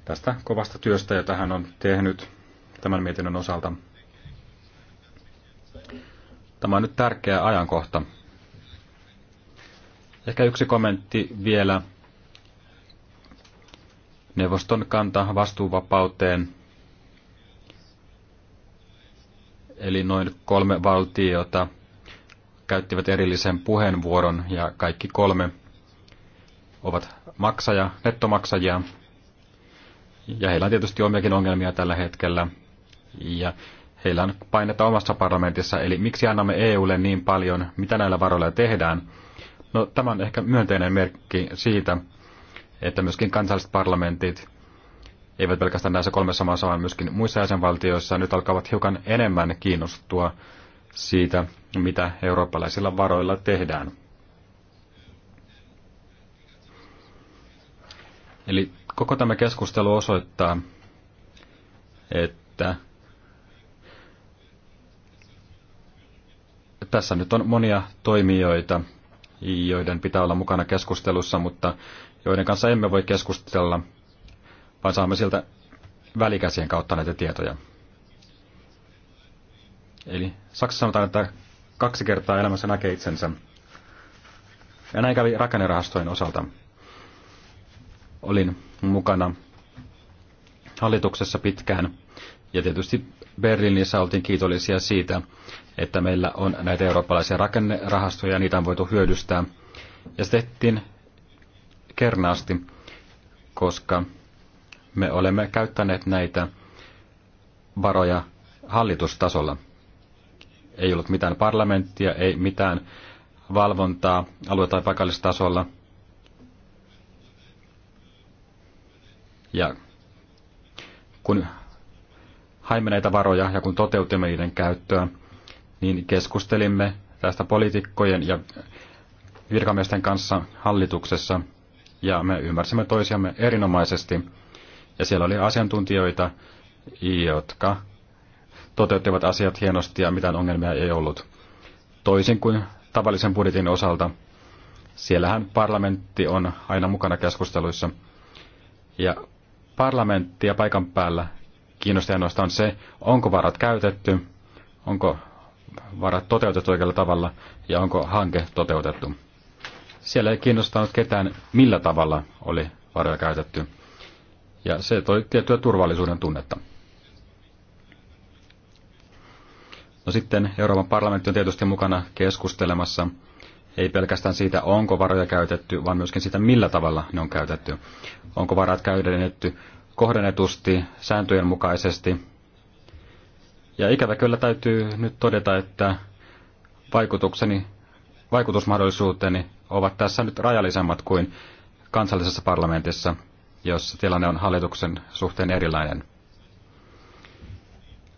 tästä kovasta työstä, jota hän on tehnyt tämän mietinnön osalta. Tämä on nyt tärkeä ajankohta. Ehkä yksi kommentti vielä Neuvoston kanta vastuuvapauteen, eli noin kolme valtiota käyttivät erillisen puheenvuoron ja kaikki kolme ovat maksaja, nettomaksajia. Ja heillä on tietysti omiakin ongelmia tällä hetkellä. Ja heillä on painetta omassa parlamentissa, eli miksi annamme EUlle niin paljon, mitä näillä varoilla tehdään. No tämä on ehkä myönteinen merkki siitä, että myöskin kansalliset parlamentit, eivät pelkästään näissä kolmessa maassa, vaan myöskin muissa jäsenvaltioissa, nyt alkavat hiukan enemmän kiinnostua siitä, mitä eurooppalaisilla varoilla tehdään. Eli koko tämä keskustelu osoittaa, että tässä nyt on monia toimijoita, joiden pitää olla mukana keskustelussa, mutta joiden kanssa emme voi keskustella, vaan saamme sieltä välikäsien kautta näitä tietoja. Eli Saksassa sanotaan, että kaksi kertaa elämässä näkee itsensä. Ja näin kävi rakennerahastojen osalta. Olin mukana hallituksessa pitkään. Ja tietysti Berliinissä oltiin kiitollisia siitä, että meillä on näitä eurooppalaisia rakennerahastoja ja niitä on voitu hyödystää. Ja sitten tehtiin kernaasti, koska me olemme käyttäneet näitä varoja hallitustasolla. Ei ollut mitään parlamenttia, ei mitään valvontaa alue- tai paikallistasolla. Ja kun haimme näitä varoja ja kun toteutimme niiden käyttöä, niin keskustelimme tästä poliitikkojen ja virkamiesten kanssa hallituksessa ja me ymmärsimme toisiamme erinomaisesti. Ja siellä oli asiantuntijoita, jotka toteuttivat asiat hienosti ja mitään ongelmia ei ollut. Toisin kuin tavallisen budjetin osalta, siellähän parlamentti on aina mukana keskusteluissa. Ja parlamenttia paikan päällä kiinnosti ainoastaan se, onko varat käytetty, onko varat toteutettu oikealla tavalla ja onko hanke toteutettu. Siellä ei kiinnostanut ketään, millä tavalla oli varoja käytetty. Ja se toi tiettyä turvallisuuden tunnetta. No sitten Euroopan parlamentti on tietysti mukana keskustelemassa ei pelkästään siitä, onko varoja käytetty, vaan myöskin siitä, millä tavalla ne on käytetty. Onko varat käytetty kohdennetusti, sääntöjen mukaisesti. Ja ikävä kyllä täytyy nyt todeta, että vaikutukseni, vaikutusmahdollisuuteni ovat tässä nyt rajallisemmat kuin kansallisessa parlamentissa, jossa tilanne on hallituksen suhteen erilainen.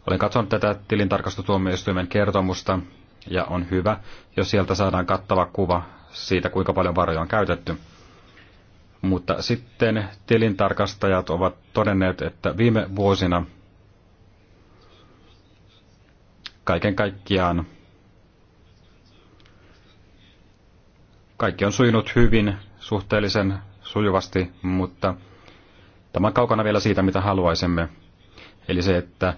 Olen katsonut tätä tilintarkastustuomioistuimen kertomusta ja on hyvä, jos sieltä saadaan kattava kuva siitä, kuinka paljon varoja on käytetty. Mutta sitten tilintarkastajat ovat todenneet, että viime vuosina kaiken kaikkiaan Kaikki on sujunut hyvin, suhteellisen sujuvasti, mutta tämä on kaukana vielä siitä, mitä haluaisimme. Eli se, että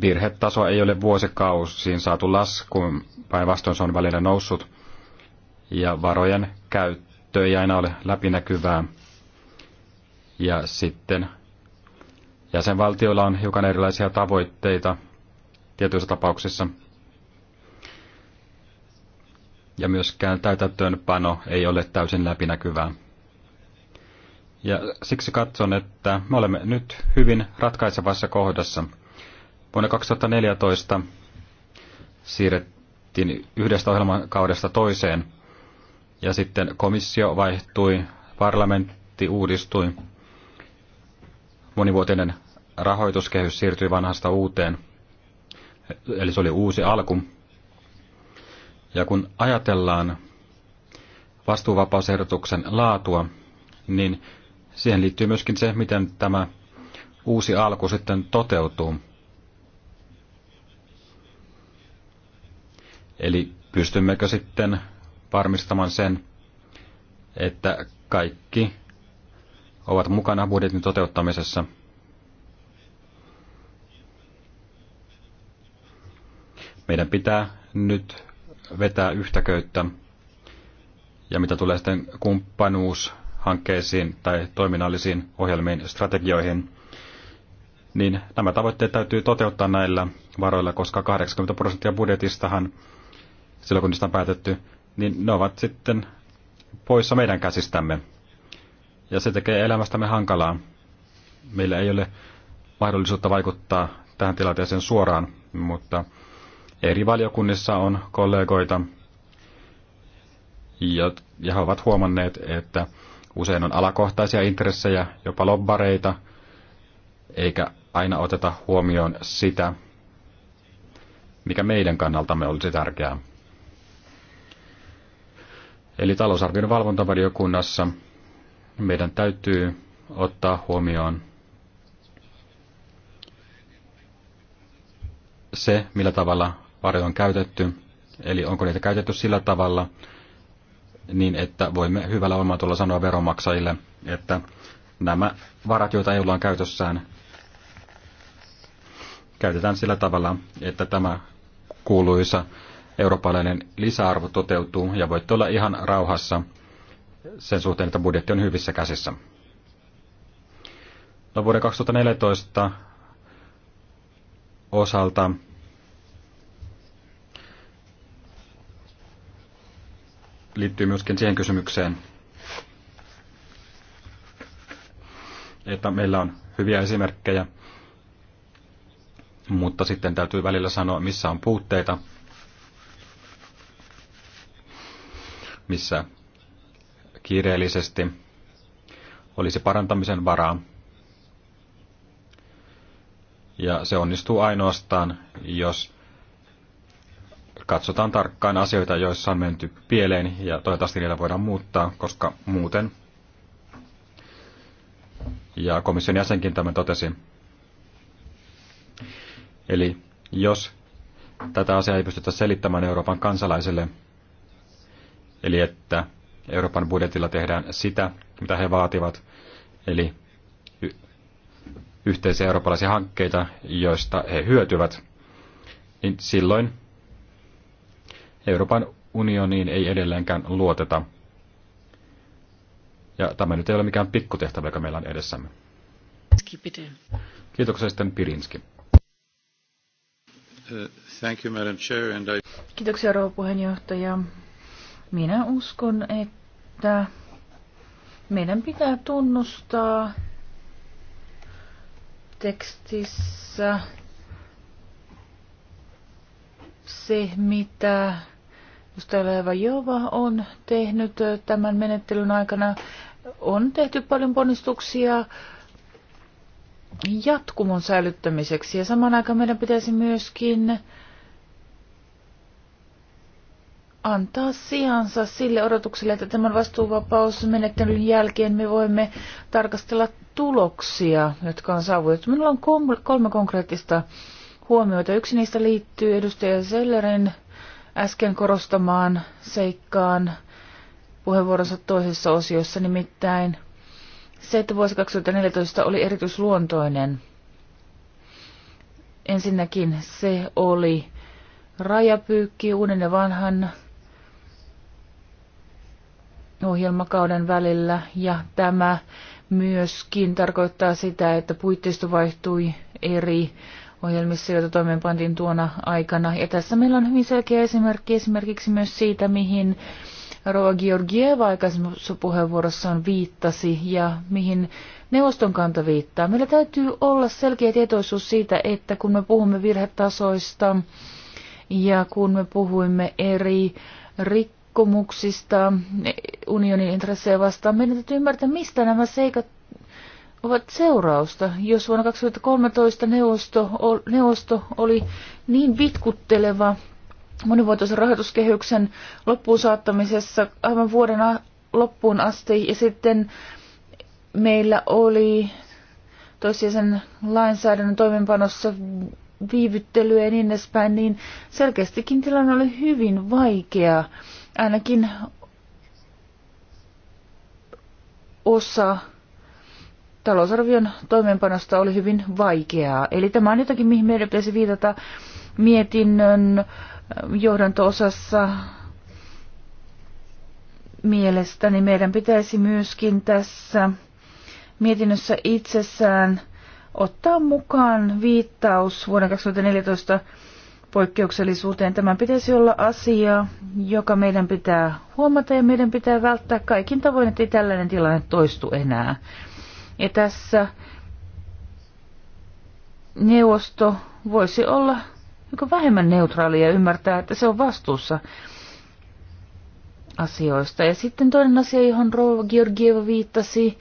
virhetaso ei ole vuosikausiin saatu laskuun, päinvastoin se on välillä noussut, ja varojen käyttö ei aina ole läpinäkyvää. Ja sitten jäsenvaltioilla on hiukan erilaisia tavoitteita tietyissä tapauksissa – ja myöskään täytäntöönpano ei ole täysin läpinäkyvää. Ja siksi katson, että me olemme nyt hyvin ratkaisevassa kohdassa. Vuonna 2014 siirrettiin yhdestä ohjelmakaudesta toiseen, ja sitten komissio vaihtui, parlamentti uudistui, monivuotinen rahoituskehys siirtyi vanhasta uuteen, eli se oli uusi alku, ja kun ajatellaan vastuuvapausehdotuksen laatua, niin siihen liittyy myöskin se, miten tämä uusi alku sitten toteutuu. Eli pystymmekö sitten varmistamaan sen, että kaikki ovat mukana budjetin toteuttamisessa. Meidän pitää nyt vetää yhtä köyttä. Ja mitä tulee sitten kumppanuushankkeisiin tai toiminnallisiin ohjelmiin, strategioihin, niin nämä tavoitteet täytyy toteuttaa näillä varoilla, koska 80 prosenttia budjetistahan silloin kun niistä on päätetty, niin ne ovat sitten poissa meidän käsistämme. Ja se tekee elämästämme hankalaa. Meillä ei ole mahdollisuutta vaikuttaa tähän tilanteeseen suoraan, mutta Eri valiokunnissa on kollegoita, ja he ovat huomanneet, että usein on alakohtaisia intressejä, jopa lobbareita, eikä aina oteta huomioon sitä, mikä meidän kannaltamme olisi tärkeää. Eli talousarvion valvontavaliokunnassa meidän täytyy ottaa huomioon se, millä tavalla varoja on käytetty, eli onko niitä käytetty sillä tavalla, niin että voimme hyvällä omatulla sanoa veronmaksajille, että nämä varat, joita EUlla on käytössään, käytetään sillä tavalla, että tämä kuuluisa eurooppalainen lisäarvo toteutuu ja voitte olla ihan rauhassa sen suhteen, että budjetti on hyvissä käsissä. No vuoden 2014 osalta liittyy myöskin siihen kysymykseen, että meillä on hyviä esimerkkejä, mutta sitten täytyy välillä sanoa, missä on puutteita, missä kiireellisesti olisi parantamisen varaa. Ja se onnistuu ainoastaan, jos katsotaan tarkkaan asioita, joissa on menty pieleen ja toivottavasti niitä voidaan muuttaa, koska muuten, ja komission jäsenkin tämän totesi, eli jos tätä asiaa ei pystytä selittämään Euroopan kansalaisille, eli että Euroopan budjetilla tehdään sitä, mitä he vaativat, eli y- yhteisiä eurooppalaisia hankkeita, joista he hyötyvät, niin silloin Euroopan unioniin ei edelleenkään luoteta. Ja tämä nyt ei ole mikään pikkutehtävä, joka meillä on edessämme. Kiitoksia sitten Pirinski. Uh, thank you, Madam Chair, and I... Kiitoksia, rouva puheenjohtaja. Minä uskon, että meidän pitää tunnustaa tekstissä se, mitä Steleva Jova on tehnyt tämän menettelyn aikana. On tehty paljon ponnistuksia jatkumon säilyttämiseksi ja saman aikaan meidän pitäisi myöskin antaa sijansa sille odotukselle, että tämän vastuuvapausmenettelyn jälkeen me voimme tarkastella tuloksia, jotka on saavutettu. Minulla on kolme konkreettista huomioita. Yksi niistä liittyy edustaja Sellerin äsken korostamaan seikkaan puheenvuoronsa toisessa osiossa, nimittäin se, että vuosi 2014 oli erityisluontoinen. Ensinnäkin se oli rajapyykki uuden ja vanhan ohjelmakauden välillä ja tämä myöskin tarkoittaa sitä, että puitteisto vaihtui eri ohjelmissa, joita toimeenpantiin tuona aikana. Ja tässä meillä on hyvin selkeä esimerkki esimerkiksi myös siitä, mihin Rova Georgieva aikaisemmassa puheenvuorossaan viittasi ja mihin neuvoston kanta viittaa. Meillä täytyy olla selkeä tietoisuus siitä, että kun me puhumme virhetasoista ja kun me puhuimme eri rikkomuksista unionin intressejä vastaan, meidän täytyy ymmärtää, mistä nämä seikat ovat seurausta. Jos vuonna 2013 neuvosto, neuvosto oli niin vitkutteleva monivuotoisen rahoituskehyksen loppuun saattamisessa aivan vuoden loppuun asti ja sitten meillä oli toisiaisen lainsäädännön toimenpanossa viivyttelyä ja niin edespäin, niin selkeästikin tilanne oli hyvin vaikea. Ainakin osa talousarvion toimeenpanosta oli hyvin vaikeaa. Eli tämä on jotakin, mihin meidän pitäisi viitata mietinnön johdanto-osassa mielestäni meidän pitäisi myöskin tässä mietinnössä itsessään ottaa mukaan viittaus vuoden 2014 poikkeuksellisuuteen. Tämän pitäisi olla asia, joka meidän pitää huomata ja meidän pitää välttää kaikin tavoin, ettei tällainen tilanne toistu enää. Ja tässä neuvosto voisi olla joko vähemmän neutraali ja ymmärtää, että se on vastuussa asioista. Ja sitten toinen asia, johon Rouva Georgieva viittasi,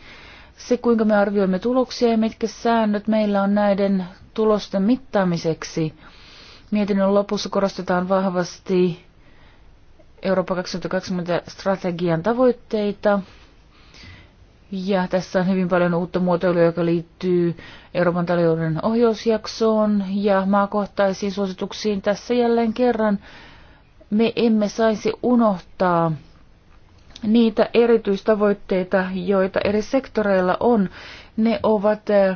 se kuinka me arvioimme tuloksia ja mitkä säännöt meillä on näiden tulosten mittaamiseksi. Mietinnön lopussa korostetaan vahvasti Eurooppa 2020 strategian tavoitteita ja tässä on hyvin paljon uutta muotoilua, joka liittyy Euroopan talouden ohjausjaksoon ja maakohtaisiin suosituksiin. Tässä jälleen kerran me emme saisi unohtaa niitä erityistavoitteita, joita eri sektoreilla on. Ne ovat eh,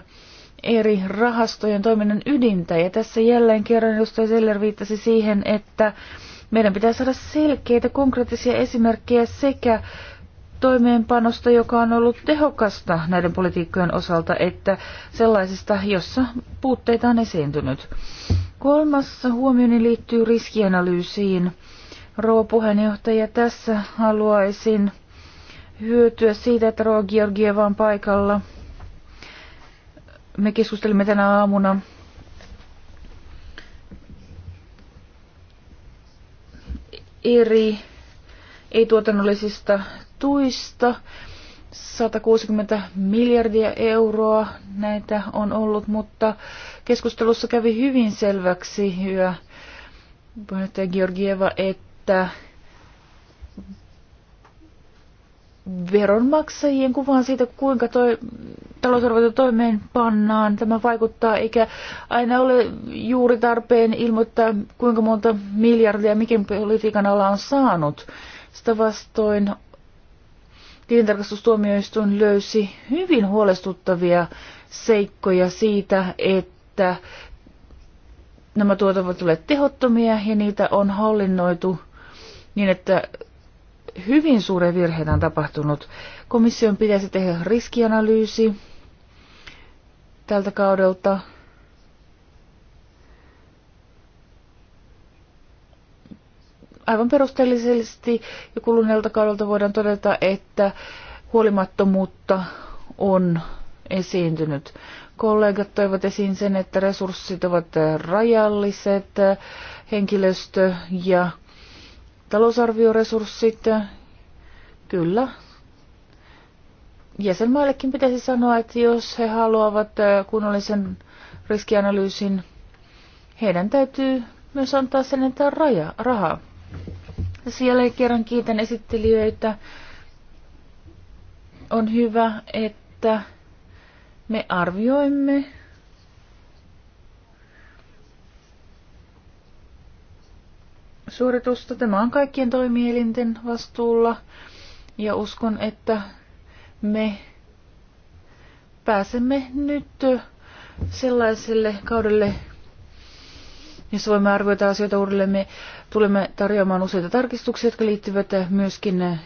eri rahastojen toiminnan ydintä. Ja tässä jälleen kerran edustaja Seller viittasi siihen, että meidän pitää saada selkeitä konkreettisia esimerkkejä sekä toimeenpanosta, joka on ollut tehokasta näiden politiikkojen osalta, että sellaisista, jossa puutteita on esiintynyt. Kolmas huomioni liittyy riskianalyysiin. Rouva puheenjohtaja, tässä haluaisin hyötyä siitä, että Rouva Georgieva on paikalla. Me keskustelimme tänä aamuna eri ei-tuotannollisista tuista. 160 miljardia euroa näitä on ollut, mutta keskustelussa kävi hyvin selväksi, hyvä puheenjohtaja Georgieva, että veronmaksajien kuvaan siitä, kuinka toi talousarvoita toimeen pannaan. Tämä vaikuttaa eikä aina ole juuri tarpeen ilmoittaa, kuinka monta miljardia mikin politiikan ala on saanut. Sitä vastoin tilintarkastustuomioistuin löysi hyvin huolestuttavia seikkoja siitä, että nämä tuot ovat olleet tehottomia ja niitä on hallinnoitu niin, että hyvin suuria virheitä on tapahtunut. Komission pitäisi tehdä riskianalyysi tältä kaudelta aivan perusteellisesti ja kuluneelta kaudelta voidaan todeta, että huolimattomuutta on esiintynyt. Kollegat toivat esiin sen, että resurssit ovat rajalliset, henkilöstö ja talousarvioresurssit. Kyllä. Jäsenmaillekin pitäisi sanoa, että jos he haluavat kunnollisen riskianalyysin, heidän täytyy myös antaa sen, että on raja, rahaa. Siellä kerran kiitän esittelijöitä. On hyvä, että me arvioimme suoritusta. Tämä on kaikkien toimielinten vastuulla ja uskon, että me pääsemme nyt sellaiselle kaudelle jos voimme arvioida asioita uudelleen, me tulemme tarjoamaan useita tarkistuksia, jotka liittyvät myöskin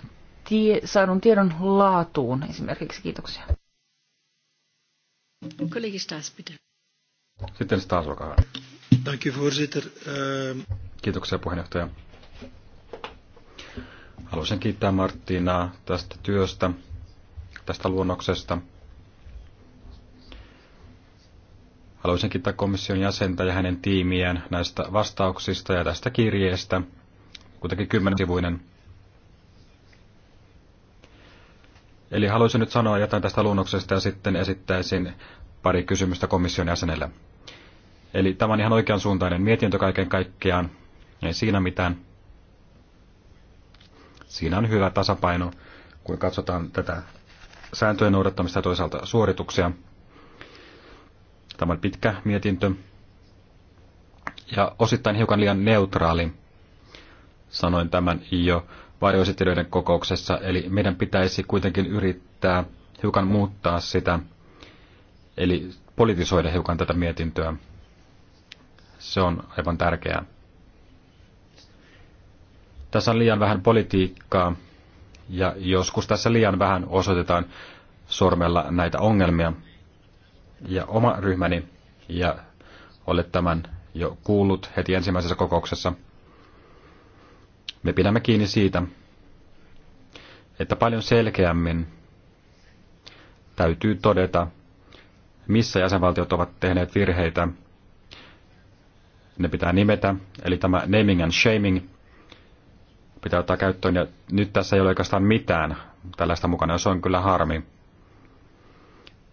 tie, saadun tiedon laatuun esimerkiksi. Kiitoksia. Collega Staes, Sitten Staes, olkaa ehm, Kiitoksia, puheenjohtaja. Haluaisin kiittää Marttinaa tästä työstä, tästä luonnoksesta – Haluaisin kiittää komission jäsentä ja hänen tiimiään näistä vastauksista ja tästä kirjeestä, kuitenkin sivuinen. Eli haluaisin nyt sanoa jotain tästä luonnoksesta ja sitten esittäisin pari kysymystä komission jäsenelle. Eli tämä on ihan oikeansuuntainen mietintö kaiken kaikkiaan. Ei siinä mitään. Siinä on hyvä tasapaino, kun katsotaan tätä sääntöjen noudattamista ja toisaalta suorituksia. Tämä on pitkä mietintö ja osittain hiukan liian neutraali. Sanoin tämän jo varjoesittelyiden kokouksessa, eli meidän pitäisi kuitenkin yrittää hiukan muuttaa sitä, eli politisoida hiukan tätä mietintöä. Se on aivan tärkeää. Tässä on liian vähän politiikkaa ja joskus tässä liian vähän osoitetaan sormella näitä ongelmia ja oma ryhmäni, ja olet tämän jo kuullut heti ensimmäisessä kokouksessa. Me pidämme kiinni siitä, että paljon selkeämmin täytyy todeta, missä jäsenvaltiot ovat tehneet virheitä. Ne pitää nimetä, eli tämä naming and shaming pitää ottaa käyttöön. Ja nyt tässä ei ole oikeastaan mitään tällaista mukana, ja se on kyllä harmi.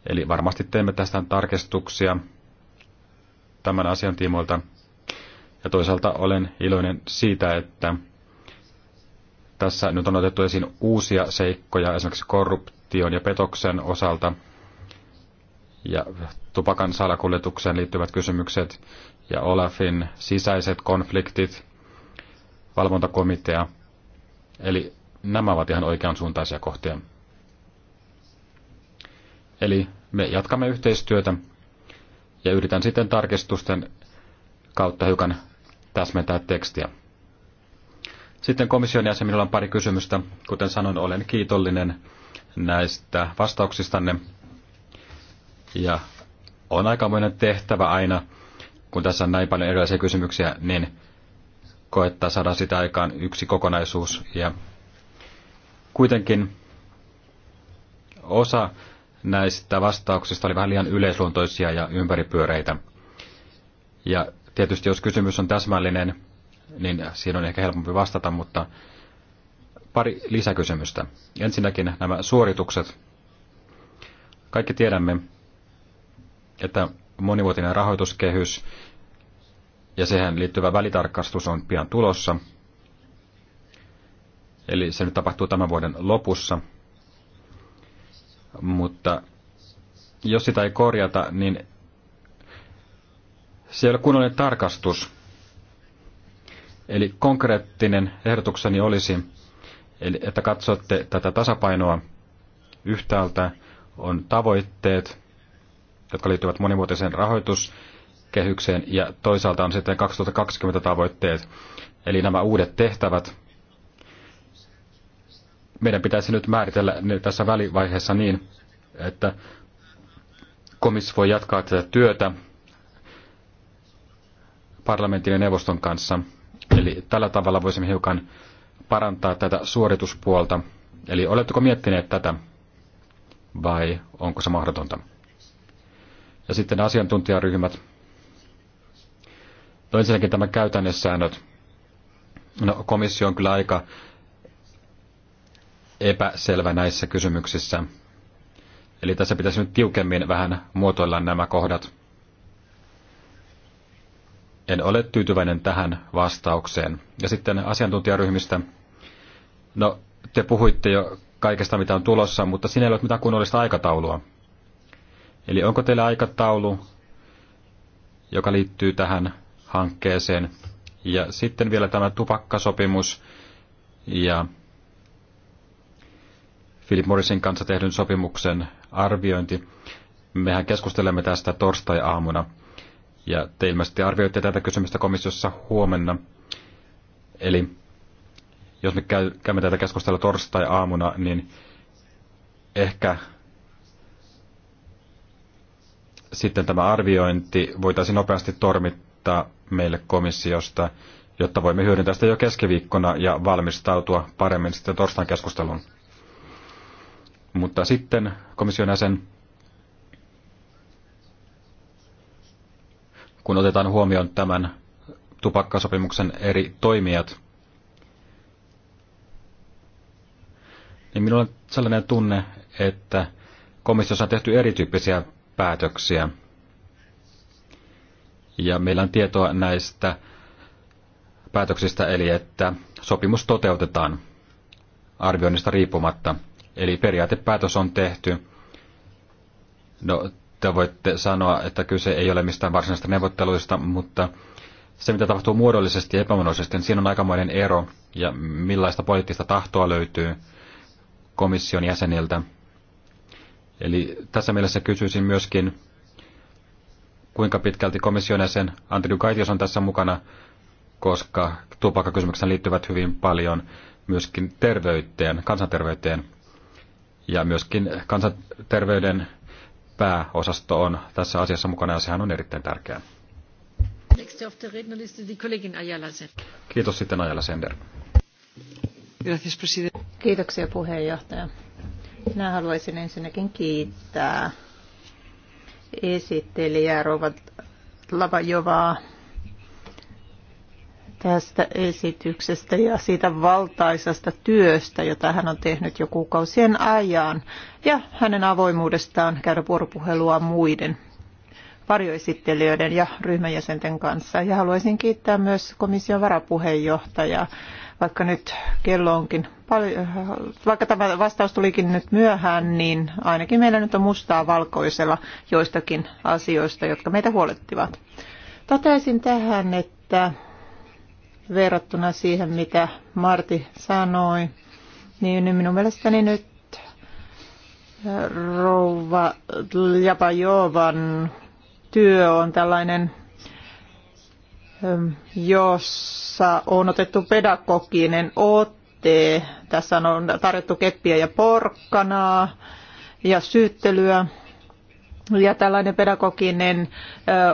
Eli varmasti teemme tästä tarkistuksia tämän asian tiimoilta. Ja toisaalta olen iloinen siitä, että tässä nyt on otettu esiin uusia seikkoja esimerkiksi korruption ja petoksen osalta ja tupakan salakuljetukseen liittyvät kysymykset ja Olafin sisäiset konfliktit, valvontakomitea. Eli nämä ovat ihan oikean suuntaisia kohtia. Eli me jatkamme yhteistyötä ja yritän sitten tarkistusten kautta hiukan täsmentää tekstiä. Sitten komission jäsenillä on pari kysymystä. Kuten sanoin, olen kiitollinen näistä vastauksistanne. Ja on aikamoinen tehtävä aina, kun tässä on näin paljon erilaisia kysymyksiä, niin koettaa saada sitä aikaan yksi kokonaisuus. Ja kuitenkin osa näistä vastauksista oli vähän liian yleisluontoisia ja ympäripyöreitä. Ja tietysti jos kysymys on täsmällinen, niin siinä on ehkä helpompi vastata, mutta pari lisäkysymystä. Ensinnäkin nämä suoritukset. Kaikki tiedämme, että monivuotinen rahoituskehys ja siihen liittyvä välitarkastus on pian tulossa. Eli se nyt tapahtuu tämän vuoden lopussa mutta jos sitä ei korjata, niin se ei ole kunnollinen tarkastus. Eli konkreettinen ehdotukseni olisi, eli että katsotte tätä tasapainoa yhtäältä on tavoitteet, jotka liittyvät monimuotoiseen rahoituskehykseen, ja toisaalta on sitten 2020 tavoitteet, eli nämä uudet tehtävät, meidän pitäisi nyt määritellä ne tässä välivaiheessa niin, että komissio voi jatkaa tätä työtä parlamentin ja neuvoston kanssa. Eli tällä tavalla voisimme hiukan parantaa tätä suorituspuolta. Eli oletteko miettineet tätä vai onko se mahdotonta? Ja sitten asiantuntijaryhmät. No ensinnäkin tämä käytännössäännöt. No komissio on kyllä aika epäselvä näissä kysymyksissä. Eli tässä pitäisi nyt tiukemmin vähän muotoilla nämä kohdat. En ole tyytyväinen tähän vastaukseen. Ja sitten asiantuntijaryhmistä. No, te puhuitte jo kaikesta, mitä on tulossa, mutta sinä ei ole mitään kunnollista aikataulua. Eli onko teillä aikataulu, joka liittyy tähän hankkeeseen? Ja sitten vielä tämä tupakkasopimus ja Philip Morrisin kanssa tehdyn sopimuksen arviointi. Mehän keskustelemme tästä torstai-aamuna. Ja te ilmeisesti arvioitte tätä kysymystä komissiossa huomenna. Eli jos me käymme tätä keskustelua torstai-aamuna, niin ehkä sitten tämä arviointi voitaisiin nopeasti tormittaa meille komissiosta, jotta voimme hyödyntää sitä jo keskiviikkona ja valmistautua paremmin sitten torstain keskusteluun. Mutta sitten komission jäsen, kun otetaan huomioon tämän tupakkasopimuksen eri toimijat, niin minulla on sellainen tunne, että komissiossa on tehty erityyppisiä päätöksiä. Ja meillä on tietoa näistä päätöksistä, eli että sopimus toteutetaan arvioinnista riippumatta – Eli periaatepäätös on tehty. No, te voitte sanoa, että kyse ei ole mistään varsinaista neuvotteluista, mutta se, mitä tapahtuu muodollisesti ja epämuodollisesti, niin siinä on aikamoinen ero ja millaista poliittista tahtoa löytyy komission jäseniltä. Eli tässä mielessä kysyisin myöskin, kuinka pitkälti komission jäsen Antti Kaitios on tässä mukana, koska tupakkakysymykseen liittyvät hyvin paljon myöskin terveyteen, kansanterveyteen. Ja myöskin kansanterveyden pääosasto on tässä asiassa mukana ja sehän on erittäin tärkeää. Kiitos sitten Ajala Sender. Kiitoksia puheenjohtaja. Minä haluaisin ensinnäkin kiittää esittelijää Rovat Lavajovaa tästä esityksestä ja siitä valtaisasta työstä, jota hän on tehnyt jo kuukausien ajan, ja hänen avoimuudestaan käydä vuoropuhelua muiden varjoesittelijöiden ja ryhmäjäsenten kanssa. Ja haluaisin kiittää myös komission varapuheenjohtajaa, vaikka nyt kello onkin paljon, vaikka tämä vastaus tulikin nyt myöhään, niin ainakin meillä nyt on mustaa valkoisella joistakin asioista, jotka meitä huolettivat. Toteaisin tähän, että verrattuna siihen, mitä Marti sanoi, niin minun mielestäni nyt rouva Japajovan työ on tällainen, jossa on otettu pedagoginen otte. Tässä on tarjottu keppiä ja porkkanaa ja syyttelyä ja tällainen pedagoginen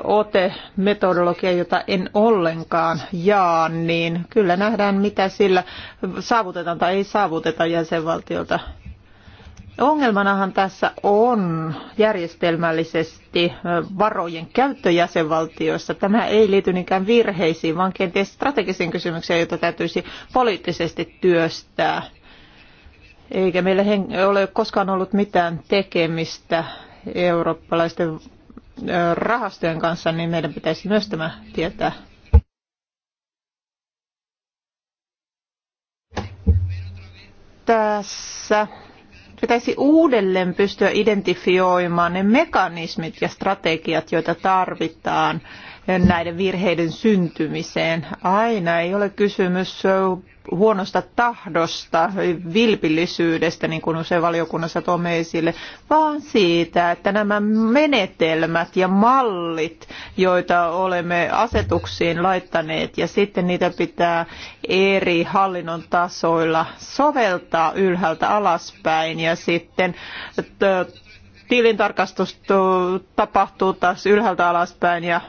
ote, metodologia, jota en ollenkaan jaa, niin kyllä nähdään, mitä sillä saavutetaan tai ei saavuteta jäsenvaltiolta. Ongelmanahan tässä on järjestelmällisesti varojen käyttö jäsenvaltioissa. Tämä ei liity niinkään virheisiin, vaan kenties strategisiin kysymyksiin, joita täytyisi poliittisesti työstää. Eikä meillä ole koskaan ollut mitään tekemistä eurooppalaisten rahastojen kanssa, niin meidän pitäisi myös tämä tietää. Tässä pitäisi uudelleen pystyä identifioimaan ne mekanismit ja strategiat, joita tarvitaan näiden virheiden syntymiseen. Aina ei ole kysymys huonosta tahdosta, vilpillisyydestä, niin kuin usein valiokunnassa tuomme esille, vaan siitä, että nämä menetelmät ja mallit, joita olemme asetuksiin laittaneet, ja sitten niitä pitää eri hallinnon tasoilla soveltaa ylhäältä alaspäin, ja sitten tilintarkastus tapahtuu taas ylhäältä alaspäin ja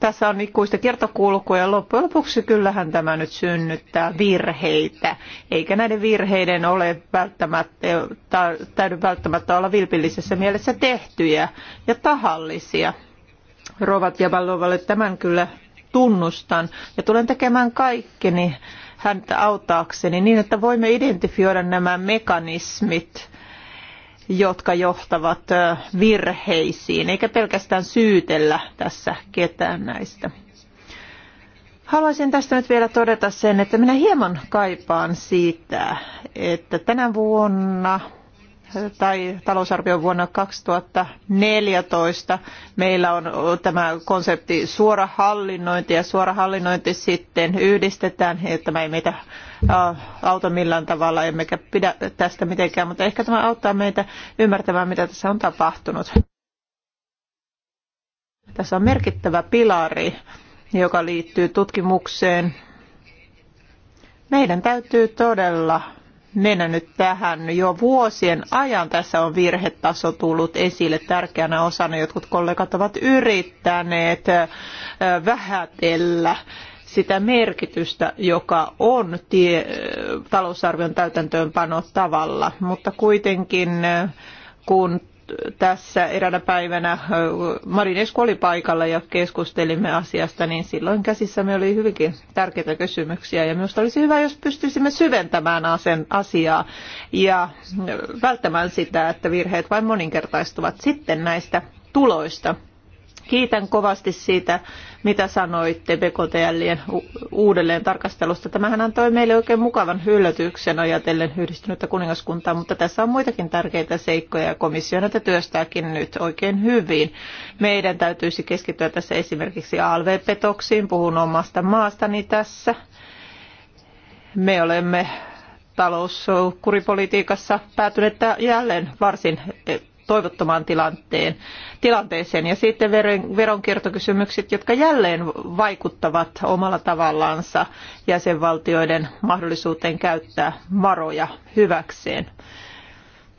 tässä on ikuista kiertokulkua ja loppujen lopuksi kyllähän tämä nyt synnyttää virheitä. Eikä näiden virheiden ole välttämättä, täydy välttämättä olla vilpillisessä mielessä tehtyjä ja tahallisia. Rovat ja Vallovalle tämän kyllä tunnustan ja tulen tekemään kaikkeni häntä auttaakseni niin, että voimme identifioida nämä mekanismit, jotka johtavat virheisiin, eikä pelkästään syytellä tässä ketään näistä. Haluaisin tästä nyt vielä todeta sen, että minä hieman kaipaan siitä, että tänä vuonna tai talousarvion vuonna 2014 meillä on tämä konsepti suora hallinnointi ja suora hallinnointi sitten yhdistetään, että tämä ei meitä auta millään tavalla, emmekä pidä tästä mitenkään, mutta ehkä tämä auttaa meitä ymmärtämään, mitä tässä on tapahtunut. Tässä on merkittävä pilari, joka liittyy tutkimukseen. Meidän täytyy todella mennä nyt tähän. Jo vuosien ajan tässä on virhetaso tullut esille tärkeänä osana. Jotkut kollegat ovat yrittäneet vähätellä sitä merkitystä, joka on tie, talousarvion täytäntöönpano tavalla. Mutta kuitenkin kun tässä eräänä päivänä Marin Esku oli paikalla ja keskustelimme asiasta, niin silloin käsissämme oli hyvinkin tärkeitä kysymyksiä ja minusta olisi hyvä, jos pystyisimme syventämään asiaa ja välttämään sitä, että virheet vain moninkertaistuvat sitten näistä tuloista. Kiitän kovasti siitä, mitä sanoitte BKTLien uudelleen tarkastelusta. Tämähän antoi meille oikein mukavan yllätyksen ajatellen yhdistynyttä kuningaskuntaa, mutta tässä on muitakin tärkeitä seikkoja ja komissio näitä työstääkin nyt oikein hyvin. Meidän täytyisi keskittyä tässä esimerkiksi ALV-petoksiin, puhun omasta maastani tässä. Me olemme talouskuripolitiikassa päätyneet jälleen varsin toivottomaan tilanteen, tilanteeseen. Ja sitten veronkiertokysymykset, jotka jälleen vaikuttavat omalla tavallaansa jäsenvaltioiden mahdollisuuteen käyttää varoja hyväkseen.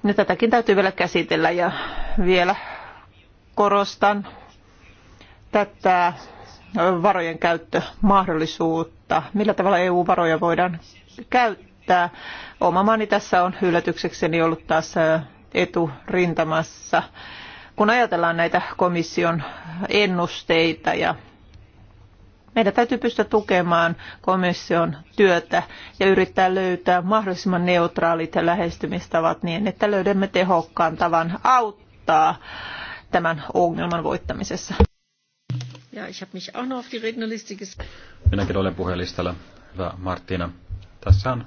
Ja tätäkin täytyy vielä käsitellä ja vielä korostan tätä varojen käyttömahdollisuutta. Millä tavalla EU-varoja voidaan käyttää? Oma maani tässä on yllätyksekseni ollut taas eturintamassa. Kun ajatellaan näitä komission ennusteita ja meidän täytyy pystyä tukemaan komission työtä ja yrittää löytää mahdollisimman neutraalit ja lähestymistavat niin, että löydämme tehokkaan tavan auttaa tämän ongelman voittamisessa. Ja, ich mich auch noch auf die Rednerliste Minäkin olen puhelistalla. Hyvä Martina. Tässä on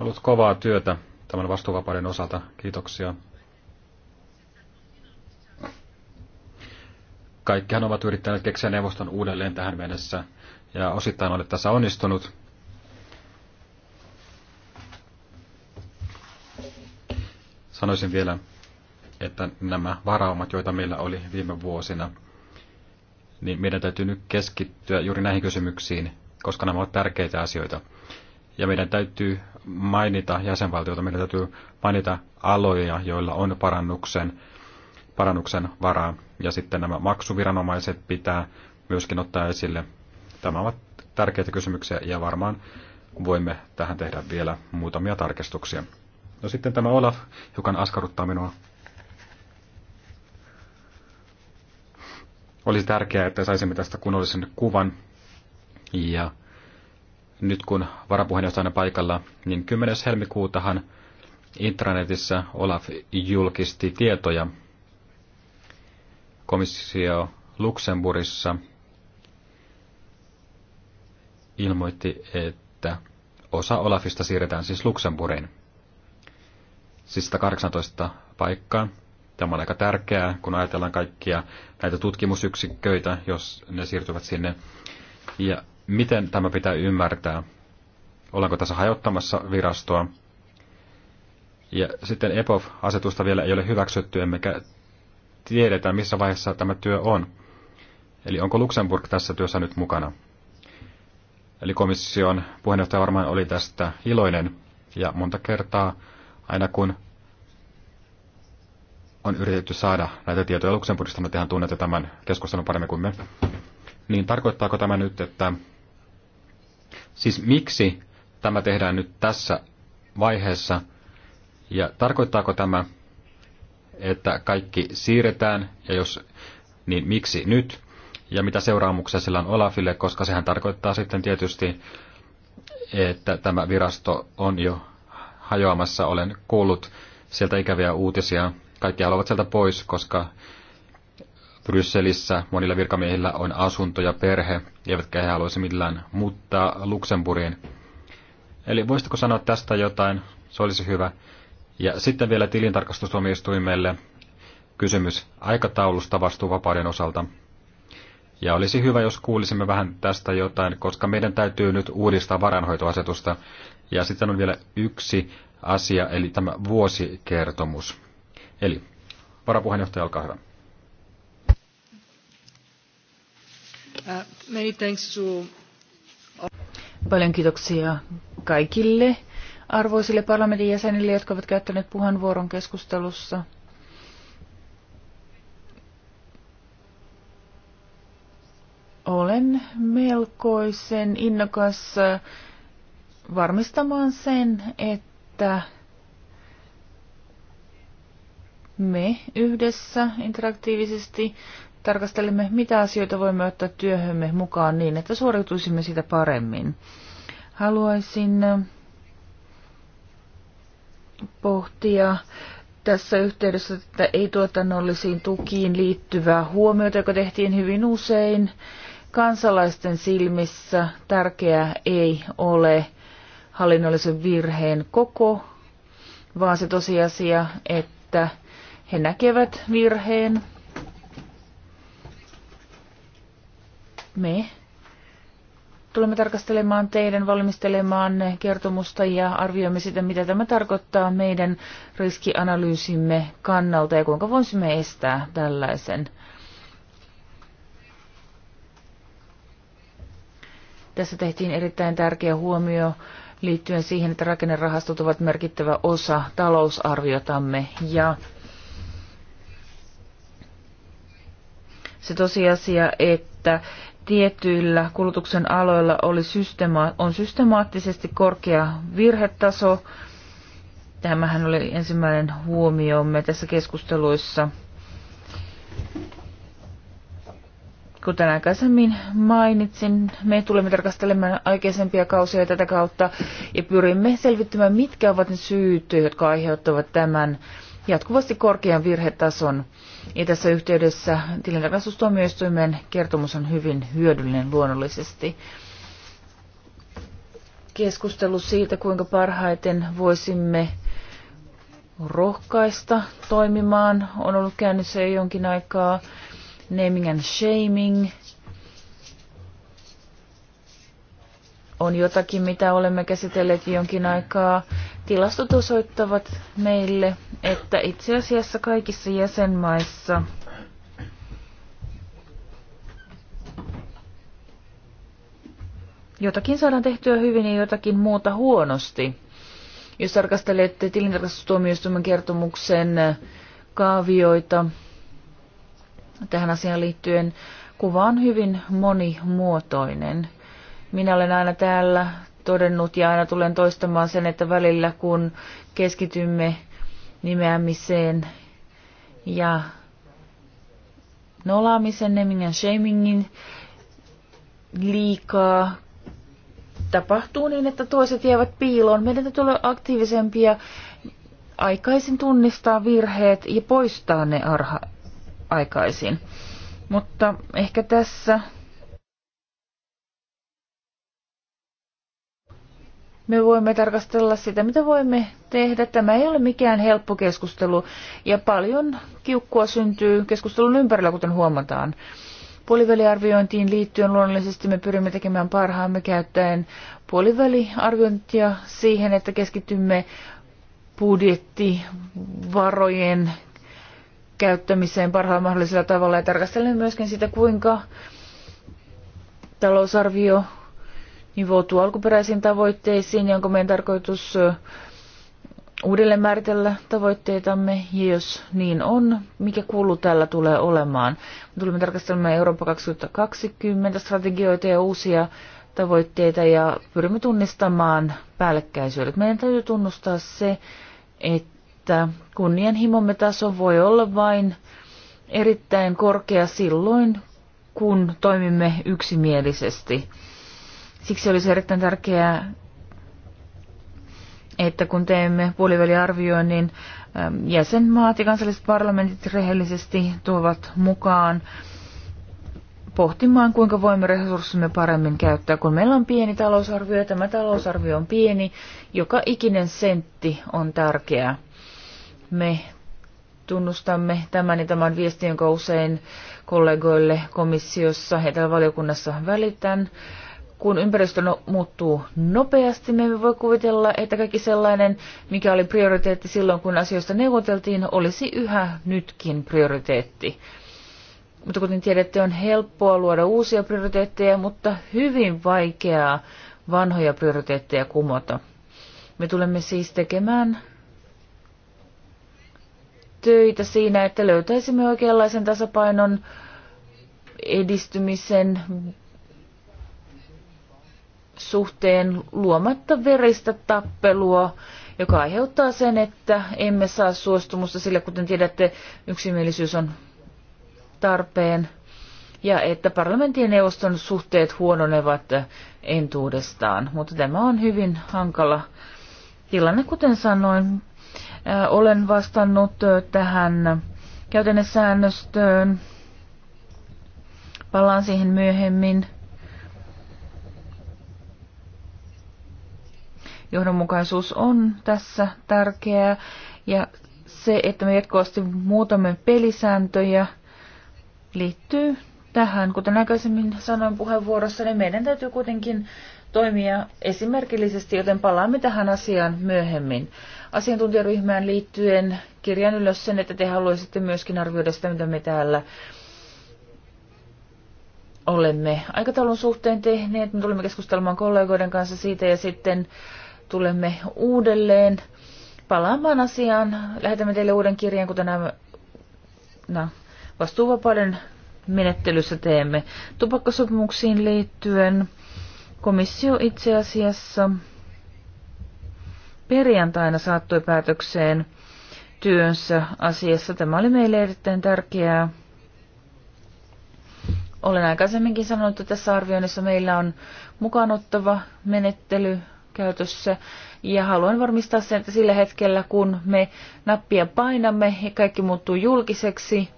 ollut kovaa työtä tämän vastuuvapauden osalta. Kiitoksia. Kaikkihan ovat yrittäneet keksiä neuvoston uudelleen tähän mennessä, ja osittain olet tässä onnistunut. Sanoisin vielä, että nämä varaumat, joita meillä oli viime vuosina, niin meidän täytyy nyt keskittyä juuri näihin kysymyksiin, koska nämä ovat tärkeitä asioita. Ja meidän täytyy mainita jäsenvaltioita, meidän täytyy mainita aloja, joilla on parannuksen, parannuksen varaa. Ja sitten nämä maksuviranomaiset pitää myöskin ottaa esille. Tämä ovat tärkeitä kysymyksiä ja varmaan voimme tähän tehdä vielä muutamia tarkistuksia. No sitten tämä Olaf, joka askarruttaa minua. Olisi tärkeää, että saisimme tästä kunnollisen kuvan ja nyt kun varapuheenjohtajana paikalla, niin 10. helmikuutahan intranetissä Olaf julkisti tietoja komissio Luxemburissa ilmoitti, että osa Olafista siirretään siis Luxemburgin. Siis 118 paikkaa. Tämä on aika tärkeää, kun ajatellaan kaikkia näitä tutkimusyksiköitä, jos ne siirtyvät sinne. Ja Miten tämä pitää ymmärtää? Ollaanko tässä hajottamassa virastoa? Ja sitten EPOF-asetusta vielä ei ole hyväksytty, emmekä tiedetä, missä vaiheessa tämä työ on. Eli onko Luxemburg tässä työssä nyt mukana? Eli komission puheenjohtaja varmaan oli tästä iloinen, ja monta kertaa aina kun on yritetty saada näitä tietoja Luxemburgista, no tehän tunnette tämän keskustelun paremmin kuin me, niin tarkoittaako tämä nyt, että Siis miksi tämä tehdään nyt tässä vaiheessa ja tarkoittaako tämä, että kaikki siirretään ja jos niin miksi nyt ja mitä seuraamuksia sillä on Olafille, koska sehän tarkoittaa sitten tietysti, että tämä virasto on jo hajoamassa. Olen kuullut sieltä ikäviä uutisia. Kaikki haluavat sieltä pois, koska Brysselissä monilla virkamiehillä on asunto ja perhe, eivätkä he haluaisi millään muuttaa Luxemburgiin. Eli voisitko sanoa tästä jotain? Se olisi hyvä. Ja sitten vielä tilintarkastustuomioistuimelle kysymys aikataulusta vastuuvapauden osalta. Ja olisi hyvä, jos kuulisimme vähän tästä jotain, koska meidän täytyy nyt uudistaa varanhoitoasetusta. Ja sitten on vielä yksi asia, eli tämä vuosikertomus. Eli varapuheenjohtaja, olkaa hyvä. Uh, Paljon kiitoksia kaikille arvoisille parlamentin jäsenille, jotka ovat käyttäneet puheenvuoron keskustelussa. Olen melkoisen innokas varmistamaan sen, että me yhdessä interaktiivisesti tarkastelemme, mitä asioita voimme ottaa työhömme mukaan niin, että suoriutuisimme sitä paremmin. Haluaisin pohtia tässä yhteydessä, että ei-tuotannollisiin tukiin liittyvää huomiota, joka tehtiin hyvin usein. Kansalaisten silmissä tärkeää ei ole hallinnollisen virheen koko, vaan se tosiasia, että he näkevät virheen me tulemme tarkastelemaan teidän valmistelemaan kertomusta ja arvioimme sitä, mitä tämä tarkoittaa meidän riskianalyysimme kannalta ja kuinka voisimme estää tällaisen. Tässä tehtiin erittäin tärkeä huomio liittyen siihen, että rakennerahastot ovat merkittävä osa talousarviotamme ja se tosiasia, että tietyillä kulutuksen aloilla oli systema- on systemaattisesti korkea virhetaso. Tämähän oli ensimmäinen huomiomme tässä keskusteluissa. Kuten aikaisemmin mainitsin, me tulemme tarkastelemaan aikaisempia kausia tätä kautta ja pyrimme selvittämään, mitkä ovat ne syyt, jotka aiheuttavat tämän jatkuvasti korkean virhetason. Ja tässä yhteydessä tilintarkastustuomioistuimen kertomus on hyvin hyödyllinen luonnollisesti. Keskustelu siitä, kuinka parhaiten voisimme rohkaista toimimaan, on ollut käynnissä jo jonkin aikaa. Naming and shaming – on jotakin, mitä olemme käsitelleet jonkin aikaa. Tilastot osoittavat meille, että itse asiassa kaikissa jäsenmaissa jotakin saadaan tehtyä hyvin ja jotakin muuta huonosti. Jos tarkastelette tilintarkastustuomioistuimen kertomuksen kaavioita tähän asiaan liittyen, kuva on hyvin monimuotoinen. Minä olen aina täällä todennut ja aina tulen toistamaan sen, että välillä kun keskitymme nimeämiseen ja nolaamisen, naming ja shamingin liikaa tapahtuu niin, että toiset jäävät piiloon. Meidän täytyy olla aktiivisempia, aikaisin tunnistaa virheet ja poistaa ne arha aikaisin. Mutta ehkä tässä me voimme tarkastella sitä, mitä voimme tehdä. Tämä ei ole mikään helppo keskustelu ja paljon kiukkua syntyy keskustelun ympärillä, kuten huomataan. Puoliväliarviointiin liittyen luonnollisesti me pyrimme tekemään parhaamme käyttäen puoliväliarviointia siihen, että keskitymme budjettivarojen käyttämiseen parhaalla mahdollisella tavalla ja tarkastelemme myöskin sitä, kuinka talousarvio nivoutuu alkuperäisiin tavoitteisiin ja onko meidän tarkoitus uudelleen määritellä tavoitteitamme ja jos niin on, mikä kuulu tällä tulee olemaan. Tulemme tarkastelemaan Eurooppa 2020 strategioita ja uusia tavoitteita ja pyrimme tunnistamaan päällekkäisyydet. Meidän täytyy tunnustaa se, että kunnianhimomme taso voi olla vain erittäin korkea silloin, kun toimimme yksimielisesti. Siksi olisi erittäin tärkeää, että kun teemme puoliväliarvioinnin, ähm, jäsenmaat ja kansalliset parlamentit rehellisesti tuovat mukaan pohtimaan, kuinka voimme resurssimme paremmin käyttää. Kun meillä on pieni talousarvio ja tämä talousarvio on pieni, joka ikinen sentti on tärkeä. Me tunnustamme tämän ja tämän viestin, jonka usein kollegoille komissiossa ja valiokunnassa välitän kun ympäristö no, muuttuu nopeasti, me emme voi kuvitella, että kaikki sellainen, mikä oli prioriteetti silloin, kun asioista neuvoteltiin, olisi yhä nytkin prioriteetti. Mutta kuten tiedätte, on helppoa luoda uusia prioriteetteja, mutta hyvin vaikeaa vanhoja prioriteetteja kumota. Me tulemme siis tekemään töitä siinä, että löytäisimme oikeanlaisen tasapainon edistymisen suhteen luomatta veristä tappelua, joka aiheuttaa sen, että emme saa suostumusta, sillä kuten tiedätte, yksimielisyys on tarpeen, ja että parlamentin ja neuvoston suhteet huononevat entuudestaan. Mutta tämä on hyvin hankala tilanne, kuten sanoin. Äh, olen vastannut äh, tähän käytännössäännöstöön. Palaan siihen myöhemmin. johdonmukaisuus on tässä tärkeää ja se, että me jatkuvasti muutamme pelisääntöjä, liittyy tähän. Kuten aikaisemmin sanoin puheenvuorossa, niin meidän täytyy kuitenkin toimia esimerkillisesti, joten palaamme tähän asiaan myöhemmin. Asiantuntijaryhmään liittyen kirjan ylös sen, että te haluaisitte myöskin arvioida sitä, mitä me täällä olemme aikataulun suhteen tehneet. Me tulimme keskustelemaan kollegoiden kanssa siitä ja sitten tulemme uudelleen palaamaan asiaan. Lähetämme teille uuden kirjan, kuten nämä vastuuvapauden menettelyssä teemme tupakkasopimuksiin liittyen. Komissio itse asiassa perjantaina saattoi päätökseen työnsä asiassa. Tämä oli meille erittäin tärkeää. Olen aikaisemminkin sanonut, että tässä arvioinnissa meillä on mukaanottava menettely käytössä. Ja haluan varmistaa sen, että sillä hetkellä, kun me nappia painamme ja kaikki muuttuu julkiseksi,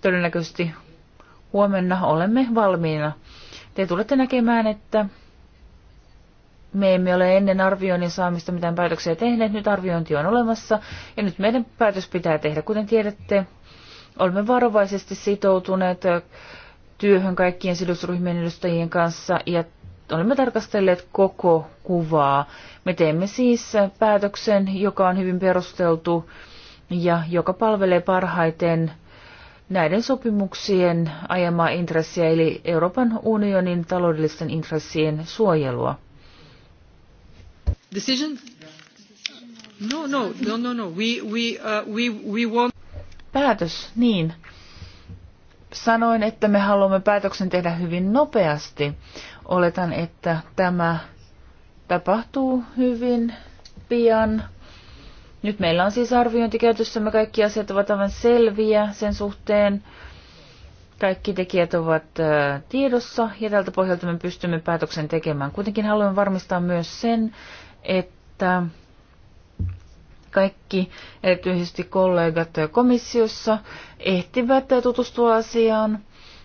todennäköisesti huomenna olemme valmiina. Te tulette näkemään, että me emme ole ennen arvioinnin saamista mitään päätöksiä tehneet. Nyt arviointi on olemassa ja nyt meidän päätös pitää tehdä. Kuten tiedätte, olemme varovaisesti sitoutuneet työhön kaikkien sidosryhmien edustajien kanssa ja olemme tarkastelleet koko kuvaa. Me teemme siis päätöksen, joka on hyvin perusteltu ja joka palvelee parhaiten näiden sopimuksien ajamaa intressiä eli Euroopan unionin taloudellisten intressien suojelua. Decision? No, no, no, no, no. We, we, uh, we, we want... Päätös, niin. Sanoin, että me haluamme päätöksen tehdä hyvin nopeasti. Oletan, että tämä tapahtuu hyvin pian. Nyt meillä on siis arviointi me Kaikki asiat ovat aivan selviä sen suhteen. Kaikki tekijät ovat tiedossa ja tältä pohjalta me pystymme päätöksen tekemään. Kuitenkin haluan varmistaa myös sen, että kaikki, erityisesti kollegat komissiossa, ehtivät tutustua asiaan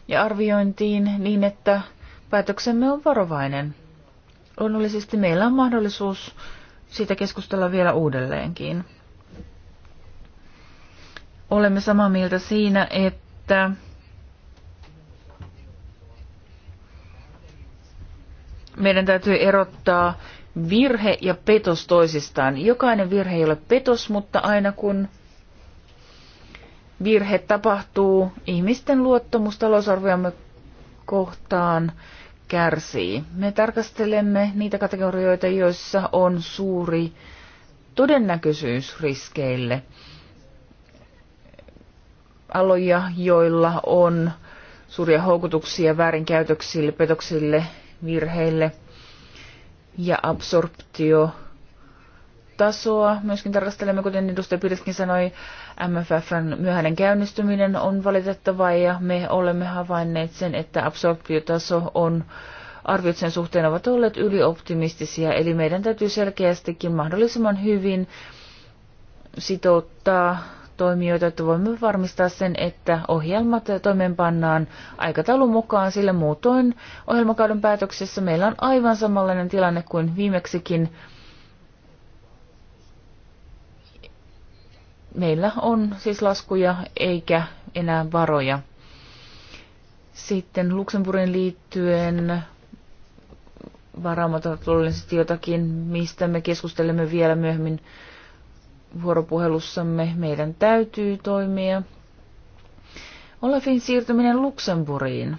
ja arviointiin niin, että Päätöksemme on varovainen. Luonnollisesti meillä on mahdollisuus siitä keskustella vielä uudelleenkin. Olemme samaa mieltä siinä, että meidän täytyy erottaa virhe ja petos toisistaan. Jokainen virhe ei ole petos, mutta aina kun virhe tapahtuu, ihmisten luottamus talousarviomme kohtaan kärsii. Me tarkastelemme niitä kategorioita, joissa on suuri todennäköisyys riskeille. Aloja, joilla on suuria houkutuksia väärinkäytöksille, petoksille, virheille ja absorptio tasoa. Myöskin tarkastelemme, kuten edustaja Pirskin sanoi, MFFn myöhäinen käynnistyminen on valitettavaa ja me olemme havainneet sen, että absorptiotaso on arviot sen suhteen ovat olleet ylioptimistisia, eli meidän täytyy selkeästikin mahdollisimman hyvin sitouttaa toimijoita, että voimme varmistaa sen, että ohjelmat toimeenpannaan aikataulun mukaan, sillä muutoin ohjelmakauden päätöksessä meillä on aivan samanlainen tilanne kuin viimeksikin meillä on siis laskuja eikä enää varoja. Sitten Luxemburgin liittyen varaamat ovat luonnollisesti jotakin, mistä me keskustelemme vielä myöhemmin vuoropuhelussamme. Meidän täytyy toimia. Olafin siirtyminen Luxemburgiin.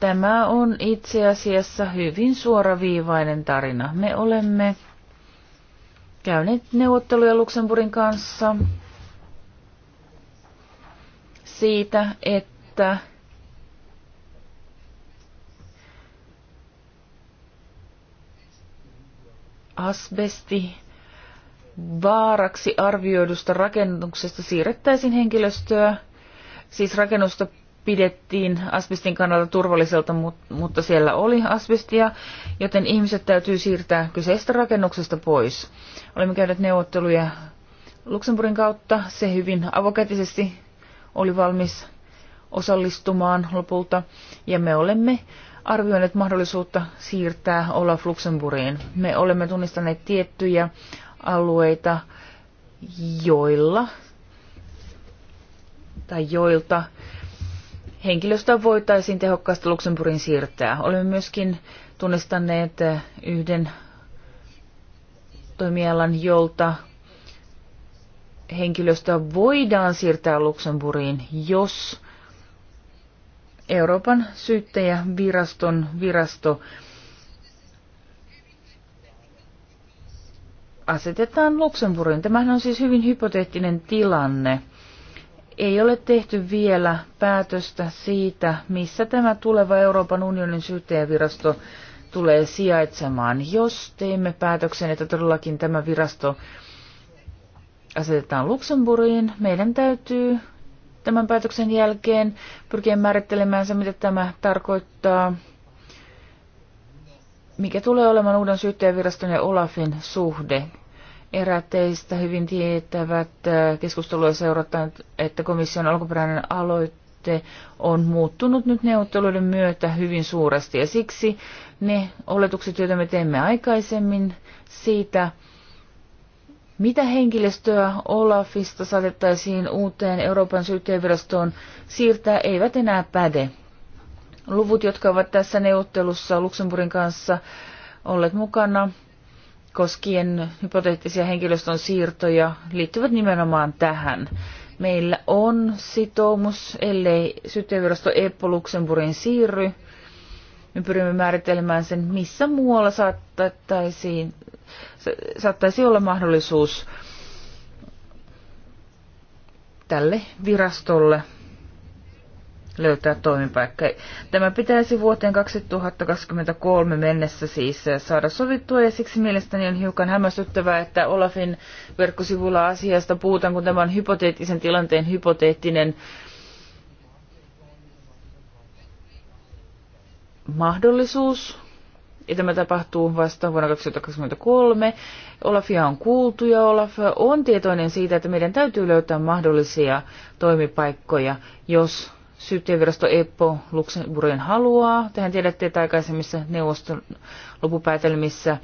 Tämä on itse asiassa hyvin suoraviivainen tarina. Me olemme käyneet neuvotteluja Luxemburgin kanssa siitä, että asbesti vaaraksi arvioidusta rakennuksesta siirrettäisiin henkilöstöä, siis rakennusta pidettiin asbestin kannalta turvalliselta, mutta siellä oli asbestia, joten ihmiset täytyy siirtää kyseistä rakennuksesta pois. Olemme käyneet neuvotteluja Luxemburgin kautta. Se hyvin avokätisesti oli valmis osallistumaan lopulta, ja me olemme arvioineet mahdollisuutta siirtää Olaf Luxemburgiin. Me olemme tunnistaneet tiettyjä alueita, joilla tai joilta henkilöstöä voitaisiin tehokkaasti Luxemburgin siirtää. Olemme myöskin tunnistaneet eh, yhden toimialan, jolta henkilöstöä voidaan siirtää Luxemburgiin, jos Euroopan syyttäjäviraston virasto asetetaan Luxemburgiin. Tämähän on siis hyvin hypoteettinen tilanne ei ole tehty vielä päätöstä siitä, missä tämä tuleva Euroopan unionin syyttäjävirasto tulee sijaitsemaan. Jos teemme päätöksen, että todellakin tämä virasto asetetaan Luxemburgiin, meidän täytyy tämän päätöksen jälkeen pyrkiä määrittelemään se, mitä tämä tarkoittaa, mikä tulee olemaan uuden syyttäjäviraston ja Olafin suhde. Eräät teistä hyvin tietävät äh, keskustelua seurataan, että komission alkuperäinen aloitte on muuttunut nyt neuvotteluiden myötä hyvin suuresti ja siksi ne oletukset, joita me teemme aikaisemmin siitä, mitä henkilöstöä Olafista saatettaisiin uuteen Euroopan syyttäjävirastoon siirtää, eivät enää päde. Luvut, jotka ovat tässä neuvottelussa Luxemburgin kanssa olleet mukana, koskien hypoteettisia henkilöstön siirtoja liittyvät nimenomaan tähän. Meillä on sitoumus, ellei syyttäjävirasto Eppo Luxemburgin siirry. Me pyrimme määritelmään sen, missä muualla saattaisiin, saattaisi olla mahdollisuus tälle virastolle – löytää toimipaikka. Tämä pitäisi vuoteen 2023 mennessä siis saada sovittua ja siksi mielestäni on hiukan hämmästyttävää, että Olafin verkkosivulla asiasta puhutaan, kun tämä on hypoteettisen tilanteen hypoteettinen mahdollisuus. Ja tämä tapahtuu vasta vuonna 2023. Olafia on kuultu ja Olaf on tietoinen siitä, että meidän täytyy löytää mahdollisia toimipaikkoja, jos syyttäjävirasto EPPO Luxemburgin haluaa. Tehän tiedätte, että aikaisemmissa neuvoston lopupäätelmissä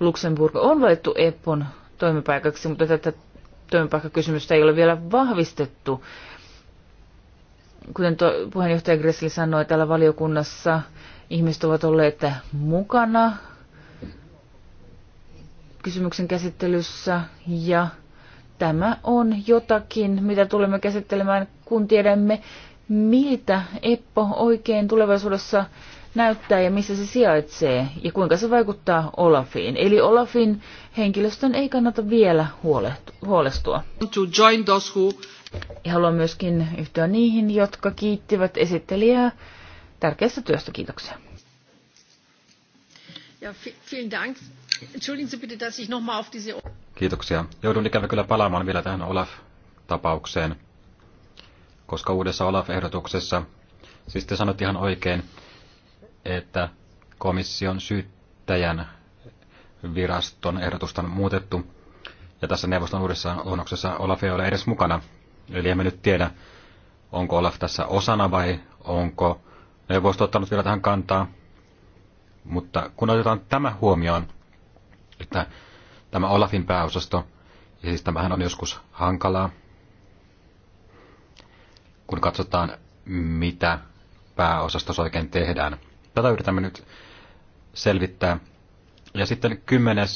Luxemburg on valittu EPPOn toimipaikaksi, mutta tätä toimipaikkakysymystä ei ole vielä vahvistettu. Kuten tuo puheenjohtaja Gressel sanoi, täällä valiokunnassa ihmiset ovat olleet mukana kysymyksen käsittelyssä ja tämä on jotakin, mitä tulemme käsittelemään, kun tiedämme miltä Eppo oikein tulevaisuudessa näyttää ja missä se sijaitsee ja kuinka se vaikuttaa Olafiin. Eli Olafin henkilöstön ei kannata vielä huolestua. Ja haluan myöskin yhtyä niihin, jotka kiittivät esittelijää tärkeästä työstä. Kiitoksia. Kiitoksia. Joudun ikävä kyllä palaamaan vielä tähän Olaf-tapaukseen koska uudessa Olaf-ehdotuksessa, siis te sanot ihan oikein, että komission syyttäjän viraston ehdotusta on muutettu, ja tässä neuvoston uudessa luonnoksessa Olaf ei ole edes mukana. Eli emme nyt tiedä, onko Olaf tässä osana vai onko neuvosto ottanut vielä tähän kantaa. Mutta kun otetaan tämä huomioon, että tämä Olafin pääosasto, ja siis tämähän on joskus hankalaa, kun katsotaan, mitä pääosastossa oikein tehdään. Tätä yritämme nyt selvittää. Ja sitten 10.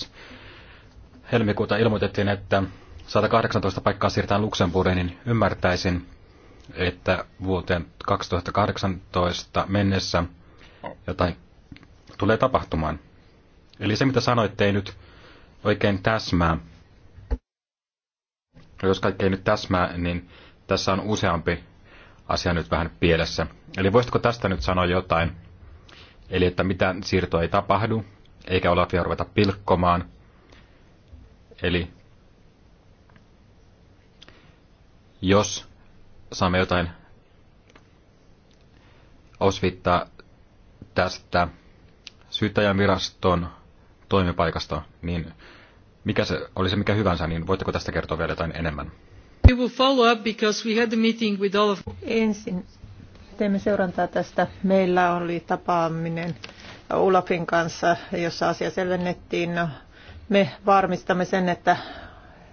helmikuuta ilmoitettiin, että 118 paikkaa siirretään Luxemburgiin, niin ymmärtäisin, että vuoteen 2018 mennessä jotain tulee tapahtumaan. Eli se, mitä sanoitte, ei nyt oikein täsmää. Jos kaikki ei nyt täsmää, niin tässä on useampi asia nyt vähän pielessä. Eli voisitko tästä nyt sanoa jotain? Eli että mitään siirtoa ei tapahdu, eikä Olafia ruveta pilkkomaan. Eli jos saamme jotain osvittaa tästä syyttäjän viraston toimipaikasta, niin mikä se oli se mikä hyvänsä, niin voitteko tästä kertoa vielä jotain enemmän? We will follow up because we had a meeting with all of... Ensin teemme seurantaa tästä. Meillä oli tapaaminen Ulafin kanssa, jossa asia selvennettiin. No, me varmistamme sen, että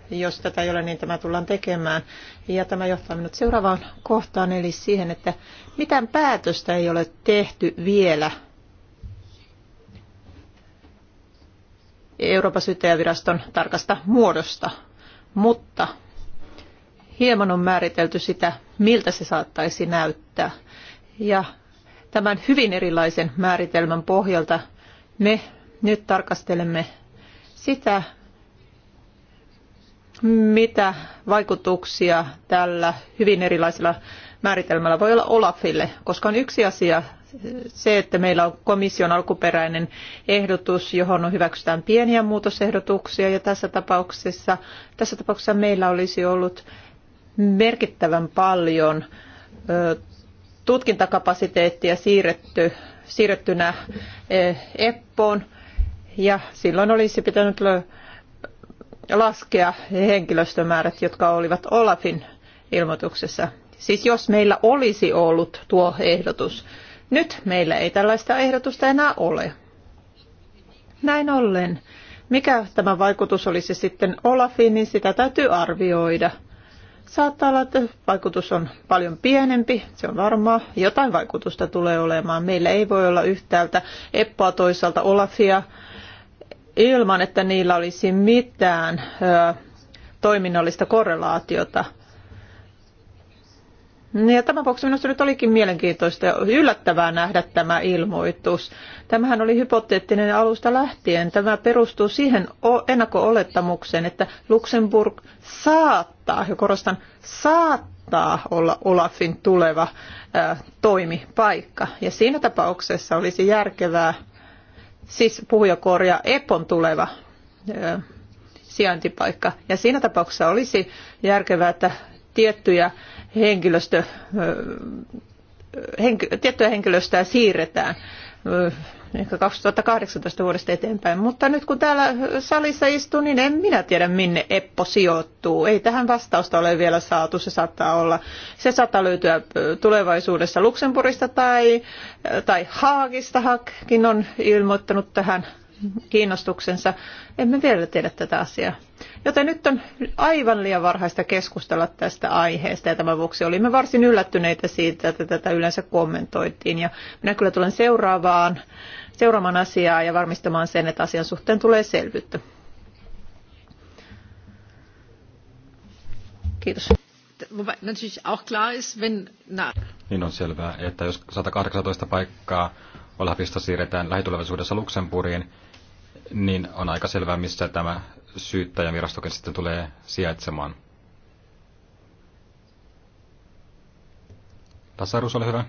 jos tätä ei ole, niin tämä tullaan tekemään. Ja tämä johtaa minut seuraavaan kohtaan, eli siihen, että mitään päätöstä ei ole tehty vielä Euroopan syyttäjäviraston tarkasta muodosta. Mutta hieman on määritelty sitä, miltä se saattaisi näyttää. Ja tämän hyvin erilaisen määritelmän pohjalta me nyt tarkastelemme sitä, mitä vaikutuksia tällä hyvin erilaisella määritelmällä voi olla Olafille, koska on yksi asia se, että meillä on komission alkuperäinen ehdotus, johon hyväksytään pieniä muutosehdotuksia ja tässä tapauksessa, tässä tapauksessa meillä olisi ollut merkittävän paljon tutkintakapasiteettia siirretty, siirrettynä EPPOon ja silloin olisi pitänyt laskea henkilöstömäärät, jotka olivat Olafin ilmoituksessa. Siis jos meillä olisi ollut tuo ehdotus. Nyt meillä ei tällaista ehdotusta enää ole. Näin ollen. Mikä tämä vaikutus olisi sitten Olafiin, niin sitä täytyy arvioida – Saattaa olla, että vaikutus on paljon pienempi, se on varmaa. Jotain vaikutusta tulee olemaan. Meillä ei voi olla yhtäältä Eppoa toisaalta Olafia ilman, että niillä olisi mitään ö, toiminnallista korrelaatiota. Ja tämän vuoksi minusta nyt olikin mielenkiintoista ja yllättävää nähdä tämä ilmoitus. Tämähän oli hypoteettinen alusta lähtien. Tämä perustuu siihen ennakko-olettamukseen, että Luxemburg saattaa, ja korostan, saattaa olla Olafin tuleva ää, toimipaikka. Ja siinä tapauksessa olisi järkevää, siis puhujakorja Epon tuleva ää, sijaintipaikka. Ja siinä tapauksessa olisi järkevää, että tiettyjä henkilöstö, henki, tiettyä henkilöstöä siirretään ehkä 2018 vuodesta eteenpäin. Mutta nyt kun täällä salissa istuu, niin en minä tiedä minne Eppo sijoittuu. Ei tähän vastausta ole vielä saatu. Se saattaa olla, se saattaa löytyä tulevaisuudessa Luxemburgista tai, tai Haagista. Haakin on ilmoittanut tähän kiinnostuksensa. Emme vielä tiedä tätä asiaa. Joten nyt on aivan liian varhaista keskustella tästä aiheesta ja tämän vuoksi olimme varsin yllättyneitä siitä, että tätä yleensä kommentoitiin. Ja minä kyllä tulen seuraavaan, seuraamaan asiaa ja varmistamaan sen, että asian suhteen tulee selvyyttä. Kiitos. Niin on selvää, että jos 118 paikkaa Olafista siirretään lähitulevaisuudessa Luxemburgiin, niin on aika selvää, missä tämä syyttäjävirastokin sitten tulee sijaitsemaan. Tasarus, ole hyvä.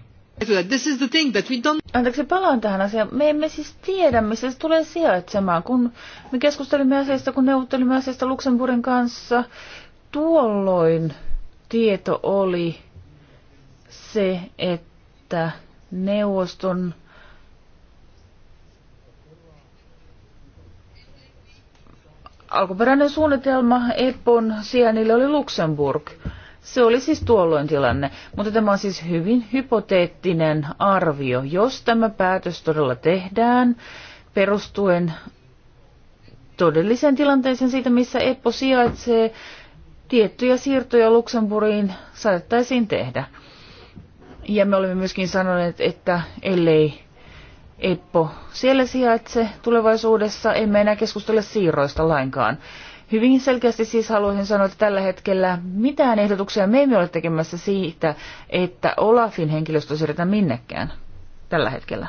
This is the thing that we don't... Anteeksi, palaan tähän asiaan. Me emme siis tiedä, missä se tulee sijaitsemaan. Kun me keskustelimme asiasta, kun neuvottelimme asiasta Luxemburgin kanssa, tuolloin tieto oli se, että neuvoston alkuperäinen suunnitelma EPPON sijainnille oli Luxemburg. Se oli siis tuolloin tilanne, mutta tämä on siis hyvin hypoteettinen arvio. Jos tämä päätös todella tehdään perustuen todelliseen tilanteeseen siitä, missä EPPO sijaitsee, tiettyjä siirtoja Luxemburgiin saattaisiin tehdä. Ja me olemme myöskin sanoneet, että ellei Eppo siellä sijaitse tulevaisuudessa, emme enää keskustele siirroista lainkaan. Hyvin selkeästi siis haluaisin sanoa, että tällä hetkellä mitään ehdotuksia me emme ole tekemässä siitä, että Olafin henkilöstö siirretään minnekään tällä hetkellä.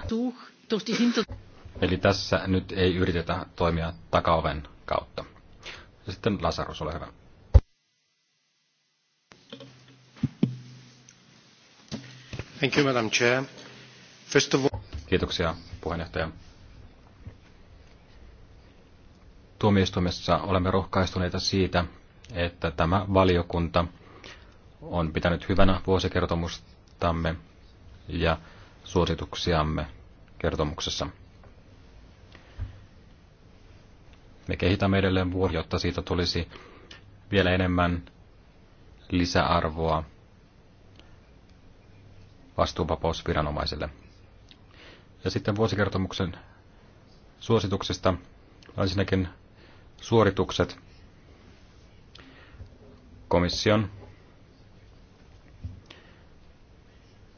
Eli tässä nyt ei yritetä toimia takaoven kautta. Ja sitten Lasarus, ole hyvä. Thank you, Madam Chair. First of all... Kiitoksia puheenjohtaja. Tuomioistuimessa olemme rohkaistuneita siitä, että tämä valiokunta on pitänyt hyvänä vuosikertomustamme ja suosituksiamme kertomuksessa. Me kehitämme edelleen vuosi, jotta siitä tulisi vielä enemmän lisäarvoa vastuunvapausviranomaisille. Ja sitten vuosikertomuksen suosituksista, ensinnäkin suoritukset komission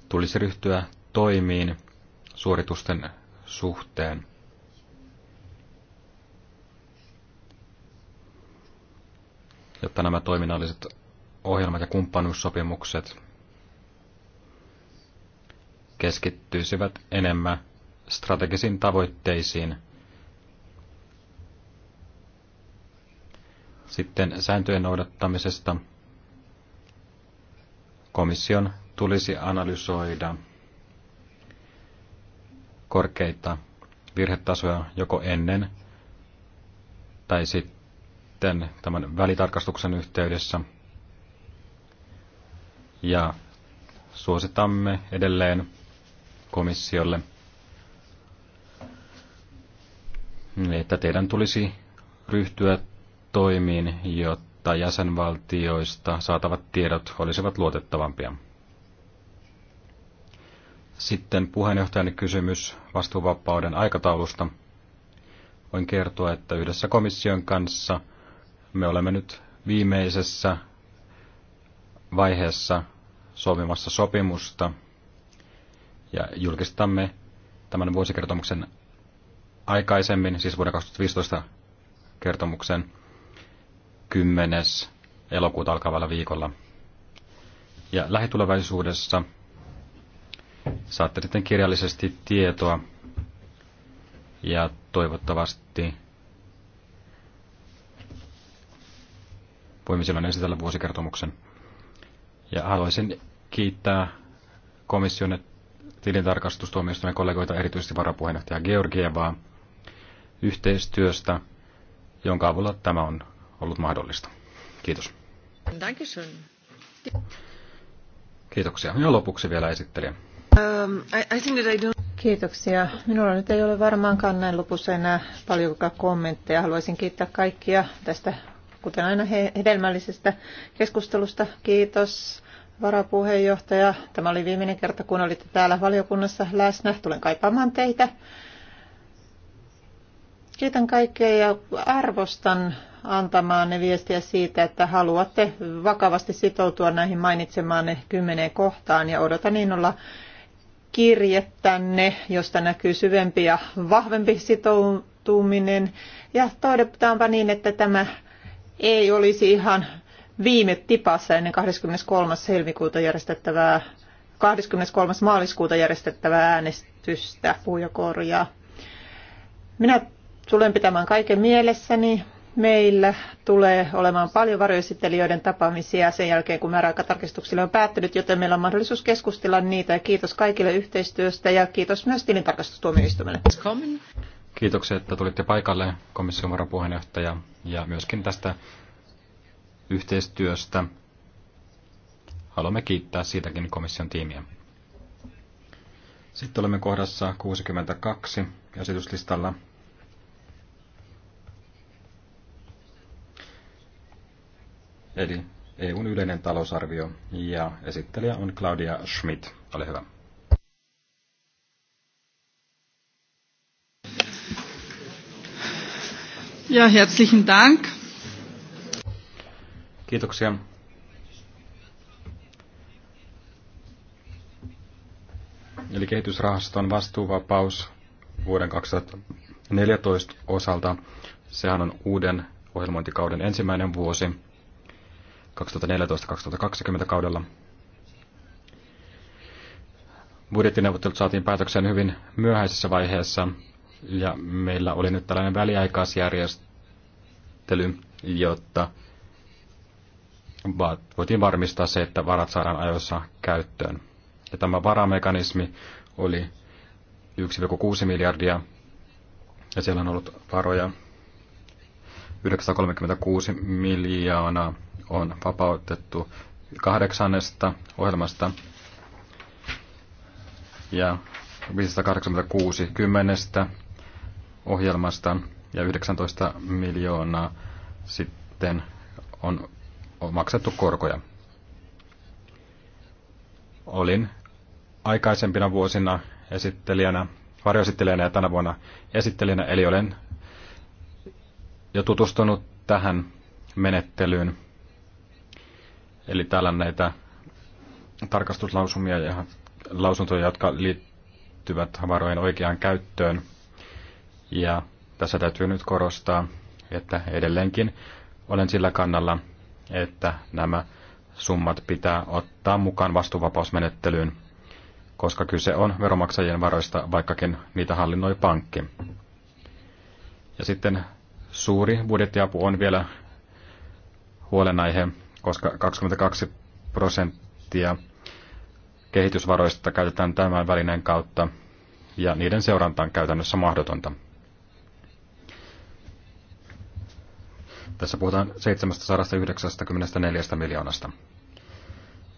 tulisi ryhtyä toimiin suoritusten suhteen. jotta nämä toiminnalliset ohjelmat ja kumppanuussopimukset keskittyisivät enemmän strategisiin tavoitteisiin. Sitten sääntöjen noudattamisesta komission tulisi analysoida korkeita virhetasoja joko ennen tai sitten tämän välitarkastuksen yhteydessä. Ja suositamme edelleen komissiolle – että teidän tulisi ryhtyä toimiin, jotta jäsenvaltioista saatavat tiedot olisivat luotettavampia. Sitten puheenjohtajan kysymys vastuuvapauden aikataulusta. Voin kertoa, että yhdessä komission kanssa me olemme nyt viimeisessä vaiheessa sovimassa sopimusta ja julkistamme tämän vuosikertomuksen aikaisemmin, siis vuoden 2015 kertomuksen 10. elokuuta alkavalla viikolla. Ja lähitulevaisuudessa saatte sitten kirjallisesti tietoa ja toivottavasti voimme silloin esitellä vuosikertomuksen. Ja haluaisin kiittää komission tilintarkastustuomioistuimen kollegoita, erityisesti varapuheenjohtaja Georgievaa yhteistyöstä, jonka avulla tämä on ollut mahdollista. Kiitos. Kiitoksia. Ja lopuksi vielä esittelijä. Ähm, Kiitoksia. Minulla nyt ei ole varmaankaan näin lopussa enää paljon kommentteja. Haluaisin kiittää kaikkia tästä, kuten aina, hedelmällisestä keskustelusta. Kiitos varapuheenjohtaja. Tämä oli viimeinen kerta, kun olitte täällä valiokunnassa läsnä. Tulen kaipaamaan teitä. Kiitän kaikkia ja arvostan antamaan ne viestiä siitä, että haluatte vakavasti sitoutua näihin mainitsemaanne kymmeneen kohtaan ja odotan olla kirjettänne, josta näkyy syvempi ja vahvempi sitoutuminen. Ja toivotaanpa niin, että tämä ei olisi ihan viime tipassa ennen 23. helmikuuta järjestettävää 23. maaliskuuta järjestettävää äänestystä puhujakorjaa. Minä Tulen pitämään kaiken mielessäni. Meillä tulee olemaan paljon varjoesittelijöiden tapaamisia sen jälkeen, kun määräaikatarkistuksille on päättynyt, joten meillä on mahdollisuus keskustella niitä. Ja kiitos kaikille yhteistyöstä ja kiitos myös tilintarkastustuomioistuimelle. Kiitoksia, että tulitte paikalle komission varapuheenjohtaja ja myöskin tästä yhteistyöstä. Haluamme kiittää siitäkin komission tiimiä. Sitten olemme kohdassa 62 esityslistalla eli EUn yleinen talousarvio, ja esittelijä on Claudia Schmidt. Ole hyvä. Ja herzlichen Dank. Kiitoksia. Eli kehitysrahaston vastuuvapaus vuoden 2014 osalta, sehän on uuden ohjelmointikauden ensimmäinen vuosi. 2014-2020 kaudella. Budjettineuvottelut saatiin päätökseen hyvin myöhäisessä vaiheessa ja meillä oli nyt tällainen väliaikaisjärjestely, jotta voitiin varmistaa se, että varat saadaan ajoissa käyttöön. Ja tämä varamekanismi oli 1,6 miljardia ja siellä on ollut varoja 936 miljoonaa on vapautettu kahdeksannesta ohjelmasta ja 586 kymmenestä ohjelmasta ja 19 miljoonaa sitten on, on maksettu korkoja. Olin aikaisempina vuosina esittelijänä, varjoesittelijänä ja tänä vuonna esittelijänä, eli olen jo tutustunut tähän menettelyyn. Eli täällä on näitä tarkastuslausumia ja lausuntoja, jotka liittyvät varojen oikeaan käyttöön. Ja tässä täytyy nyt korostaa, että edelleenkin olen sillä kannalla, että nämä summat pitää ottaa mukaan vastuuvapausmenettelyyn, koska kyse on veromaksajien varoista, vaikkakin niitä hallinnoi pankki. Ja sitten suuri budjettiapu on vielä huolenaihe, koska 22 prosenttia kehitysvaroista käytetään tämän välineen kautta ja niiden seuranta on käytännössä mahdotonta. Tässä puhutaan 794 miljoonasta.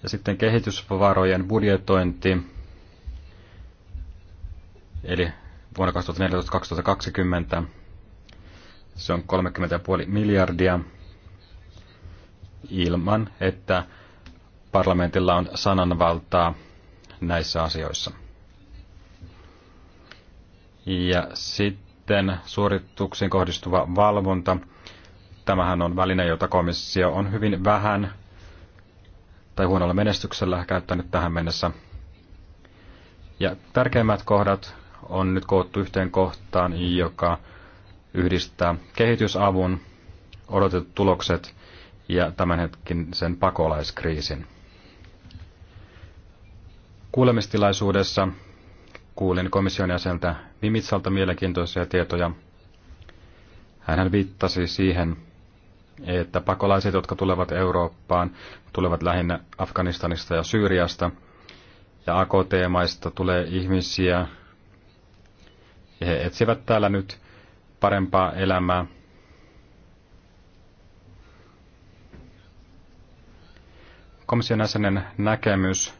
Ja sitten kehitysvarojen budjetointi, eli vuonna 2014-2020 se on 30,5 miljardia ilman, että parlamentilla on sananvaltaa näissä asioissa. Ja sitten suorituksiin kohdistuva valvonta. Tämähän on väline, jota komissio on hyvin vähän tai huonolla menestyksellä käyttänyt tähän mennessä. Ja tärkeimmät kohdat on nyt koottu yhteen kohtaan, joka yhdistää kehitysavun, odotetut tulokset ja tämän hetken sen pakolaiskriisin. Kuulemistilaisuudessa kuulin komission jäsentä Mimitsalta mielenkiintoisia tietoja. Hän viittasi siihen, että pakolaiset, jotka tulevat Eurooppaan, tulevat lähinnä Afganistanista ja Syyriasta, ja AKT-maista tulee ihmisiä, ja he etsivät täällä nyt parempaa elämää, Komission jäsenen näkemys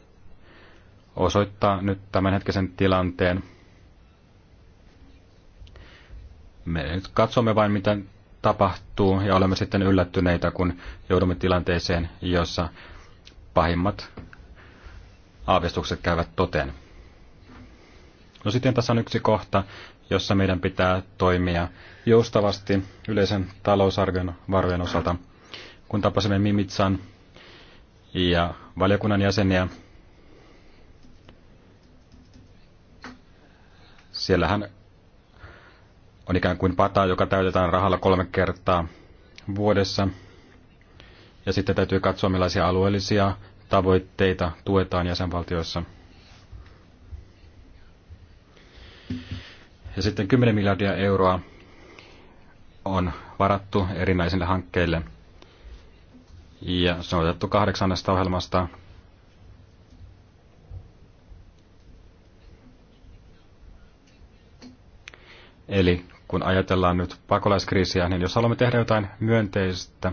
osoittaa nyt tämänhetkisen tilanteen. Me nyt katsomme vain, mitä tapahtuu, ja olemme sitten yllättyneitä, kun joudumme tilanteeseen, jossa pahimmat aavistukset käyvät toteen. No sitten tässä on yksi kohta, jossa meidän pitää toimia joustavasti yleisen talousarvion varojen osalta. Kun tapasimme Mimitsan, ja valiokunnan jäseniä. Siellähän on ikään kuin pata, joka täytetään rahalla kolme kertaa vuodessa. Ja sitten täytyy katsoa, millaisia alueellisia tavoitteita tuetaan jäsenvaltioissa. Ja sitten 10 miljardia euroa on varattu erinäisille hankkeille – ja se on otettu kahdeksannesta ohjelmasta. Eli kun ajatellaan nyt pakolaiskriisiä, niin jos haluamme tehdä jotain myönteistä,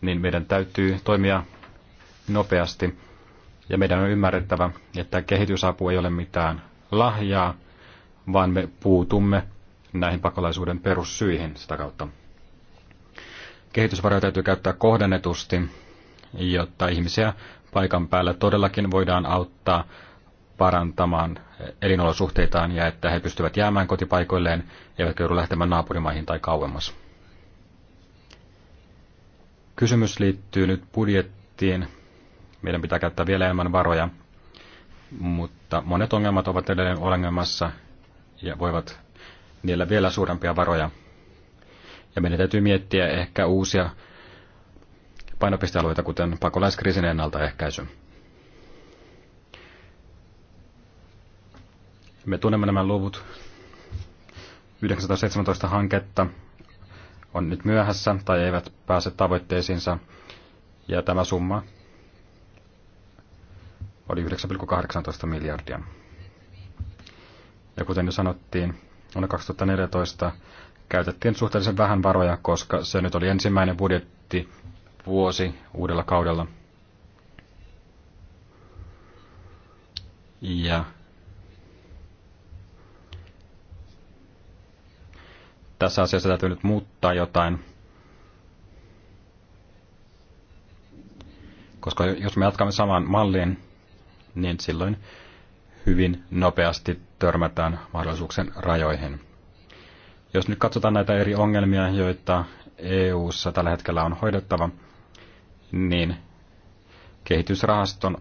niin meidän täytyy toimia nopeasti. Ja meidän on ymmärrettävä, että kehitysapu ei ole mitään lahjaa, vaan me puutumme näihin pakolaisuuden perussyihin sitä kautta. Kehitysvaroja täytyy käyttää kohdennetusti, jotta ihmisiä paikan päällä todellakin voidaan auttaa parantamaan elinolosuhteitaan ja että he pystyvät jäämään kotipaikoilleen eivätkä joudu lähtemään naapurimaihin tai kauemmas. Kysymys liittyy nyt budjettiin. Meidän pitää käyttää vielä enemmän varoja, mutta monet ongelmat ovat edelleen olemassa ja voivat niillä vielä suurempia varoja. Ja meidän täytyy miettiä ehkä uusia painopistealueita, kuten pakolaiskriisin ennaltaehkäisy. Me tunnemme nämä luvut. 917 hanketta on nyt myöhässä tai eivät pääse tavoitteisiinsa. Ja tämä summa oli 9,18 miljardia. Ja kuten jo sanottiin, vuonna 2014 käytettiin suhteellisen vähän varoja, koska se nyt oli ensimmäinen budjetti vuosi uudella kaudella. Ja tässä asiassa täytyy nyt muuttaa jotain. Koska jos me jatkamme samaan malliin, niin silloin hyvin nopeasti törmätään mahdollisuuksien rajoihin. Jos nyt katsotaan näitä eri ongelmia, joita EU:ssa tällä hetkellä on hoidettava, niin kehitysrahaston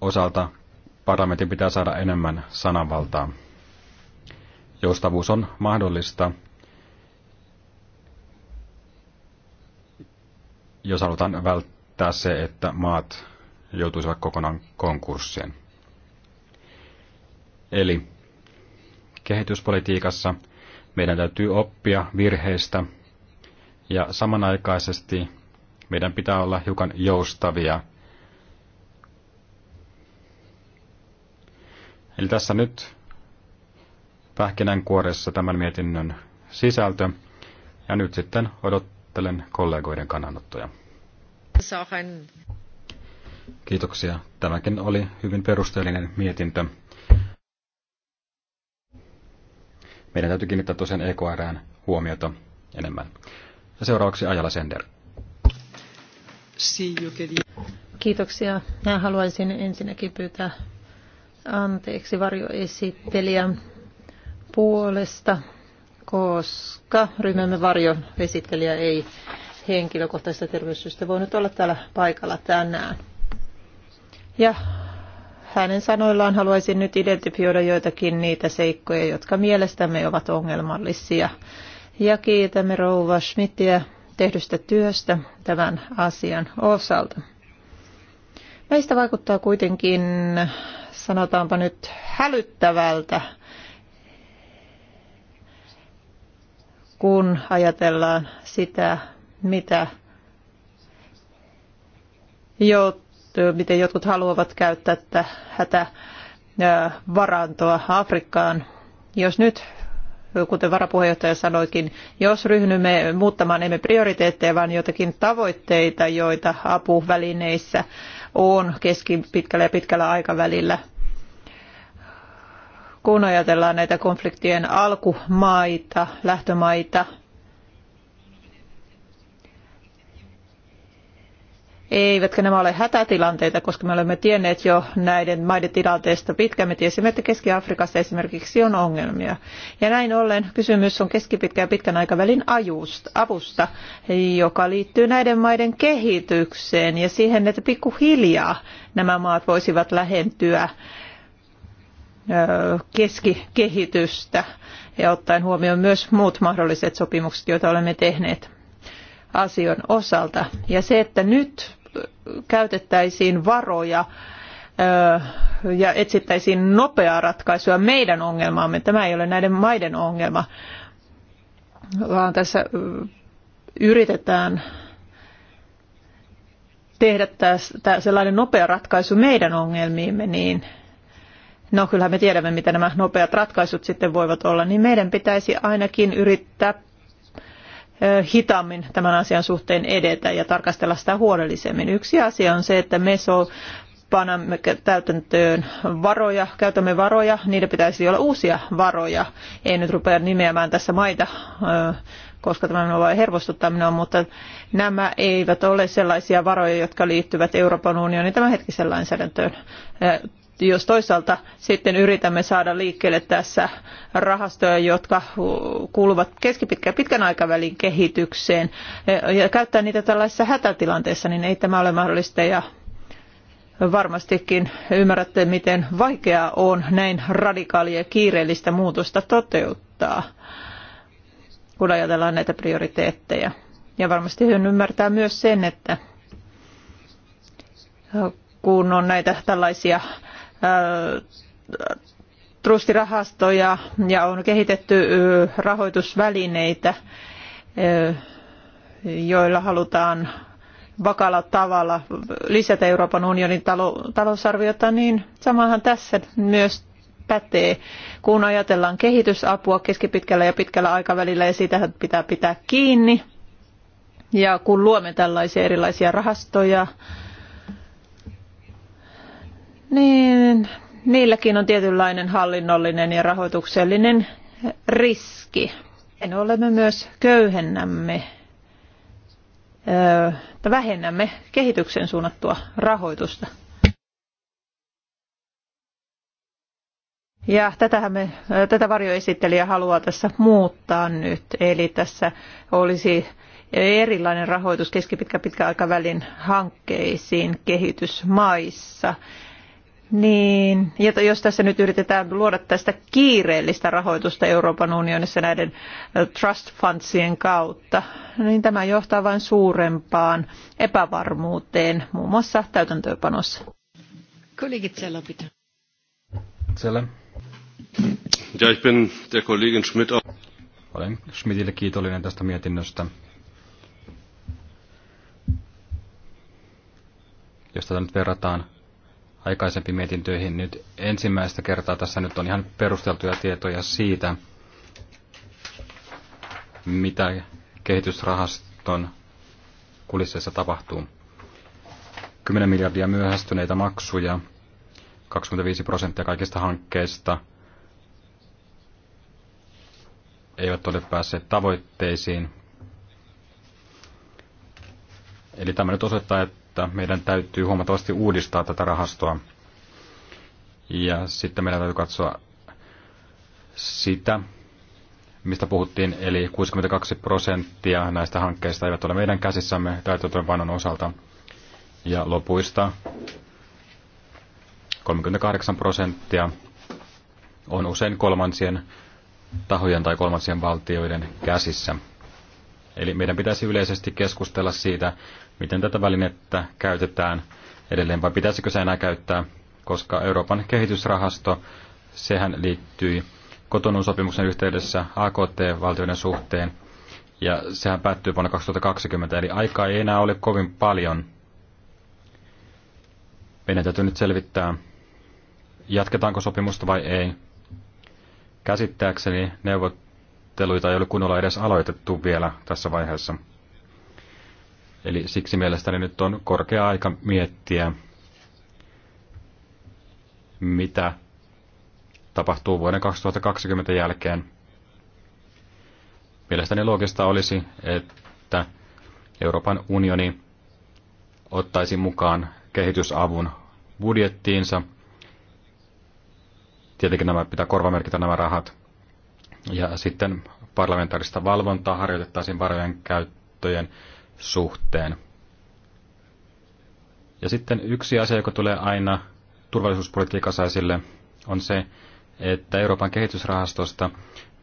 osalta parlamentin pitää saada enemmän sananvaltaa. Joustavuus on mahdollista, jos halutaan välttää se, että maat joutuisivat kokonaan konkurssien. Eli kehityspolitiikassa. Meidän täytyy oppia virheistä ja samanaikaisesti meidän pitää olla hiukan joustavia. Eli tässä nyt pähkinänkuoressa tämän mietinnön sisältö. Ja nyt sitten odottelen kollegoiden kannanottoja. Kiitoksia. Tämäkin oli hyvin perusteellinen mietintö. Meidän täytyy kiinnittää tosiaan EKRään huomiota enemmän. Ja seuraavaksi Ajala Sender. Kiitoksia. Minä haluaisin ensinnäkin pyytää anteeksi varjoesittelijän puolesta, koska ryhmämme varjoesittelijä ei henkilökohtaista terveyssystä voinut olla täällä paikalla tänään. Ja hänen sanoillaan haluaisin nyt identifioida joitakin niitä seikkoja, jotka mielestämme ovat ongelmallisia. Ja kiitämme rouva Schmidtiä tehdystä työstä tämän asian osalta. Meistä vaikuttaa kuitenkin, sanotaanpa nyt, hälyttävältä, kun ajatellaan sitä, mitä jo miten jotkut haluavat käyttää tätä hätävarantoa Afrikkaan. Jos nyt kuten varapuheenjohtaja sanoikin, jos ryhdymme muuttamaan emme prioriteetteja, vaan jotakin tavoitteita, joita apuvälineissä on keskipitkällä ja pitkällä aikavälillä. Kun ajatellaan näitä konfliktien alkumaita, lähtömaita, Eivätkä nämä ole hätätilanteita, koska me olemme tienneet jo näiden maiden tilanteesta pitkään. Me tiesimme, että Keski-Afrikassa esimerkiksi on ongelmia. Ja näin ollen kysymys on keskipitkän ja pitkän aikavälin ajusta, avusta, joka liittyy näiden maiden kehitykseen ja siihen, että pikkuhiljaa nämä maat voisivat lähentyä keskikehitystä ja ottaen huomioon myös muut mahdolliset sopimukset, joita olemme tehneet asian osalta. Ja se, että nyt käytettäisiin varoja ja etsittäisiin nopeaa ratkaisua meidän ongelmaamme. Tämä ei ole näiden maiden ongelma, vaan tässä yritetään tehdä tästä sellainen nopea ratkaisu meidän ongelmiimme, niin no kyllähän me tiedämme, mitä nämä nopeat ratkaisut sitten voivat olla, niin meidän pitäisi ainakin yrittää hitaammin tämän asian suhteen edetä ja tarkastella sitä huolellisemmin. Yksi asia on se, että me so panamme täytäntöön varoja, käytämme varoja, niiden pitäisi olla uusia varoja. En nyt rupea nimeämään tässä maita, koska tämä minua vain hervostuttaa minua, mutta nämä eivät ole sellaisia varoja, jotka liittyvät Euroopan unionin tämänhetkisen lainsäädäntöön jos toisaalta sitten yritämme saada liikkeelle tässä rahastoja, jotka kuuluvat keskipitkän pitkän aikavälin kehitykseen eh, ja käyttää niitä tällaisessa hätätilanteessa, niin ei tämä ole mahdollista ja varmastikin ymmärrätte, miten vaikeaa on näin radikaalia ja kiireellistä muutosta toteuttaa, kun ajatellaan näitä prioriteetteja. Ja varmasti hän ymmärtää myös sen, että kun on näitä tällaisia trustirahastoja ja on kehitetty rahoitusvälineitä, joilla halutaan vakalla tavalla lisätä Euroopan unionin talousarviota, niin samahan tässä myös pätee, kun ajatellaan kehitysapua keskipitkällä ja pitkällä aikavälillä ja siitähän pitää pitää kiinni. Ja kun luomme tällaisia erilaisia rahastoja, niin niilläkin on tietynlainen hallinnollinen ja rahoituksellinen riski. Me olemme myös köyhennämme, öö, vähennämme kehityksen suunnattua rahoitusta. Ja me, tätä varjoesittelijä haluaa tässä muuttaa nyt. Eli tässä olisi erilainen rahoitus keskipitkä pitkäaikavälin hankkeisiin kehitysmaissa. Niin, ja jos tässä nyt yritetään luoda tästä kiireellistä rahoitusta Euroopan unionissa näiden trust fundsien kautta, niin tämä johtaa vain suurempaan epävarmuuteen, muun muassa täytäntöönpanossa. Kollegit siellä pitää. Siellä. Ja ich bin der Kollegin Schmidt. Olen Schmidtille kiitollinen tästä mietinnöstä. Jos tätä nyt verrataan aikaisempiin mietintöihin. Nyt ensimmäistä kertaa tässä nyt on ihan perusteltuja tietoja siitä, mitä kehitysrahaston kulisseissa tapahtuu. 10 miljardia myöhästyneitä maksuja, 25 prosenttia kaikista hankkeista eivät ole päässeet tavoitteisiin. Eli tämä nyt osoittaa, että että meidän täytyy huomattavasti uudistaa tätä rahastoa. Ja sitten meidän täytyy katsoa sitä, mistä puhuttiin, eli 62 prosenttia näistä hankkeista eivät ole meidän käsissämme täytäntöönpanon osalta. Ja lopuista 38 prosenttia on usein kolmansien tahojen tai kolmansien valtioiden käsissä. Eli meidän pitäisi yleisesti keskustella siitä, miten tätä välinettä käytetään edelleen vai pitäisikö se enää käyttää, koska Euroopan kehitysrahasto, sehän liittyi kotonun sopimuksen yhteydessä AKT-valtioiden suhteen ja sehän päättyy vuonna 2020, eli aikaa ei enää ole kovin paljon. Meidän täytyy nyt selvittää, jatketaanko sopimusta vai ei. Käsittääkseni neuvotteluita ei ole kunnolla edes aloitettu vielä tässä vaiheessa. Eli siksi mielestäni nyt on korkea aika miettiä, mitä tapahtuu vuoden 2020 jälkeen. Mielestäni loogista olisi, että Euroopan unioni ottaisi mukaan kehitysavun budjettiinsa. Tietenkin nämä pitää korvamerkitä nämä rahat. Ja sitten parlamentaarista valvontaa harjoitettaisiin varojen käyttöjen suhteen. Ja sitten yksi asia, joka tulee aina turvallisuuspolitiikassa esille, on se, että Euroopan kehitysrahastosta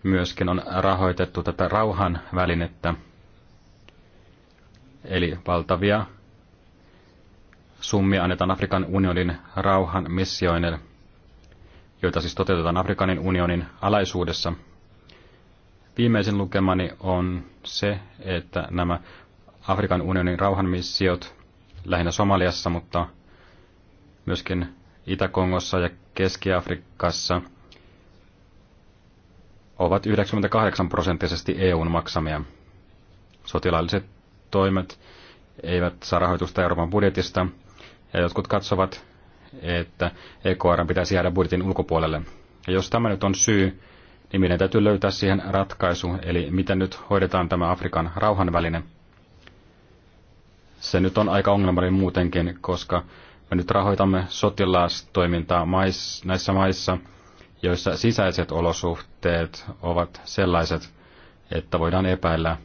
myöskin on rahoitettu tätä rauhan välinettä, eli valtavia summia annetaan Afrikan unionin rauhan missioineille, joita siis toteutetaan Afrikanin unionin alaisuudessa. Viimeisin lukemani on se, että nämä Afrikan unionin rauhanmissiot, lähinnä Somaliassa, mutta myöskin Itä-Kongossa ja Keski-Afrikassa ovat 98 prosenttisesti EUn maksamia. Sotilaalliset toimet eivät saa rahoitusta Euroopan budjetista, ja jotkut katsovat, että EKR pitäisi jäädä budjetin ulkopuolelle. Ja jos tämä nyt on syy, niin meidän täytyy löytää siihen ratkaisu, eli miten nyt hoidetaan tämä Afrikan rauhanväline – se nyt on aika ongelmallinen muutenkin, koska me nyt rahoitamme sotilastoimintaa mais, näissä maissa, joissa sisäiset olosuhteet ovat sellaiset, että voidaan epäillä,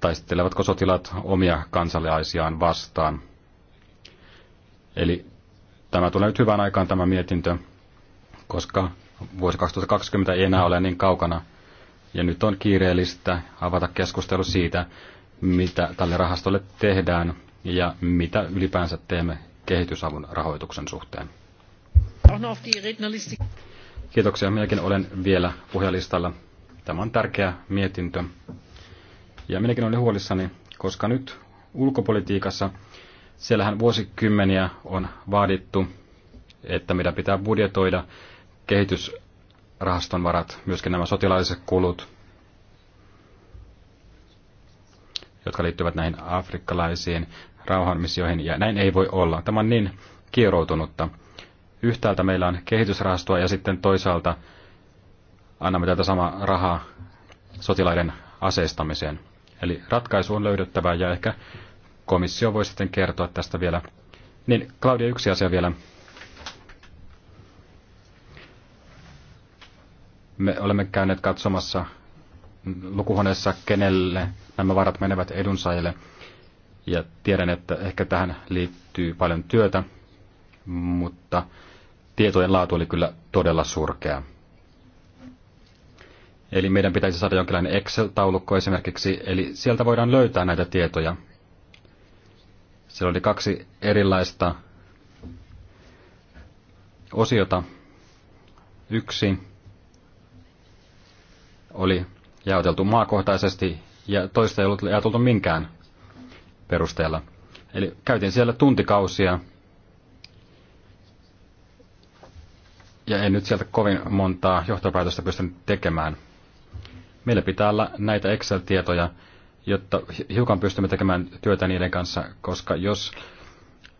taistelevatko sotilaat omia kansalaisiaan vastaan. Eli tämä tulee nyt hyvään aikaan tämä mietintö, koska vuosi 2020 ei enää ole niin kaukana. Ja nyt on kiireellistä avata keskustelu siitä, mitä tälle rahastolle tehdään ja mitä ylipäänsä teemme kehitysavun rahoituksen suhteen. Kiitoksia. Minäkin olen vielä puhelistalla. Tämä on tärkeä mietintö. Ja minäkin olen huolissani, koska nyt ulkopolitiikassa siellähän vuosikymmeniä on vaadittu, että meidän pitää budjetoida kehitysrahaston varat, myöskin nämä sotilaalliset kulut, jotka liittyvät näihin afrikkalaisiin rauhanmissioihin, ja näin ei voi olla. Tämä on niin kieroutunutta. Yhtäältä meillä on kehitysrahastoa ja sitten toisaalta annamme tätä samaa rahaa sotilaiden aseistamiseen. Eli ratkaisu on löydettävä ja ehkä komissio voi sitten kertoa tästä vielä. Niin, Claudia, yksi asia vielä. Me olemme käyneet katsomassa lukuhuoneessa, kenelle nämä varat menevät edunsaajille. Ja tiedän, että ehkä tähän liittyy paljon työtä, mutta tietojen laatu oli kyllä todella surkea. Eli meidän pitäisi saada jonkinlainen Excel-taulukko esimerkiksi, eli sieltä voidaan löytää näitä tietoja. Siellä oli kaksi erilaista osiota. Yksi oli jaoteltu maakohtaisesti ja toista ei ollut jaoteltu minkään perusteella. Eli käytin siellä tuntikausia ja en nyt sieltä kovin montaa johtopäätöstä pystynyt tekemään. Meillä pitää olla näitä Excel-tietoja, jotta hiukan pystymme tekemään työtä niiden kanssa, koska jos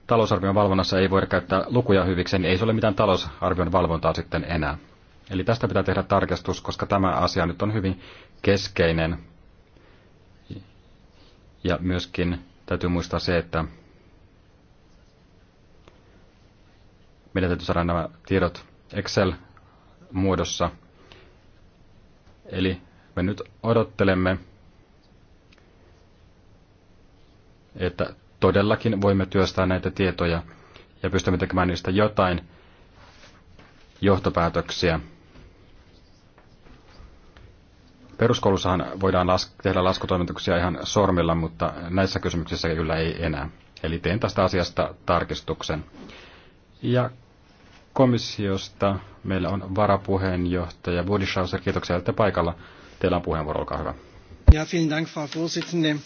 talousarvion valvonnassa ei voida käyttää lukuja hyviksi, niin ei se ole mitään talousarvion valvontaa sitten enää. Eli tästä pitää tehdä tarkastus, koska tämä asia nyt on hyvin keskeinen. Ja myöskin täytyy muistaa se, että meidän täytyy saada nämä tiedot Excel-muodossa. Eli me nyt odottelemme, että todellakin voimme työstää näitä tietoja ja pystymme tekemään niistä jotain johtopäätöksiä. Peruskoulussahan voidaan las- tehdä laskutoimituksia ihan sormilla, mutta näissä kysymyksissä kyllä ei enää. Eli teen tästä asiasta tarkistuksen. Ja komissiosta meillä on varapuheenjohtaja Budishauser. Kiitoksia, että paikalla. Teillä on puheenvuoro, olkaa hyvä. Ja, vielen Dank, Frau Vorsitzende. Ähm,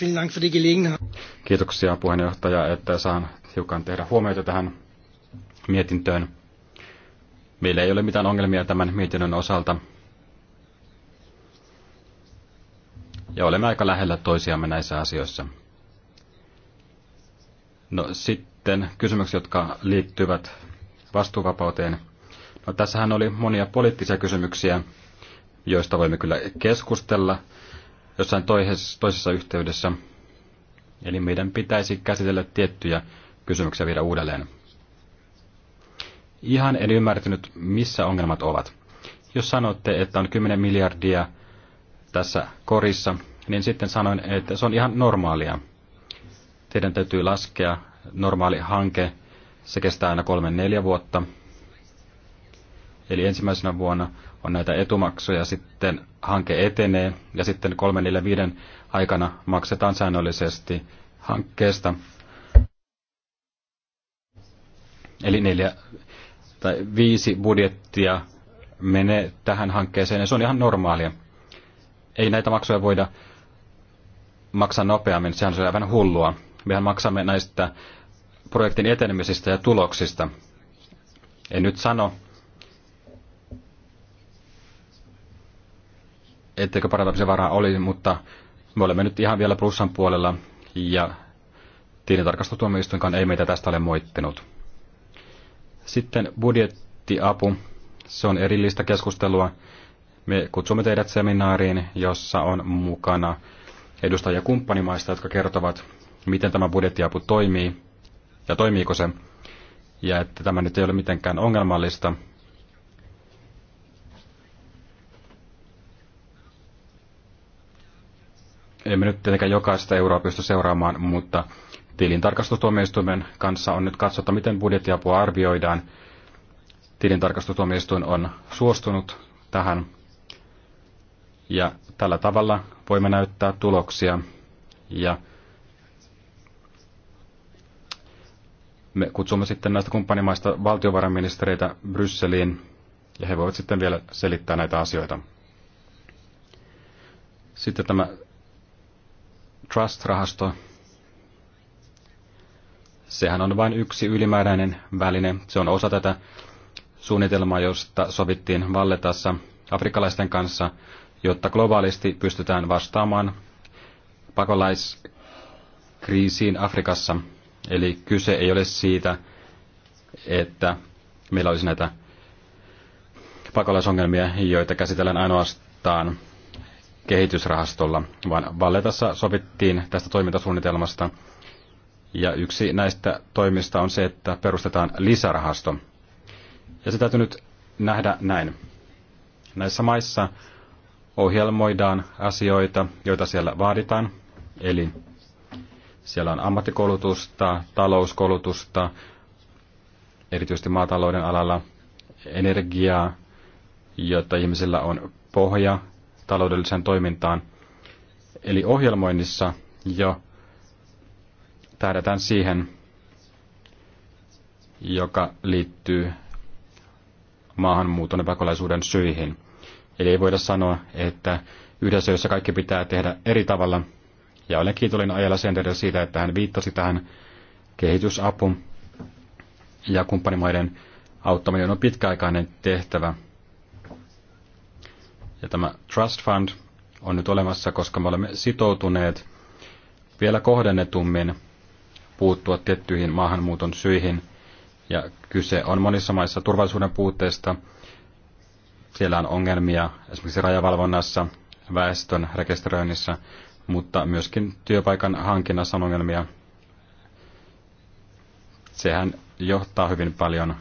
vielen Dank für die Gelegenheit. Kiitoksia puheenjohtaja, että saan hiukan tehdä huomioita tähän mietintöön. Meillä ei ole mitään ongelmia tämän mietinnön osalta. ja olemme aika lähellä toisiamme näissä asioissa. No sitten kysymykset, jotka liittyvät vastuuvapauteen. No, tässähän oli monia poliittisia kysymyksiä, joista voimme kyllä keskustella jossain toisessa yhteydessä. Eli meidän pitäisi käsitellä tiettyjä kysymyksiä vielä uudelleen. Ihan en ymmärtänyt, missä ongelmat ovat. Jos sanotte, että on 10 miljardia tässä korissa, niin sitten sanoin, että se on ihan normaalia. Teidän täytyy laskea normaali hanke, se kestää aina kolme neljä vuotta. Eli ensimmäisenä vuonna on näitä etumaksuja, sitten hanke etenee ja sitten kolmen neljä viiden aikana maksetaan säännöllisesti hankkeesta. Eli neljä tai viisi budjettia menee tähän hankkeeseen ja se on ihan normaalia ei näitä maksuja voida maksaa nopeammin, sehän on aivan hullua. Mehän maksamme näistä projektin etenemisistä ja tuloksista. En nyt sano, etteikö parantamisen varaa oli, mutta me olemme nyt ihan vielä plussan puolella ja tilintarkastustuomioistuinkaan ei meitä tästä ole moittinut. Sitten budjettiapu, se on erillistä keskustelua me kutsumme teidät seminaariin, jossa on mukana edustajia kumppanimaista, jotka kertovat, miten tämä budjettiapu toimii ja toimiiko se, ja että tämä nyt ei ole mitenkään ongelmallista. Emme nyt tietenkään jokaista euroa pysty seuraamaan, mutta tilintarkastustuomioistuimen kanssa on nyt katsottu, miten budjettiapua arvioidaan. Tilintarkastustuomioistuin on suostunut tähän ja tällä tavalla voimme näyttää tuloksia ja me kutsumme sitten näistä kumppanimaista valtiovarainministereitä Brysseliin ja he voivat sitten vielä selittää näitä asioita. Sitten tämä Trust-rahasto, sehän on vain yksi ylimääräinen väline. Se on osa tätä suunnitelmaa, josta sovittiin Valletassa afrikkalaisten kanssa jotta globaalisti pystytään vastaamaan pakolaiskriisiin Afrikassa. Eli kyse ei ole siitä, että meillä olisi näitä pakolaisongelmia, joita käsitellään ainoastaan kehitysrahastolla, vaan Valletassa sovittiin tästä toimintasuunnitelmasta. Ja yksi näistä toimista on se, että perustetaan lisärahasto. Ja se täytyy nyt nähdä näin. Näissä maissa ohjelmoidaan asioita, joita siellä vaaditaan. Eli siellä on ammattikoulutusta, talouskoulutusta, erityisesti maatalouden alalla energiaa, jotta ihmisillä on pohja taloudelliseen toimintaan. Eli ohjelmoinnissa jo tähdätään siihen, joka liittyy maahanmuuton ja pakolaisuuden syihin – Eli ei voida sanoa, että yhdessä, jossa kaikki pitää tehdä eri tavalla. Ja olen kiitollinen ajalla sen siitä, että hän viittasi tähän kehitysapu ja kumppanimaiden auttaminen on pitkäaikainen tehtävä. Ja tämä Trust Fund on nyt olemassa, koska me olemme sitoutuneet vielä kohdennetummin puuttua tiettyihin maahanmuuton syihin. Ja kyse on monissa maissa turvallisuuden puutteesta – siellä on ongelmia esimerkiksi rajavalvonnassa, väestön rekisteröinnissä, mutta myöskin työpaikan hankinnassa on ongelmia. Sehän johtaa hyvin paljon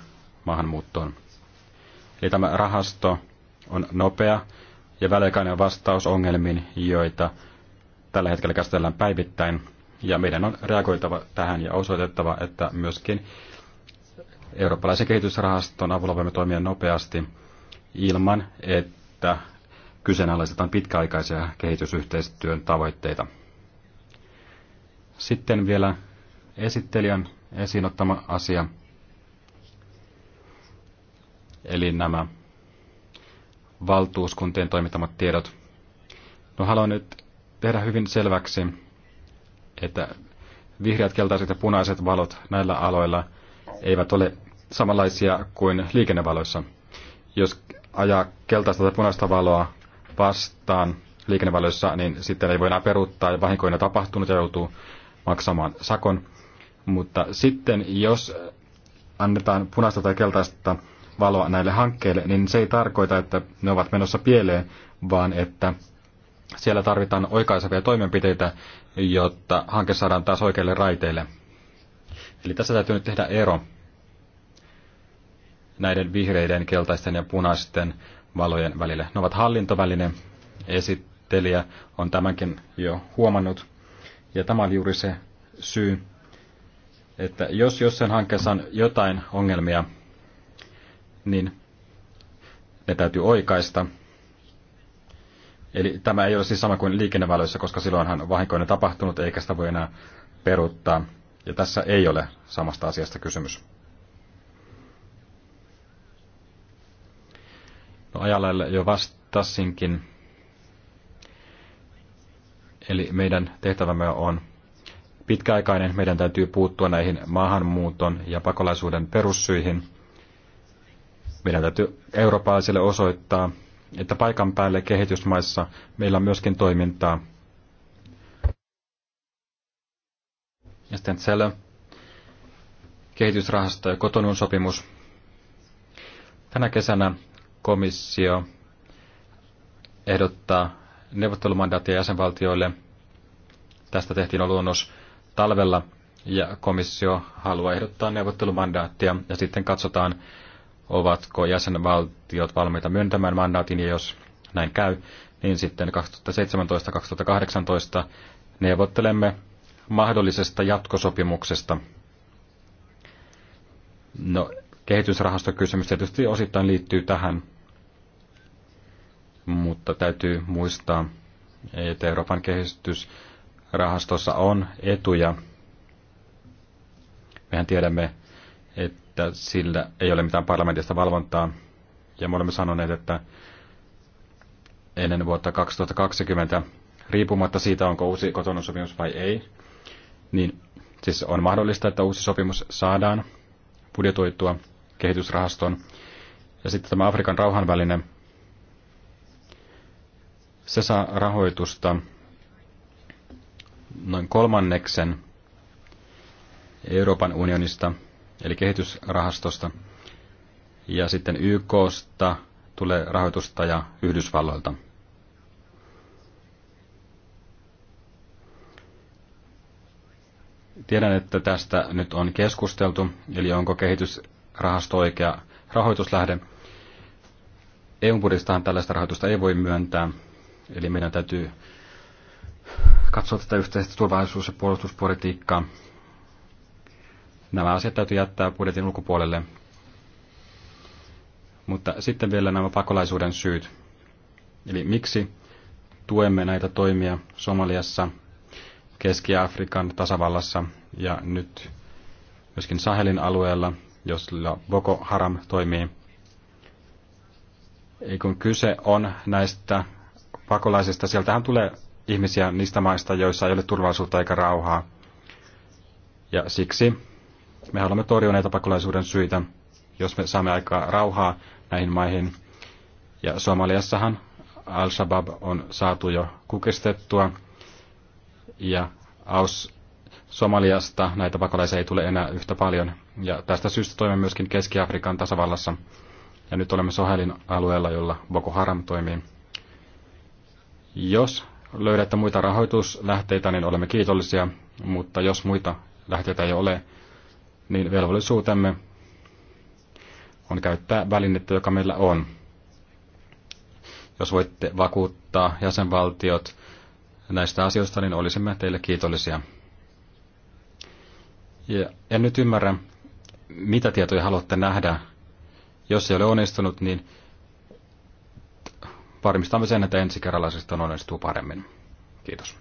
maahanmuuttoon. Eli tämä rahasto on nopea ja väliaikainen vastaus ongelmiin, joita tällä hetkellä käsitellään päivittäin. Ja meidän on reagoitava tähän ja osoitettava, että myöskin eurooppalaisen kehitysrahaston avulla voimme toimia nopeasti – ilman, että kyseenalaistetaan pitkäaikaisia kehitysyhteistyön tavoitteita. Sitten vielä esittelijän esiin ottama asia, eli nämä valtuuskuntien toimittamat tiedot. No haluan nyt tehdä hyvin selväksi, että vihreät, keltaiset ja punaiset valot näillä aloilla eivät ole samanlaisia kuin liikennevaloissa. Jos ajaa keltaista tai punaista valoa vastaan liikennevaloissa, niin sitten ei enää peruuttaa ja vahinkoina tapahtunut ja joutuu maksamaan sakon. Mutta sitten jos annetaan punaista tai keltaista valoa näille hankkeille, niin se ei tarkoita, että ne ovat menossa pieleen, vaan että siellä tarvitaan oikaisevia toimenpiteitä, jotta hanke saadaan taas oikeille raiteille. Eli tässä täytyy nyt tehdä ero näiden vihreiden, keltaisten ja punaisten valojen välille. Ne ovat hallintoväline, esittelijä on tämänkin jo huomannut. Ja tämä on juuri se syy, että jos jossain hankkeessa on jotain ongelmia, niin ne täytyy oikaista. Eli tämä ei ole siis sama kuin liikennevaloissa, koska silloinhan vahinko on tapahtunut eikä sitä voi enää peruuttaa. Ja tässä ei ole samasta asiasta kysymys. No ajalalle jo vastasinkin. Eli meidän tehtävämme on pitkäaikainen. Meidän täytyy puuttua näihin maahanmuuton ja pakolaisuuden perussyihin. Meidän täytyy eurooppalaisille osoittaa, että paikan päälle kehitysmaissa meillä on myöskin toimintaa. Ja sitten siellä kehitysrahasto ja kotonun sopimus. Tänä kesänä komissio ehdottaa neuvottelumandaattia jäsenvaltioille. Tästä tehtiin luonnos talvella ja komissio haluaa ehdottaa neuvottelumandaattia ja sitten katsotaan, ovatko jäsenvaltiot valmiita myöntämään mandaatin ja jos näin käy, niin sitten 2017-2018 neuvottelemme mahdollisesta jatkosopimuksesta. No, kehitysrahastokysymys tietysti osittain liittyy tähän mutta täytyy muistaa, että Euroopan kehitysrahastossa on etuja. Mehän tiedämme, että sillä ei ole mitään parlamentista valvontaa, ja me olemme sanoneet, että ennen vuotta 2020, riippumatta siitä, onko uusi kotonnusopimus vai ei, niin siis on mahdollista, että uusi sopimus saadaan budjetoitua kehitysrahaston. Ja sitten tämä Afrikan rauhanväline, se saa rahoitusta noin kolmanneksen Euroopan unionista, eli kehitysrahastosta, ja sitten YKsta tulee rahoitusta ja Yhdysvalloilta. Tiedän, että tästä nyt on keskusteltu, eli onko kehitysrahasto oikea rahoituslähde. EU-budjetistahan tällaista rahoitusta ei voi myöntää, Eli meidän täytyy katsoa tätä yhteistä turvallisuus- ja puolustuspolitiikkaa. Nämä asiat täytyy jättää budjetin ulkopuolelle. Mutta sitten vielä nämä pakolaisuuden syyt. Eli miksi tuemme näitä toimia Somaliassa, Keski-Afrikan tasavallassa ja nyt myöskin Sahelin alueella, jossa Boko Haram toimii. Ei kun kyse on näistä pakolaisista. Sieltähän tulee ihmisiä niistä maista, joissa ei ole turvallisuutta eikä rauhaa. Ja siksi me haluamme torjua näitä pakolaisuuden syitä, jos me saamme aikaa rauhaa näihin maihin. Ja Somaliassahan Al-Shabaab on saatu jo kukistettua. Ja Aus Somaliasta näitä pakolaisia ei tule enää yhtä paljon. Ja tästä syystä toimimme myöskin Keski-Afrikan tasavallassa. Ja nyt olemme Sohelin alueella, jolla Boko Haram toimii. Jos löydätte muita rahoituslähteitä, niin olemme kiitollisia, mutta jos muita lähteitä ei ole, niin velvollisuutemme on käyttää välinettä, joka meillä on. Jos voitte vakuuttaa jäsenvaltiot näistä asioista, niin olisimme teille kiitollisia. Ja en nyt ymmärrä, mitä tietoja haluatte nähdä. Jos ei ole onnistunut, niin varmistamme sen, että ensikerralaisista on onnistuu paremmin. Kiitos.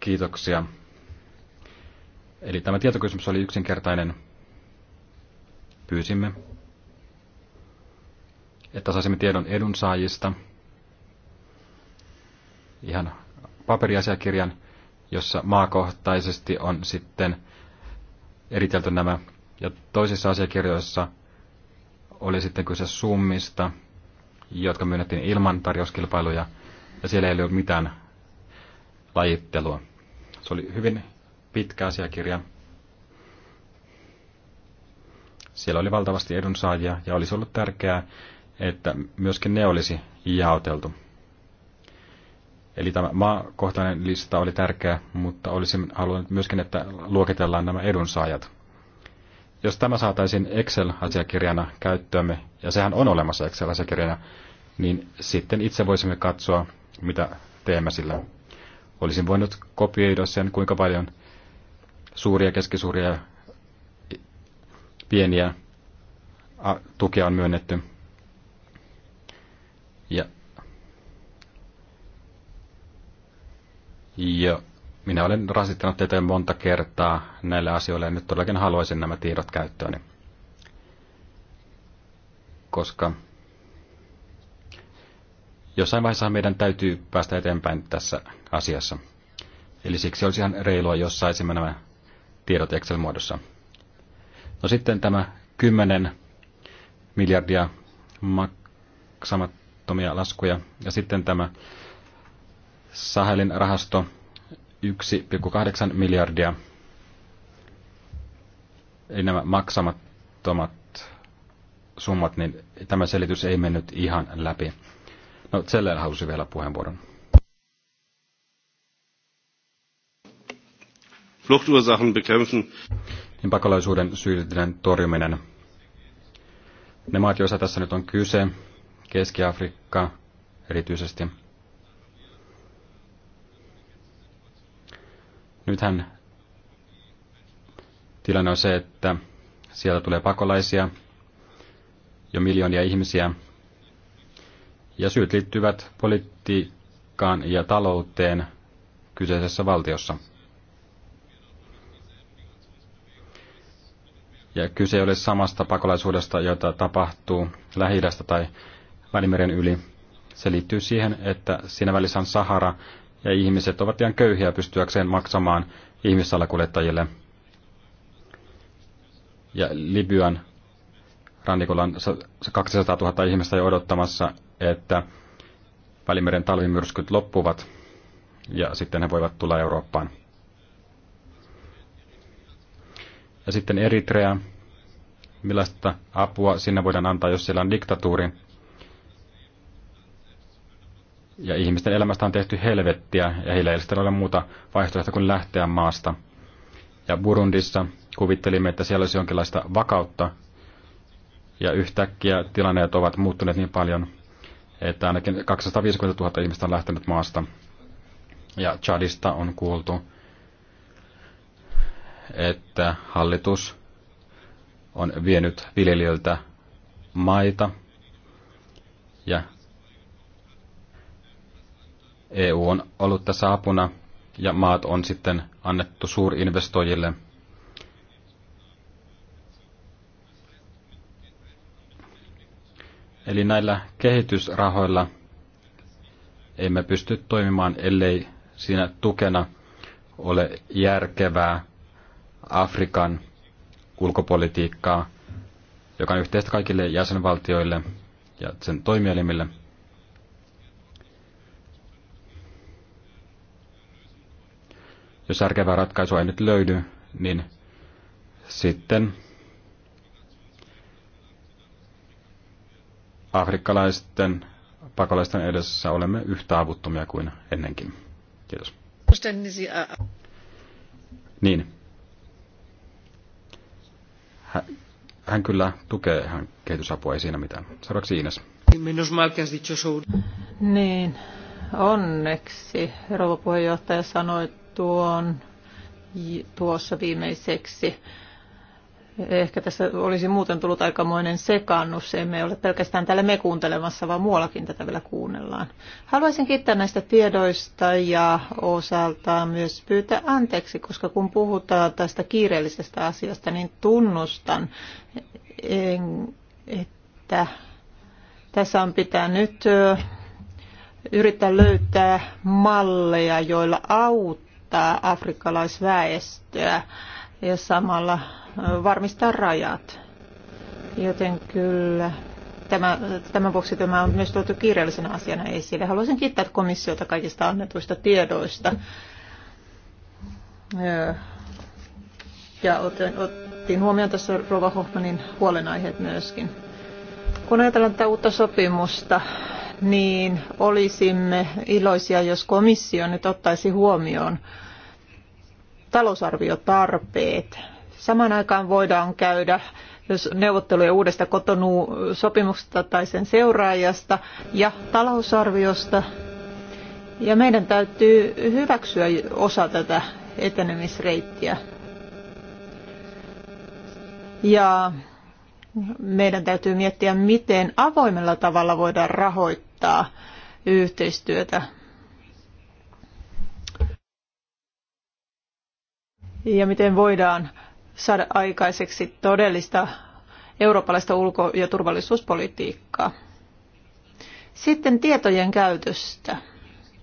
Kiitoksia. Eli tämä tietokysymys oli yksinkertainen. Pyysimme, että saisimme tiedon edunsaajista, ihan paperiasiakirjan, jossa maakohtaisesti on sitten eritelty nämä. Ja toisissa asiakirjoissa oli sitten kyse summista, jotka myönnettiin ilman tarjouskilpailuja, ja siellä ei ollut mitään lajittelua. Se oli hyvin pitkä asiakirja. Siellä oli valtavasti edunsaajia, ja olisi ollut tärkeää, että myöskin ne olisi jaoteltu. Eli tämä maakohtainen lista oli tärkeä, mutta olisin halunnut myöskin, että luokitellaan nämä edunsaajat – jos tämä saataisiin Excel-asiakirjana käyttöömme, ja sehän on olemassa Excel-asiakirjana, niin sitten itse voisimme katsoa, mitä teemme sillä. Olisin voinut kopioida sen, kuinka paljon suuria, keskisuuria ja pieniä tukea on myönnetty. Ja, ja minä olen rasittanut teitä monta kertaa näille asioille ja nyt todellakin haluaisin nämä tiedot käyttööni. Koska jossain vaiheessa meidän täytyy päästä eteenpäin tässä asiassa. Eli siksi olisi ihan reilua, jos saisimme nämä tiedot Excel-muodossa. No sitten tämä 10 miljardia maksamattomia laskuja ja sitten tämä Sahelin rahasto 1,8 miljardia. Eli nämä maksamattomat summat, niin tämä selitys ei mennyt ihan läpi. No, Zeller halusi vielä puheenvuoron. Fluchtursachen bekämpfen. Niin pakolaisuuden syyllinen torjuminen. Ne maat, joissa tässä nyt on kyse, Keski-Afrikka erityisesti – Nythän tilanne on se, että sieltä tulee pakolaisia, jo miljoonia ihmisiä, ja syyt liittyvät politiikkaan ja talouteen kyseisessä valtiossa. Ja kyse ei ole samasta pakolaisuudesta, jota tapahtuu lähi tai Välimeren yli. Se liittyy siihen, että siinä välissä on Sahara, ja ihmiset ovat ihan köyhiä pystyäkseen maksamaan ihmissalakuljettajille. Ja Libyan rannikolla on 200 000 ihmistä jo odottamassa, että Välimeren talvimyrskyt loppuvat ja sitten he voivat tulla Eurooppaan. Ja sitten Eritrea. Millaista apua sinne voidaan antaa, jos siellä on diktatuuri? Ja ihmisten elämästä on tehty helvettiä ja heillä ei ole muuta vaihtoehtoa kuin lähteä maasta. Ja Burundissa kuvittelimme, että siellä olisi jonkinlaista vakautta. Ja yhtäkkiä tilanneet ovat muuttuneet niin paljon, että ainakin 250 000 ihmistä on lähtenyt maasta. Ja Chadista on kuultu, että hallitus on vienyt viljelijöiltä maita ja EU on ollut tässä apuna ja maat on sitten annettu suurinvestoijille. Eli näillä kehitysrahoilla emme pysty toimimaan, ellei siinä tukena ole järkevää Afrikan ulkopolitiikkaa, joka on yhteistä kaikille jäsenvaltioille ja sen toimielimille – Jos järkevää ratkaisua ei nyt löydy, niin sitten afrikkalaisten pakolaisten edessä olemme yhtä avuttomia kuin ennenkin. Kiitos. Niin. Hän kyllä tukee hän kehitysapua, ei siinä mitään. Seuraavaksi Ines. Niin, onneksi rouva puheenjohtaja sanoi, tuon tuossa viimeiseksi. Ehkä tässä olisi muuten tullut aikamoinen sekannus. Emme ole pelkästään täällä me kuuntelemassa, vaan muuallakin tätä vielä kuunnellaan. Haluaisin kiittää näistä tiedoista ja osaltaan myös pyytää anteeksi, koska kun puhutaan tästä kiireellisestä asiasta, niin tunnustan, että tässä on pitää nyt yrittää löytää malleja, joilla auttaa auttaa afrikkalaisväestöä ja samalla varmistaa rajat. Joten kyllä tämä, tämän vuoksi tämä on myös tuotu kiireellisenä asiana esille. Haluaisin kiittää komissiota kaikista annetuista tiedoista. Ja otin, otin huomioon tässä Rova Hoffmanin huolenaiheet myöskin. Kun ajatellaan tätä uutta sopimusta, niin olisimme iloisia, jos komissio nyt ottaisi huomioon talousarviotarpeet. Samaan aikaan voidaan käydä neuvotteluja uudesta kotonuu-sopimuksesta tai sen seuraajasta ja talousarviosta. Ja meidän täytyy hyväksyä osa tätä etenemisreittiä. Ja meidän täytyy miettiä, miten avoimella tavalla voidaan rahoittaa yhteistyötä ja miten voidaan saada aikaiseksi todellista eurooppalaista ulko- ja turvallisuuspolitiikkaa. Sitten tietojen käytöstä.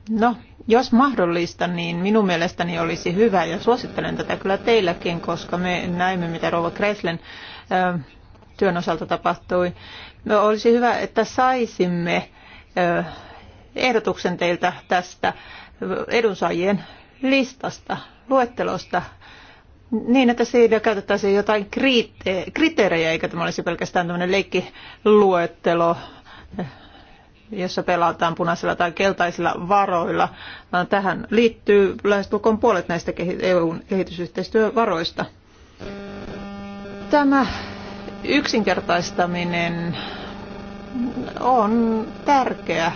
No, jos mahdollista, niin minun mielestäni olisi hyvä, ja suosittelen tätä kyllä teilläkin, koska me näimme, mitä Rova Kreslen työn osalta tapahtui. No, olisi hyvä, että saisimme ehdotuksen teiltä tästä edunsaajien listasta, luettelosta, niin, että siinä käytettäisiin jotain kriteerejä, eikä tämä olisi pelkästään tämmöinen leikkiluettelo, jossa pelataan punaisilla tai keltaisilla varoilla. Tähän liittyy lähestulkoon puolet näistä EUn kehitysyhteistyövaroista. Tämä yksinkertaistaminen on tärkeä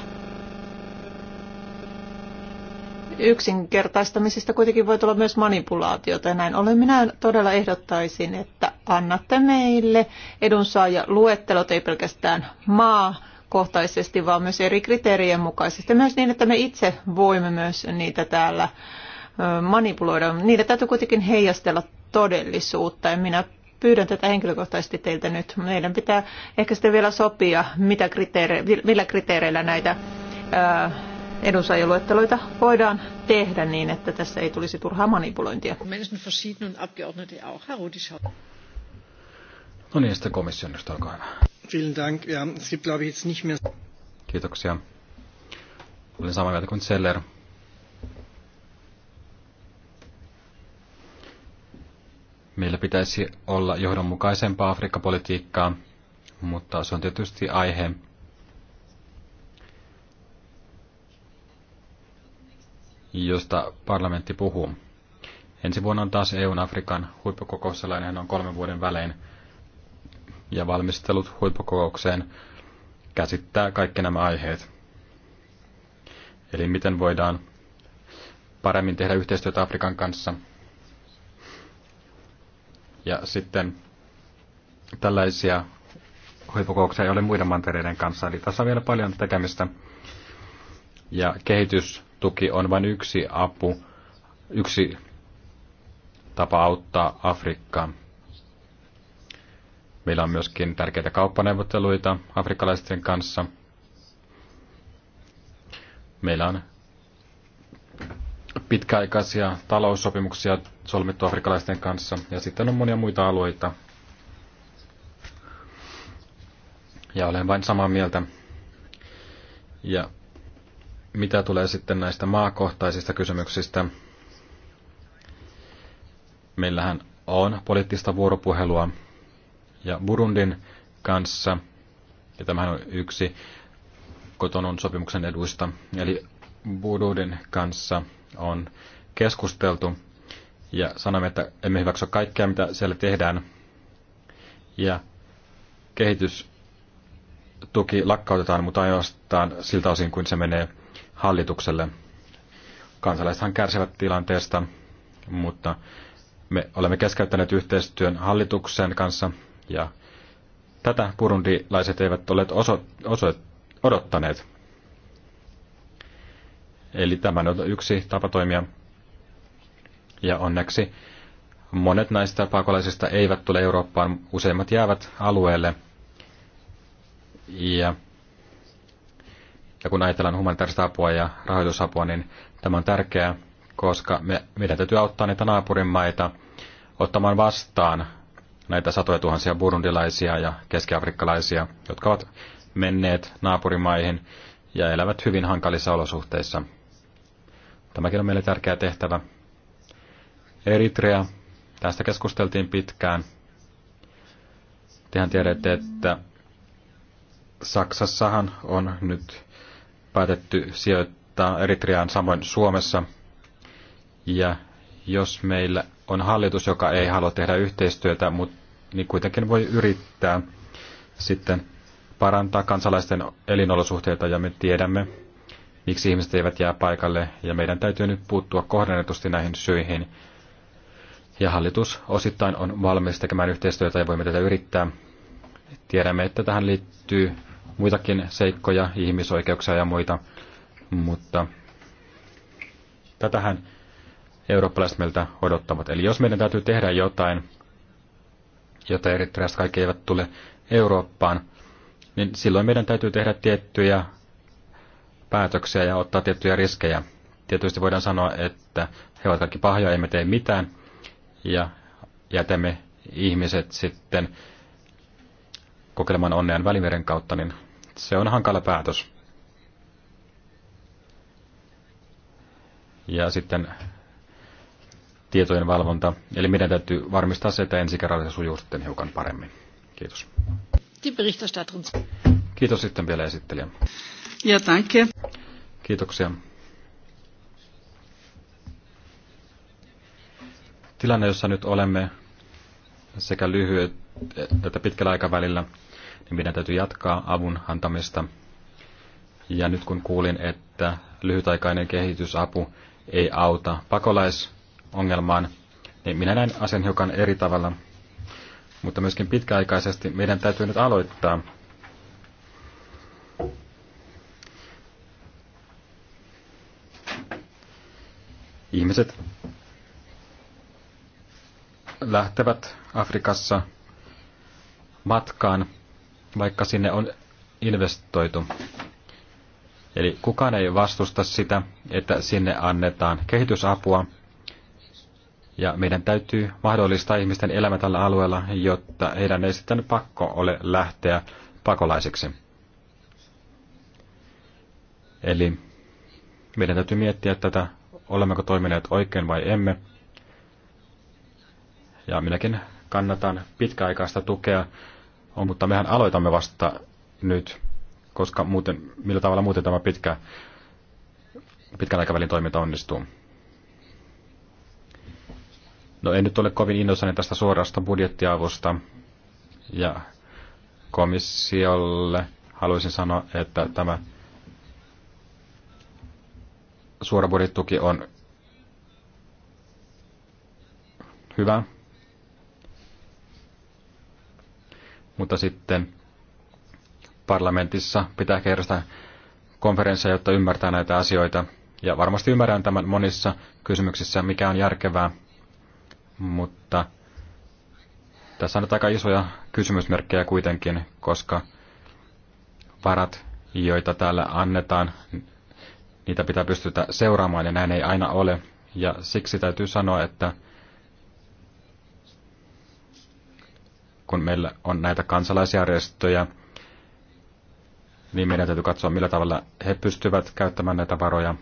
yksinkertaistamisesta kuitenkin voi tulla myös manipulaatiota. Ja näin ollen minä todella ehdottaisin, että annatte meille edunsaaja luettelot, ei pelkästään maa, kohtaisesti, vaan myös eri kriteerien mukaisesti. Myös niin, että me itse voimme myös niitä täällä manipuloida. Niitä täytyy kuitenkin heijastella todellisuutta ja minä pyydän tätä henkilökohtaisesti teiltä nyt. Meidän pitää ehkä sitten vielä sopia, mitä kriteere- millä kriteereillä näitä ää, edunsaajaluetteloita voidaan tehdä niin, että tässä ei tulisi turhaa manipulointia. No niin, sitten komission olkaa hyvä. Kiitoksia. Olen samaa mieltä kuin Seller. Meillä pitäisi olla johdonmukaisempaa Afrikka-politiikkaa, mutta se on tietysti aihe, josta parlamentti puhuu. Ensi vuonna on taas EUn Afrikan huippukokous, sellainen on kolmen vuoden välein, ja valmistelut huippukokoukseen käsittää kaikki nämä aiheet. Eli miten voidaan paremmin tehdä yhteistyötä Afrikan kanssa. Ja sitten tällaisia huippukokouksia ei ole muiden mantereiden kanssa, eli tässä on vielä paljon tekemistä. Ja kehitys tuki on vain yksi apu, yksi tapa auttaa Afrikkaa. Meillä on myöskin tärkeitä kauppaneuvotteluita afrikkalaisten kanssa. Meillä on pitkäaikaisia taloussopimuksia solmittu afrikkalaisten kanssa ja sitten on monia muita alueita. Ja olen vain samaa mieltä. Ja mitä tulee sitten näistä maakohtaisista kysymyksistä? Meillähän on poliittista vuoropuhelua ja Burundin kanssa, ja tämähän on yksi kotonun sopimuksen eduista, eli Burundin kanssa on keskusteltu ja sanomme, että emme hyväksy kaikkea, mitä siellä tehdään. Ja kehitystuki lakkautetaan, mutta ainoastaan siltä osin, kuin se menee hallitukselle. Kansalaisethan kärsivät tilanteesta, mutta me olemme keskeyttäneet yhteistyön hallituksen kanssa ja tätä purundilaiset eivät ole oso, oso, odottaneet. Eli tämä on yksi tapa toimia. Ja onneksi monet näistä pakolaisista eivät tule Eurooppaan, useimmat jäävät alueelle. Ja ja kun ajatellaan humanitaarista apua ja rahoitusapua, niin tämä on tärkeää, koska me, meidän täytyy auttaa niitä naapurimaita ottamaan vastaan näitä satoja tuhansia burundilaisia ja keskiafrikkalaisia, jotka ovat menneet naapurimaihin ja elävät hyvin hankalissa olosuhteissa. Tämäkin on meille tärkeä tehtävä. Eritrea. Tästä keskusteltiin pitkään. Tehän tiedätte, että Saksassahan on nyt päätetty sijoittaa Eritreaan samoin Suomessa. Ja jos meillä on hallitus, joka ei halua tehdä yhteistyötä, mutta niin kuitenkin voi yrittää sitten parantaa kansalaisten elinolosuhteita ja me tiedämme, miksi ihmiset eivät jää paikalle ja meidän täytyy nyt puuttua kohdennetusti näihin syihin. Ja hallitus osittain on valmis tekemään yhteistyötä ja voimme tätä yrittää. Tiedämme, että tähän liittyy muitakin seikkoja, ihmisoikeuksia ja muita, mutta tätähän eurooppalaiset meiltä odottavat. Eli jos meidän täytyy tehdä jotain, jota erittäin kaikki eivät tule Eurooppaan, niin silloin meidän täytyy tehdä tiettyjä päätöksiä ja ottaa tiettyjä riskejä. Tietysti voidaan sanoa, että he ovat kaikki pahoja, emme tee mitään ja jätämme ihmiset sitten kokeilemaan onnean Välimeren kautta, niin se on hankala päätös. Ja sitten tietojen valvonta. Eli meidän täytyy varmistaa se, että ensi kerralla se sujuu sitten hiukan paremmin. Kiitos. Kiitos sitten vielä esittelijä. Ja danke. Kiitoksia. Tilanne, jossa nyt olemme sekä lyhyet että pitkällä aikavälillä – niin meidän täytyy jatkaa avun antamista. Ja nyt kun kuulin, että lyhytaikainen kehitysapu ei auta pakolaisongelmaan, niin minä näen asian hiukan eri tavalla. Mutta myöskin pitkäaikaisesti meidän täytyy nyt aloittaa ihmiset lähtevät Afrikassa matkaan vaikka sinne on investoitu. Eli kukaan ei vastusta sitä, että sinne annetaan kehitysapua, ja meidän täytyy mahdollistaa ihmisten elämä tällä alueella, jotta heidän ei sitten pakko ole lähteä pakolaisiksi. Eli meidän täytyy miettiä tätä, olemmeko toimineet oikein vai emme. Ja minäkin kannatan pitkäaikaista tukea on, mutta mehän aloitamme vasta nyt, koska muuten, millä tavalla muuten tämä pitkä, pitkän aikavälin toiminta onnistuu. No en nyt ole kovin innoissani tästä suorasta budjettiavusta ja komissiolle haluaisin sanoa, että tämä suora budjettuki on hyvä, mutta sitten parlamentissa pitää kerrasta konferenssia, jotta ymmärtää näitä asioita. Ja varmasti ymmärrän tämän monissa kysymyksissä, mikä on järkevää, mutta tässä on nyt aika isoja kysymysmerkkejä kuitenkin, koska varat, joita täällä annetaan, niitä pitää pystytä seuraamaan ja näin ei aina ole. Ja siksi täytyy sanoa, että kun meillä on näitä kansalaisjärjestöjä, niin meidän täytyy katsoa, millä tavalla he pystyvät käyttämään näitä varoja.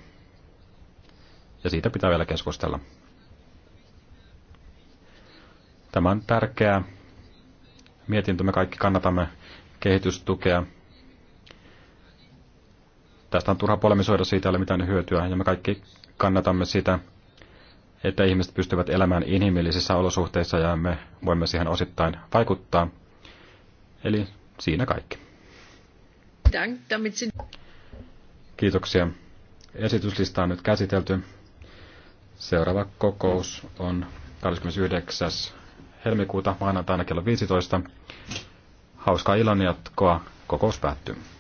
Ja siitä pitää vielä keskustella. Tämä on tärkeää. Mietintö me kaikki kannatamme kehitystukea. Tästä on turha polemisoida, siitä ei ole mitään hyötyä, ja me kaikki kannatamme sitä, että ihmiset pystyvät elämään inhimillisissä olosuhteissa ja me voimme siihen osittain vaikuttaa. Eli siinä kaikki. Kiitoksia. Esityslista on nyt käsitelty. Seuraava kokous on 29. helmikuuta maanantaina kello 15. Hauskaa illan jatkoa. Kokous päättyy.